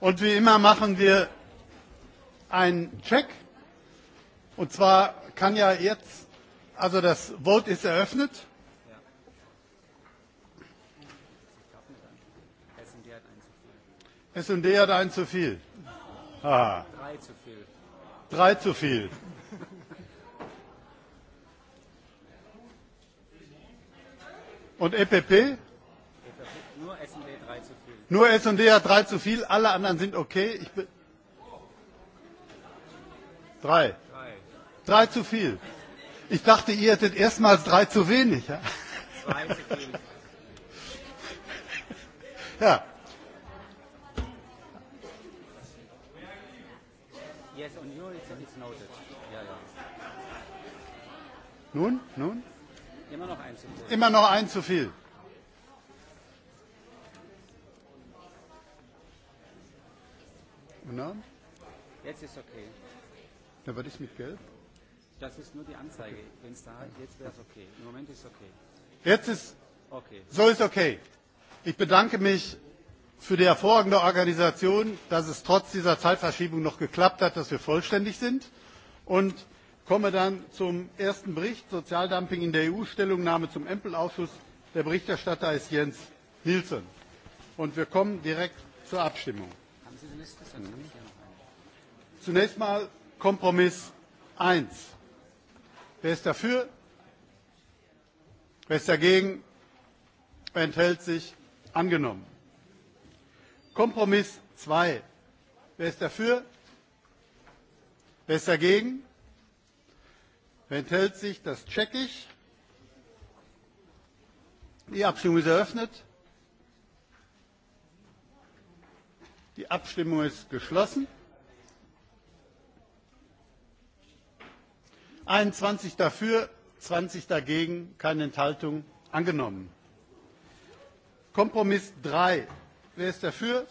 Speaker 1: Und wie immer machen wir einen Check. Und zwar kann ja jetzt, also das Vote ist eröffnet. S&D hat ein zu viel. Ah.
Speaker 7: Drei zu viel.
Speaker 1: Drei zu viel. Und EPP? Nur S&D 3 zu viel. Nur S&D hat 3 zu viel, alle anderen sind okay. Ich bin 3. 3 zu viel. Ich dachte, ihr hättet erstmals 3 zu wenig. Ja? zu viel. ja.
Speaker 20: Yes, on your it's noted. Ja,
Speaker 17: ja.
Speaker 1: Nun, nun? Immer noch ein zu viel. Na?
Speaker 10: Jetzt ist okay.
Speaker 1: Na, was ist mit Gelb?
Speaker 10: Das ist nur die Anzeige. Wenn es da jetzt wäre es okay. Im Moment ist es okay.
Speaker 1: Jetzt ist okay. So ist okay. Ich bedanke mich für die hervorragende Organisation, dass es trotz dieser Zeitverschiebung noch geklappt hat, dass wir vollständig sind. Und Ich komme dann zum ersten Bericht Sozialdumping in der EU Stellungnahme zum Empel Ausschuss der Berichterstatter ist Jens Nielsen und wir kommen direkt zur Abstimmung Zunächst mal Kompromiss 1 Wer ist dafür Wer ist dagegen enthält sich angenommen Kompromiss 2 Wer ist dafür Wer ist dagegen Wer enthält sich? Das checke ich. Die Abstimmung ist eröffnet. Die Abstimmung ist geschlossen. 21 dafür, 20 dagegen, keine Enthaltung. Angenommen. Kompromiss 3. Wer ist dafür?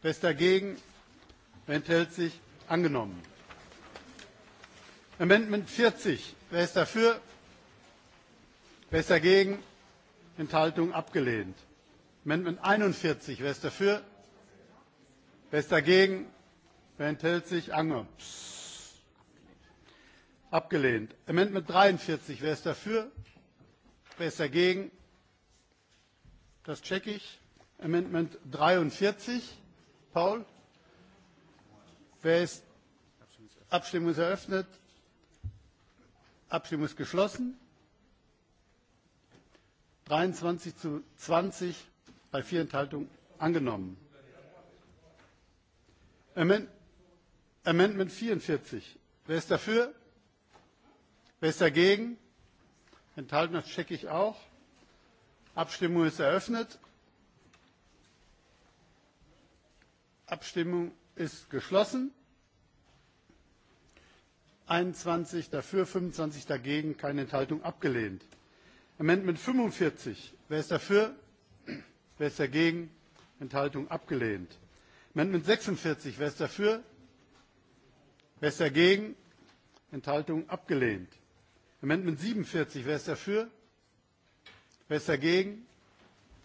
Speaker 1: Wer ist dagegen? Wer enthält sich? Angenommen. Amendment 40. Wer ist dafür? Wer ist dagegen? Enthaltung abgelehnt. Amendment 41. Wer ist dafür? Wer ist dagegen? Wer enthält sich? Ange. Abgelehnt. Amendment 43. Wer ist dafür? Wer ist dagegen? Das checke ich. Amendment 43. Paul? Wer ist? Abstimmung ist eröffnet. Abstimmung ist geschlossen. 23 zu 20 bei vier Enthaltungen angenommen. Amendment 44. Wer ist dafür? Wer ist dagegen? Enthalten, das checke ich auch. Abstimmung ist eröffnet. Abstimmung ist geschlossen einundzwanzig dafür fünfundzwanzig dagegen keine enthaltung abgelehnt; änderungsantrag fünfundvierzig wer ist dafür wer ist dagegen enthaltung abgelehnt; änderungsantrag sechsundvierzig wer ist dafür wer ist dagegen enthaltung abgelehnt; änderungsantrag siebenundvierzig wer ist dafür wer ist dagegen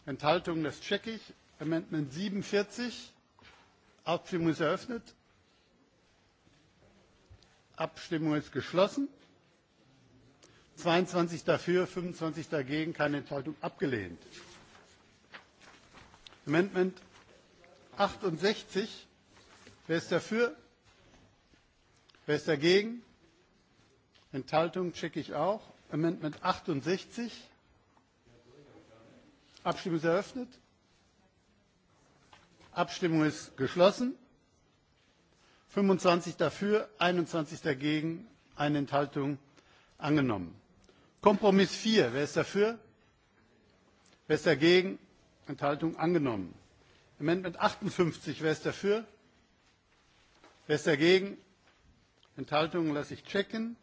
Speaker 1: enthaltung das checke ich; änderungsantrag siebenundvierzig abstimmung ist eröffnet. Abstimmung ist geschlossen. 22 dafür, 25 dagegen, keine Enthaltung abgelehnt. Amendment 68. Wer ist dafür? Wer ist dagegen? Enthaltung checke ich auch. Amendment 68. Abstimmung ist eröffnet. Abstimmung ist geschlossen. 25 dafür, 21 dagegen, eine Enthaltung angenommen. Kompromiss 4. Wer ist dafür? Wer ist dagegen? Enthaltung angenommen. Amendment 58. Wer ist dafür? Wer ist dagegen? Enthaltung lasse ich checken.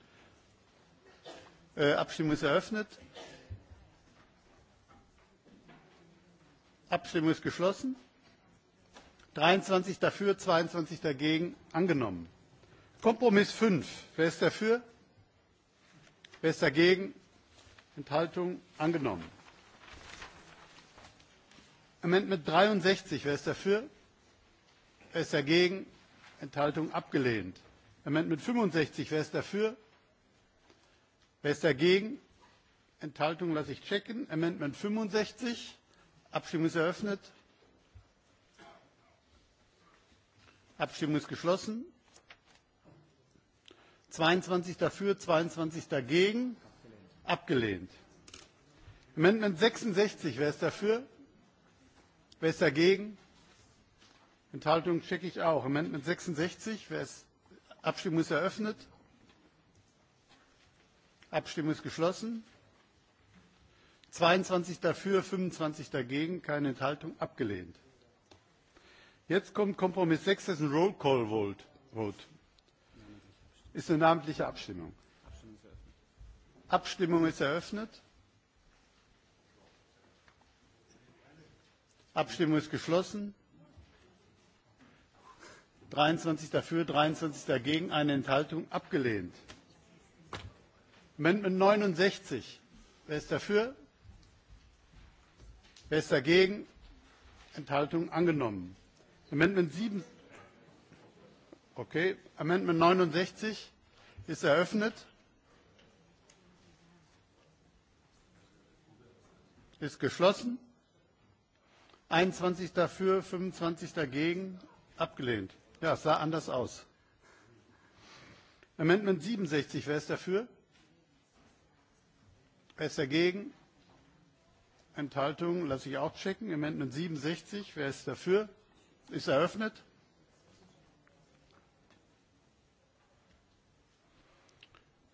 Speaker 1: Abstimmung ist eröffnet. Abstimmung ist geschlossen. 23 dafür, 22 dagegen angenommen. Kompromiss 5. Wer ist dafür? Wer ist dagegen? Enthaltung angenommen. Amendment 63. Wer ist dafür? Wer ist dagegen? Enthaltung abgelehnt. Amendment 65. Wer ist dafür? Wer ist dagegen? Enthaltung lasse ich checken. Amendment 65. Abstimmung ist eröffnet. Abstimmung ist geschlossen. 22 dafür, 22 dagegen. Abgelehnt. Amendment 66, wer ist dafür? Wer ist dagegen? Enthaltung checke ich auch. Amendment 66, Abstimmung ist eröffnet. Abstimmung ist geschlossen. 22 dafür, 25 dagegen, keine Enthaltung, abgelehnt. Jetzt kommt Kompromiss 6, das ist ein Roll Call Vote. Ist eine namentliche Abstimmung. Abstimmung ist eröffnet. Abstimmung ist geschlossen. 23 dafür, 23 dagegen, eine Enthaltung abgelehnt. Amendment 69. Wer ist dafür? Wer ist dagegen? Enthaltung angenommen. Amendment 7. Okay. Amendment 69 ist eröffnet. Ist geschlossen. 21 dafür, 25 dagegen. Abgelehnt. Ja, es sah anders aus. Amendment 67, wer ist dafür? Wer ist dagegen? Enthaltung, lasse ich auch checken. Amendment 67, wer ist dafür? ist eröffnet.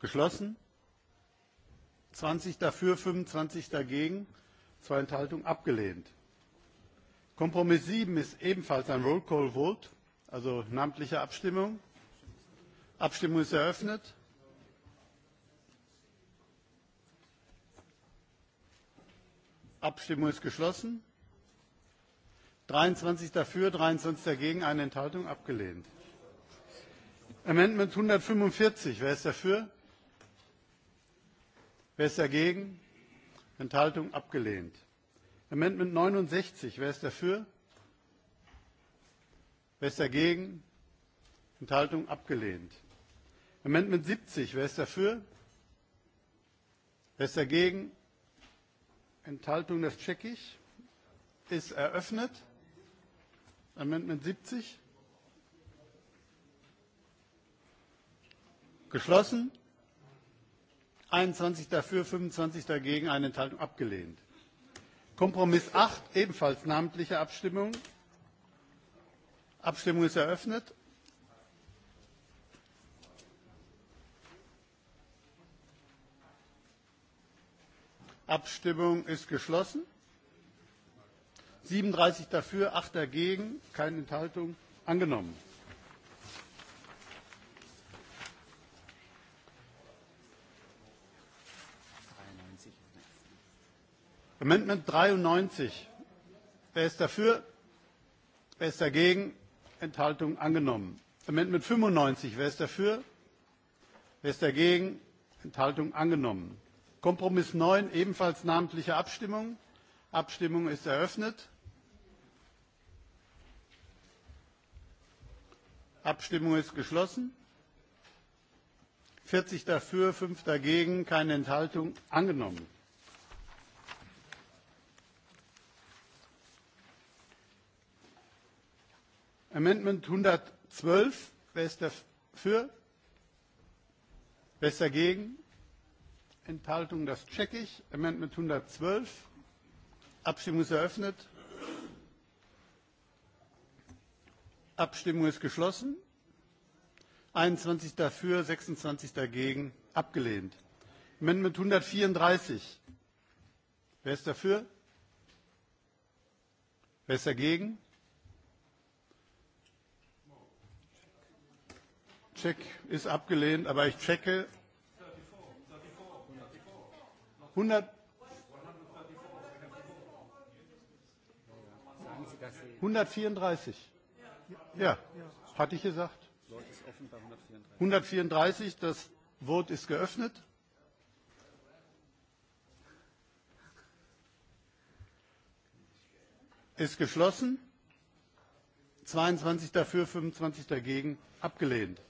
Speaker 1: Geschlossen. 20 dafür, 25 dagegen, zwei Enthaltungen abgelehnt. Kompromiss 7 ist ebenfalls ein Roll Call Vote, also namentliche Abstimmung. Abstimmung ist eröffnet. Abstimmung ist geschlossen. 23 dafür, 23 dagegen, eine Enthaltung abgelehnt. Amendment 145, wer ist dafür? Wer ist dagegen? Enthaltung abgelehnt. Amendment 69, wer ist dafür? Wer ist dagegen? Enthaltung abgelehnt. Amendment 70, wer ist dafür? Wer ist dagegen? Enthaltung, das tschechisch. Ist eröffnet. Amendment 70. Geschlossen. 21 dafür, 25 dagegen, eine Enthaltung abgelehnt. Kompromiss 8, ebenfalls namentliche Abstimmung. Abstimmung ist eröffnet. Abstimmung ist geschlossen. 37 dafür, 8 dagegen, keine Enthaltung, angenommen. Amendment 93. Wer ist dafür? Wer ist dagegen? Enthaltung angenommen. Amendment 95. Wer ist dafür? Wer ist dagegen? Enthaltung angenommen. Kompromiss 9. Ebenfalls namentliche Abstimmung. Abstimmung ist eröffnet. Abstimmung ist geschlossen. 40 dafür, 5 dagegen, keine Enthaltung. Angenommen. Amendment 112. Wer ist dafür? Wer ist dagegen? Enthaltung, das checke ich. Amendment 112. Abstimmung ist eröffnet. Abstimmung ist geschlossen. 21 dafür, 26 dagegen. Abgelehnt. Amendment 134. Wer ist dafür? Wer ist dagegen? Check ist abgelehnt, aber ich checke. 100 134. Ja, hatte ich gesagt. 134, das Wort ist geöffnet. Ist geschlossen. 22 dafür, 25 dagegen. Abgelehnt.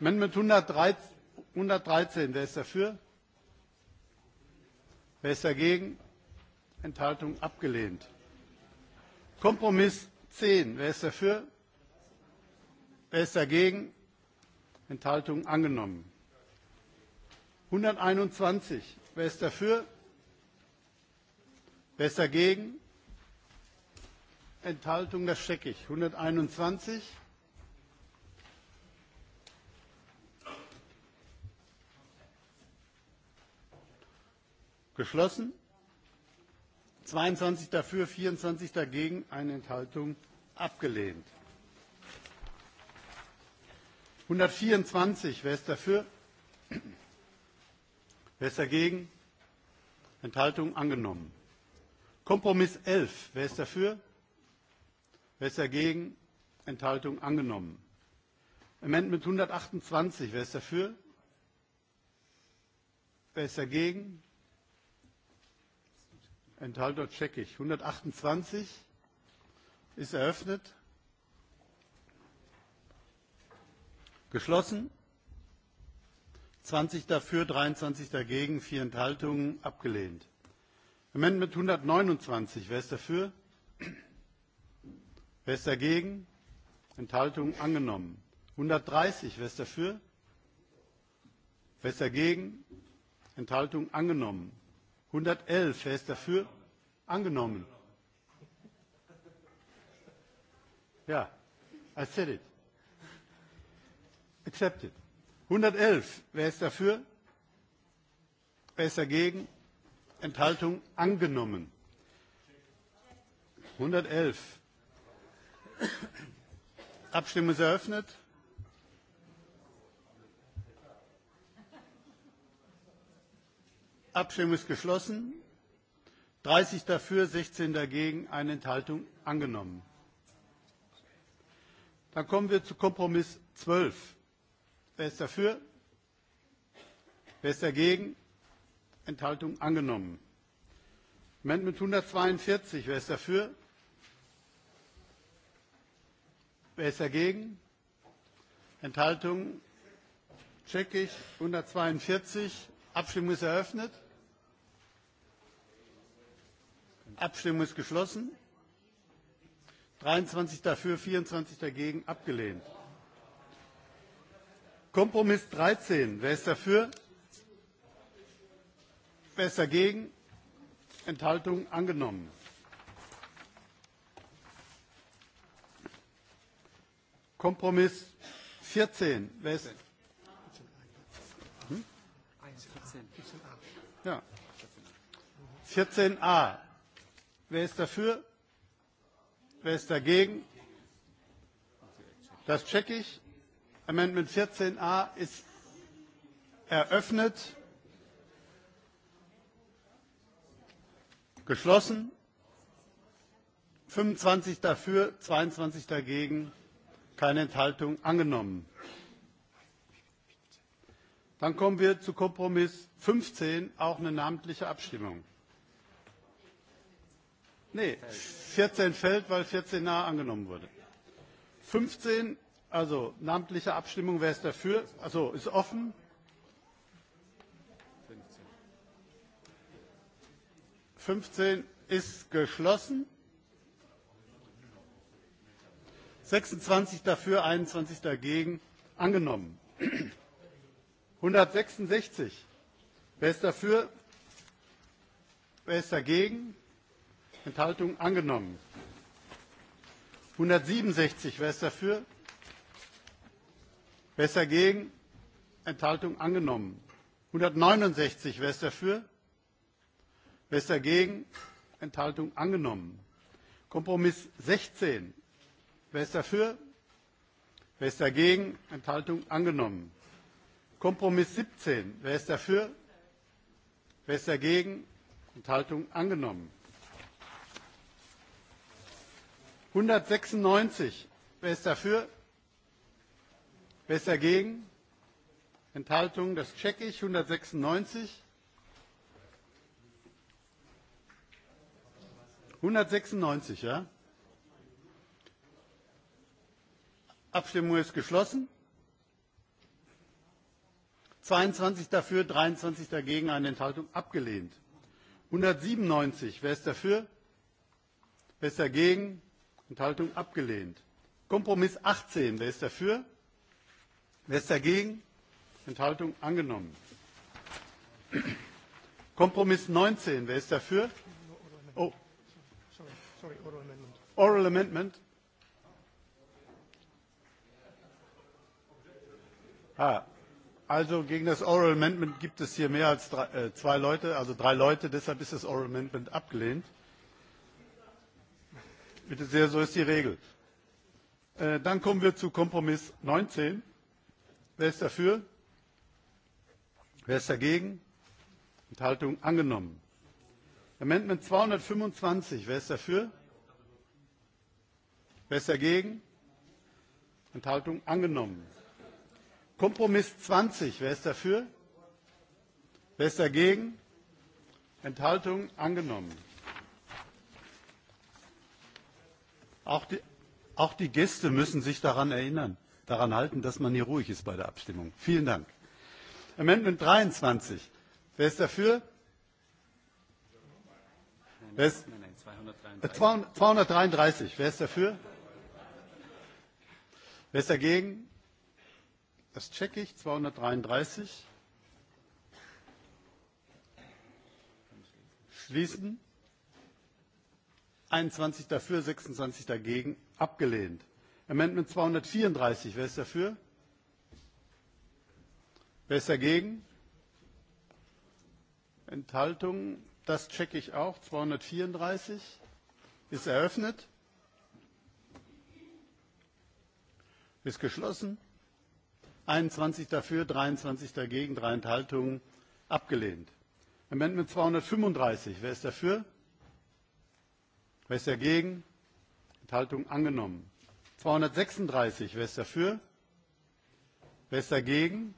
Speaker 1: Amendment 113, wer ist dafür? Wer ist dagegen? Enthaltung abgelehnt. Kompromiss 10, wer ist dafür? Wer ist dagegen? Enthaltung angenommen. 121. Wer ist dafür? Wer ist dagegen? Enthaltung, das checke ich. 121. Geschlossen. 22 dafür, 24 dagegen, eine Enthaltung abgelehnt. 124, wer ist dafür? Wer ist dagegen? Enthaltung angenommen. Kompromiss 11, wer ist dafür? Wer ist dagegen? Enthaltung angenommen. Amendment 128, wer ist dafür? Wer ist dagegen? Enthaltung check ich. 128 ist eröffnet. Geschlossen. 20 dafür, 23 dagegen, vier Enthaltungen. Abgelehnt. Amendment 129. Wer ist dafür? Wer ist dagegen? Enthaltungen angenommen. 130. Wer ist dafür? Wer ist dagegen? Enthaltung angenommen. 111. Wer ist dafür? Angenommen. Ja, I said it. Accepted. 111. Wer ist dafür? Wer ist dagegen? Enthaltung angenommen. 111. Abstimmung ist eröffnet. Abstimmung ist geschlossen. 30 dafür, 16 dagegen, eine Enthaltung angenommen. Dann kommen wir zu Kompromiss 12. Wer ist dafür? Wer ist dagegen? Enthaltung angenommen. Amendment 142. Wer ist dafür? Wer ist dagegen? Enthaltung? Check ich. 142. Abstimmung ist eröffnet. Abstimmung ist geschlossen. 23 dafür, 24 dagegen. Abgelehnt. Kompromiss 13. Wer ist dafür? Wer ist dagegen? Enthaltung angenommen. Kompromiss 14. Wer ist
Speaker 17: Ja. 14a.
Speaker 1: Wer ist dafür? Wer ist dagegen? Das checke ich. Amendment 14a ist eröffnet. Geschlossen. 25 dafür, 22 dagegen, keine Enthaltung angenommen. Dann kommen wir zu Kompromiss 15, auch eine namentliche Abstimmung. Nee, 14 fällt, weil 14a angenommen wurde. 15 Also namentliche Abstimmung, wer ist dafür? Also ist offen. Fünfzehn ist geschlossen. 26 dafür, 21 dagegen. Angenommen. 166. Wer ist dafür? Wer ist dagegen? Enthaltung angenommen. 167. Wer ist dafür? Wer ist dagegen? Enthaltung angenommen. 169. Wer ist dafür? Wer ist dagegen? Enthaltung angenommen. Kompromiss 16. Wer ist dafür? Wer ist dagegen? Enthaltung angenommen. Kompromiss 17. Wer ist dafür? Wer ist dagegen? Enthaltung angenommen. 196. Wer ist dafür? Wer ist dagegen? Enthaltung, das checke ich. 196. 196, ja. Abstimmung ist geschlossen. 22 dafür, 23 dagegen, eine Enthaltung abgelehnt. 197, wer ist dafür? Wer ist dagegen? Enthaltung abgelehnt. Kompromiss 18, wer ist dafür? Wer ist dagegen? Enthaltung angenommen. Kompromiss 19. Wer ist dafür? Oh. Oral Amendment. Ah, also gegen das Oral Amendment gibt es hier mehr als zwei Leute, also drei Leute. Deshalb ist das Oral Amendment abgelehnt. Bitte sehr, so ist die Regel. Dann kommen wir zu Kompromiss 19. Wer ist dafür? Wer ist dagegen? Enthaltung angenommen. Amendment 225. Wer ist dafür? Wer ist dagegen? Enthaltung angenommen. Kompromiss 20. Wer ist dafür? Wer ist dagegen? Enthaltung angenommen. Auch die Gäste müssen sich daran erinnern daran halten, dass man hier ruhig ist bei der Abstimmung. Vielen Dank. Amendment 23. Wer ist dafür?
Speaker 23: 233.
Speaker 1: Wer ist dafür? Wer ist dagegen? Das checke ich. 233. Schließen. 21 dafür, 26 dagegen. Abgelehnt. Amendment 234. Wer ist dafür? Wer ist dagegen? Enthaltungen? Das checke ich auch. 234 ist eröffnet. Ist geschlossen. 21 dafür, 23 dagegen, drei Enthaltungen. Abgelehnt. Amendment 235. Wer ist dafür? Wer ist dagegen? Enthaltung angenommen. 236, wer ist dafür? Wer ist dagegen?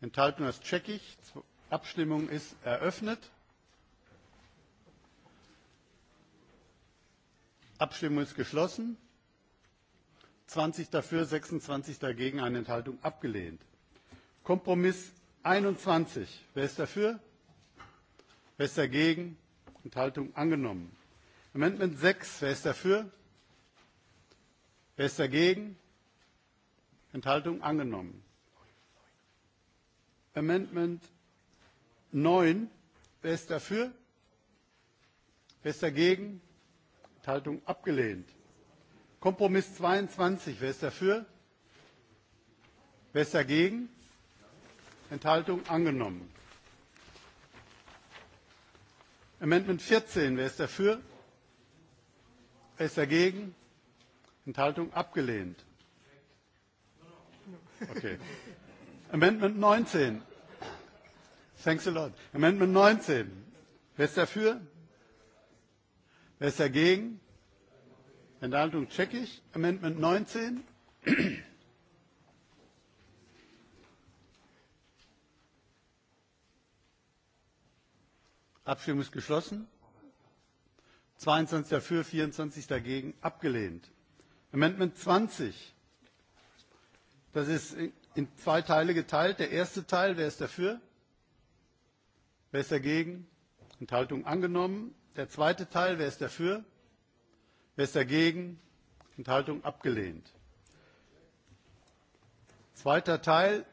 Speaker 1: Enthaltung, ist checkig. Abstimmung ist eröffnet. Abstimmung ist geschlossen. 20 dafür, 26 dagegen, eine Enthaltung abgelehnt. Kompromiss 21. Wer ist dafür? Wer ist dagegen? Enthaltung angenommen. Amendment 6. Wer ist dafür? Wer ist dagegen? Enthaltung angenommen. Amendment 9. Wer ist dafür? Wer ist dagegen? Enthaltung abgelehnt. Kompromiss 22. Wer ist dafür? Wer ist dagegen? Enthaltung angenommen. Amendment 14. Wer ist dafür? Wer ist dagegen? Enthaltung abgelehnt. Okay. Amendment 19. Thanks a lot. Amendment 19. Wer ist dafür? Wer ist dagegen? Enthaltung check ich. Amendment 19. Abstimmung ist geschlossen. 22 dafür, 24 dagegen. Abgelehnt. Amendment 20. Das ist in zwei Teile geteilt. Der erste Teil, wer ist dafür? Wer ist dagegen? Enthaltung angenommen. Der zweite Teil, wer ist dafür? Wer ist dagegen? Enthaltung abgelehnt. Zweiter Teil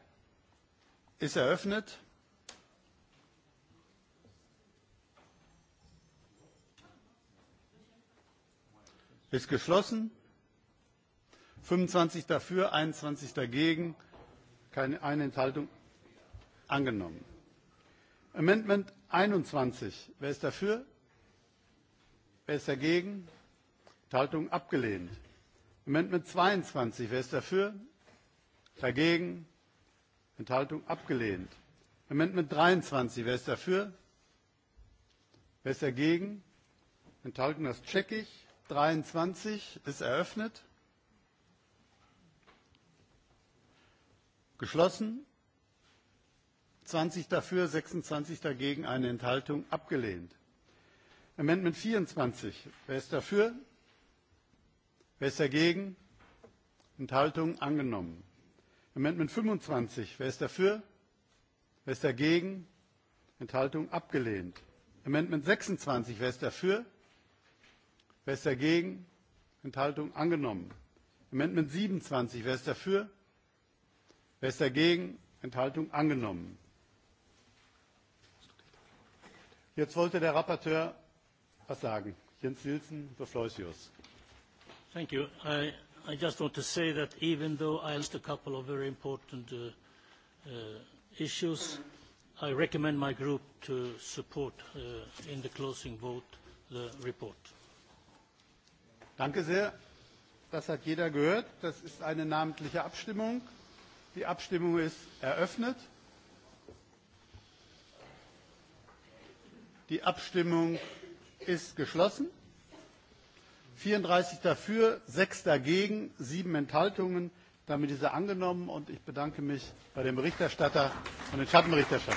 Speaker 1: ist eröffnet. Ist geschlossen. 25 dafür, 21 dagegen, keine eine Enthaltung angenommen. Amendment 21. Wer ist dafür? Wer ist dagegen? Enthaltung abgelehnt. Amendment 22. Wer ist dafür? Dagegen? Enthaltung abgelehnt. Amendment 23. Wer ist dafür? Wer ist dagegen? Enthaltung, das checke ich. 23 ist eröffnet. Geschlossen. 20 dafür, 26 dagegen, eine Enthaltung abgelehnt. Amendment 24. Wer ist dafür? Wer ist dagegen? Enthaltung angenommen. Amendment 25. Wer ist dafür? Wer ist dagegen? Enthaltung abgelehnt. Amendment 26. Wer ist dafür? Wer ist dagegen? Enthaltung angenommen. Amendment 27. Wer ist dafür? Wer ist dagegen? Enthaltung angenommen. Jetzt wollte der Rapporteur was sagen. Jens Nielsen, the floor is yours.
Speaker 21: Thank you. I, I just want to say that even though I list a couple of very important uh, uh, issues, I recommend my group to support uh, in the closing vote the report. Danke sehr.
Speaker 1: Das hat jeder gehört. Das ist eine namentliche Abstimmung. Die Abstimmung ist eröffnet. Die Abstimmung ist geschlossen. 34 dafür, 6 dagegen, 7 Enthaltungen. Damit ist er angenommen und ich bedanke mich bei dem Berichterstatter und den Schattenberichterstattern.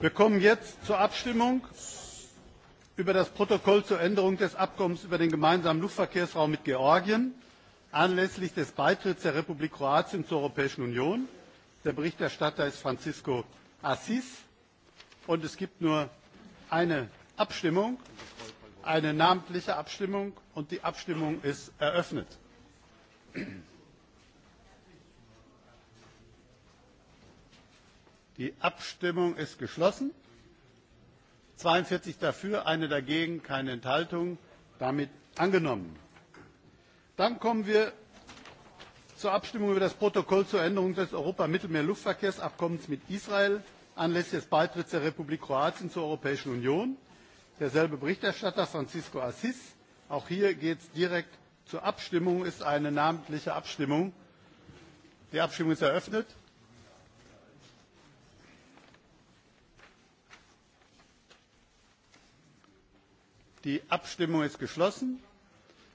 Speaker 1: Wir kommen jetzt zur Abstimmung über das Protokoll zur Änderung des Abkommens über den gemeinsamen Luftverkehrsraum mit Georgien anlässlich des Beitritts der Republik Kroatien zur Europäischen Union. Der Berichterstatter ist Francisco Assis. Und es gibt nur eine Abstimmung, eine namentliche Abstimmung, und die Abstimmung ist eröffnet. Die Abstimmung ist geschlossen. 42 dafür, eine dagegen, keine Enthaltung. Damit angenommen. Dann kommen wir zur Abstimmung über das Protokoll zur Änderung des Europa-Mittelmeer-Luftverkehrsabkommens mit Israel anlässlich des Beitritts der Republik Kroatien zur Europäischen Union. Derselbe Berichterstatter, Francisco Assis. Auch hier geht es direkt zur Abstimmung. Es ist eine namentliche Abstimmung. Die Abstimmung ist eröffnet. Die Abstimmung ist geschlossen.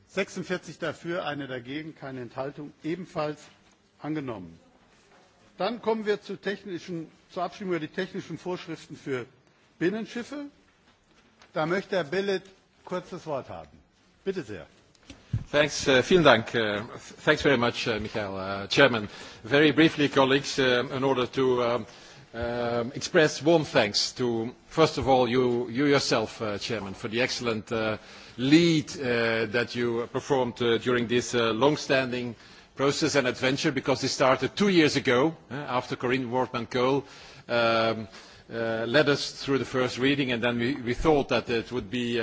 Speaker 1: 46 dafür, eine dagegen, keine Enthaltung, ebenfalls angenommen. Dann kommen wir zur Abstimmung über die technischen Vorschriften für Binnenschiffe. Da möchte Herr Bellet kurz das Wort haben. Bitte sehr.
Speaker 23: vielen Dank. Thanks very much, Michael. Chairman, briefly, colleagues, express warm thanks to, first of all, you yourself, Chairman, for the excellent lead that you performed during this long-standing process and adventure, because it started two years ago, after Corinne wortmann Kohl led us through the first reading, and then we thought that it would be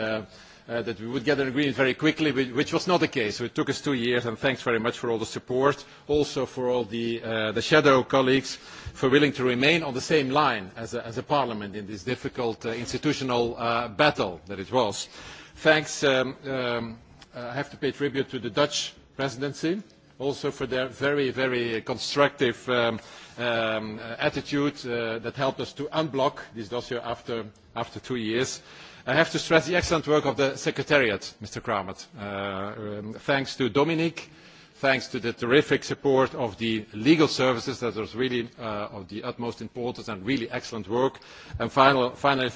Speaker 23: that we would get an agreement very quickly, which was not the case. so It took us two years, and thanks very much for all the support, also for all the shadow colleagues for willing to remain on the same line as a Parliament in this difficult institutional battle that it was. Thanks, I have to pay tribute to the Dutch presidency also for their very, very constructive attitude that helped us to unblock this dossier after two years. I have to stress the excellent work of the Secretariat, Mr. Kramert. Thanks to Dominique thanks to the terrific support of the legal services that was really of the utmost importance and really excellent work. And finally,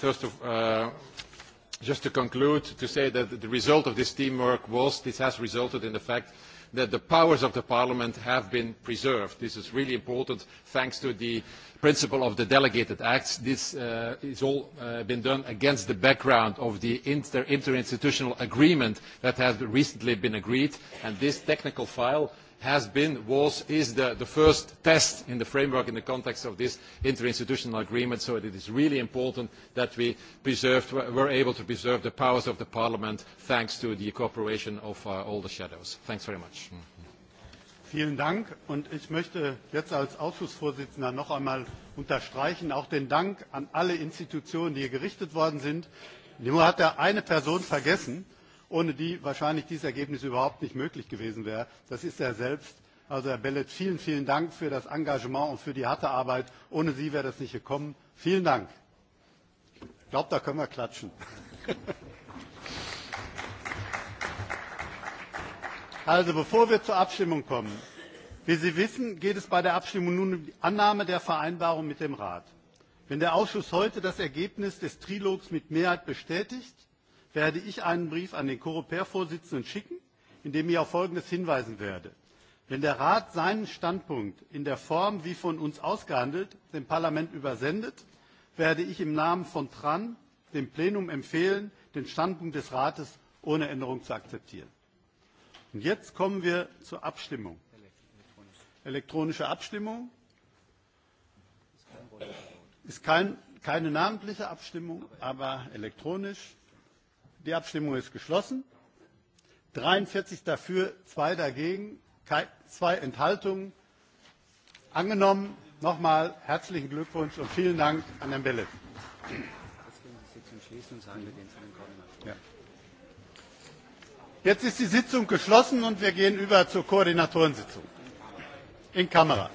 Speaker 23: just to conclude, to say that the result of this teamwork was, this has resulted in the fact that the powers of Parliament have been preserved. This is really important thanks to the principle of the delegated acts. This has all been done against the background of the interinstitutional agreement that has recently been agreed, and this technical file has been, was, is the first test in the framework in the context of this interinstitutional agreement. So it is really important that we were able to preserve the powers of the Parliament thanks to the cooperation of all the shadows. Thanks very much.
Speaker 1: Vielen Dank. Und ich möchte jetzt als Ausschussvorsitzender noch einmal unterstreichen, auch den Dank an alle Institutionen, die hier gerichtet worden sind. Nur hat er eine Person vergessen ohne die wahrscheinlich dieses Ergebnis überhaupt nicht möglich gewesen wäre. Das ist er selbst. Also Herr Bellet, vielen, vielen Dank für das Engagement und für die harte Arbeit. Ohne Sie wäre das nicht gekommen. Vielen Dank. Ich glaube, da können wir klatschen. Also, bevor wir zur Abstimmung kommen. Wie Sie wissen, geht es bei der Abstimmung nun um die Annahme der Vereinbarung mit dem Rat. Wenn der Ausschuss heute das Ergebnis des Trilogs mit Mehrheit bestätigt, werde ich einen Brief an den Coreper-Vorsitzenden schicken, in dem ich auf Folgendes hinweisen werde. Wenn der Rat seinen Standpunkt in der Form wie von uns ausgehandelt dem Parlament übersendet, werde ich im Namen von TRAN dem Plenum empfehlen, den Standpunkt des Rates ohne Änderung zu akzeptieren. Und jetzt kommen wir zur Abstimmung. Elektronische Abstimmung ist keine namentliche Abstimmung, aber elektronisch. Die Abstimmung ist geschlossen. 43 dafür, 2 dagegen, zwei Enthaltungen. Angenommen. Nochmal herzlichen Glückwunsch und vielen Dank an Herrn Bellet. Jetzt ist die Sitzung geschlossen und wir gehen über zur Koordinatorensitzung
Speaker 21: in Kamera.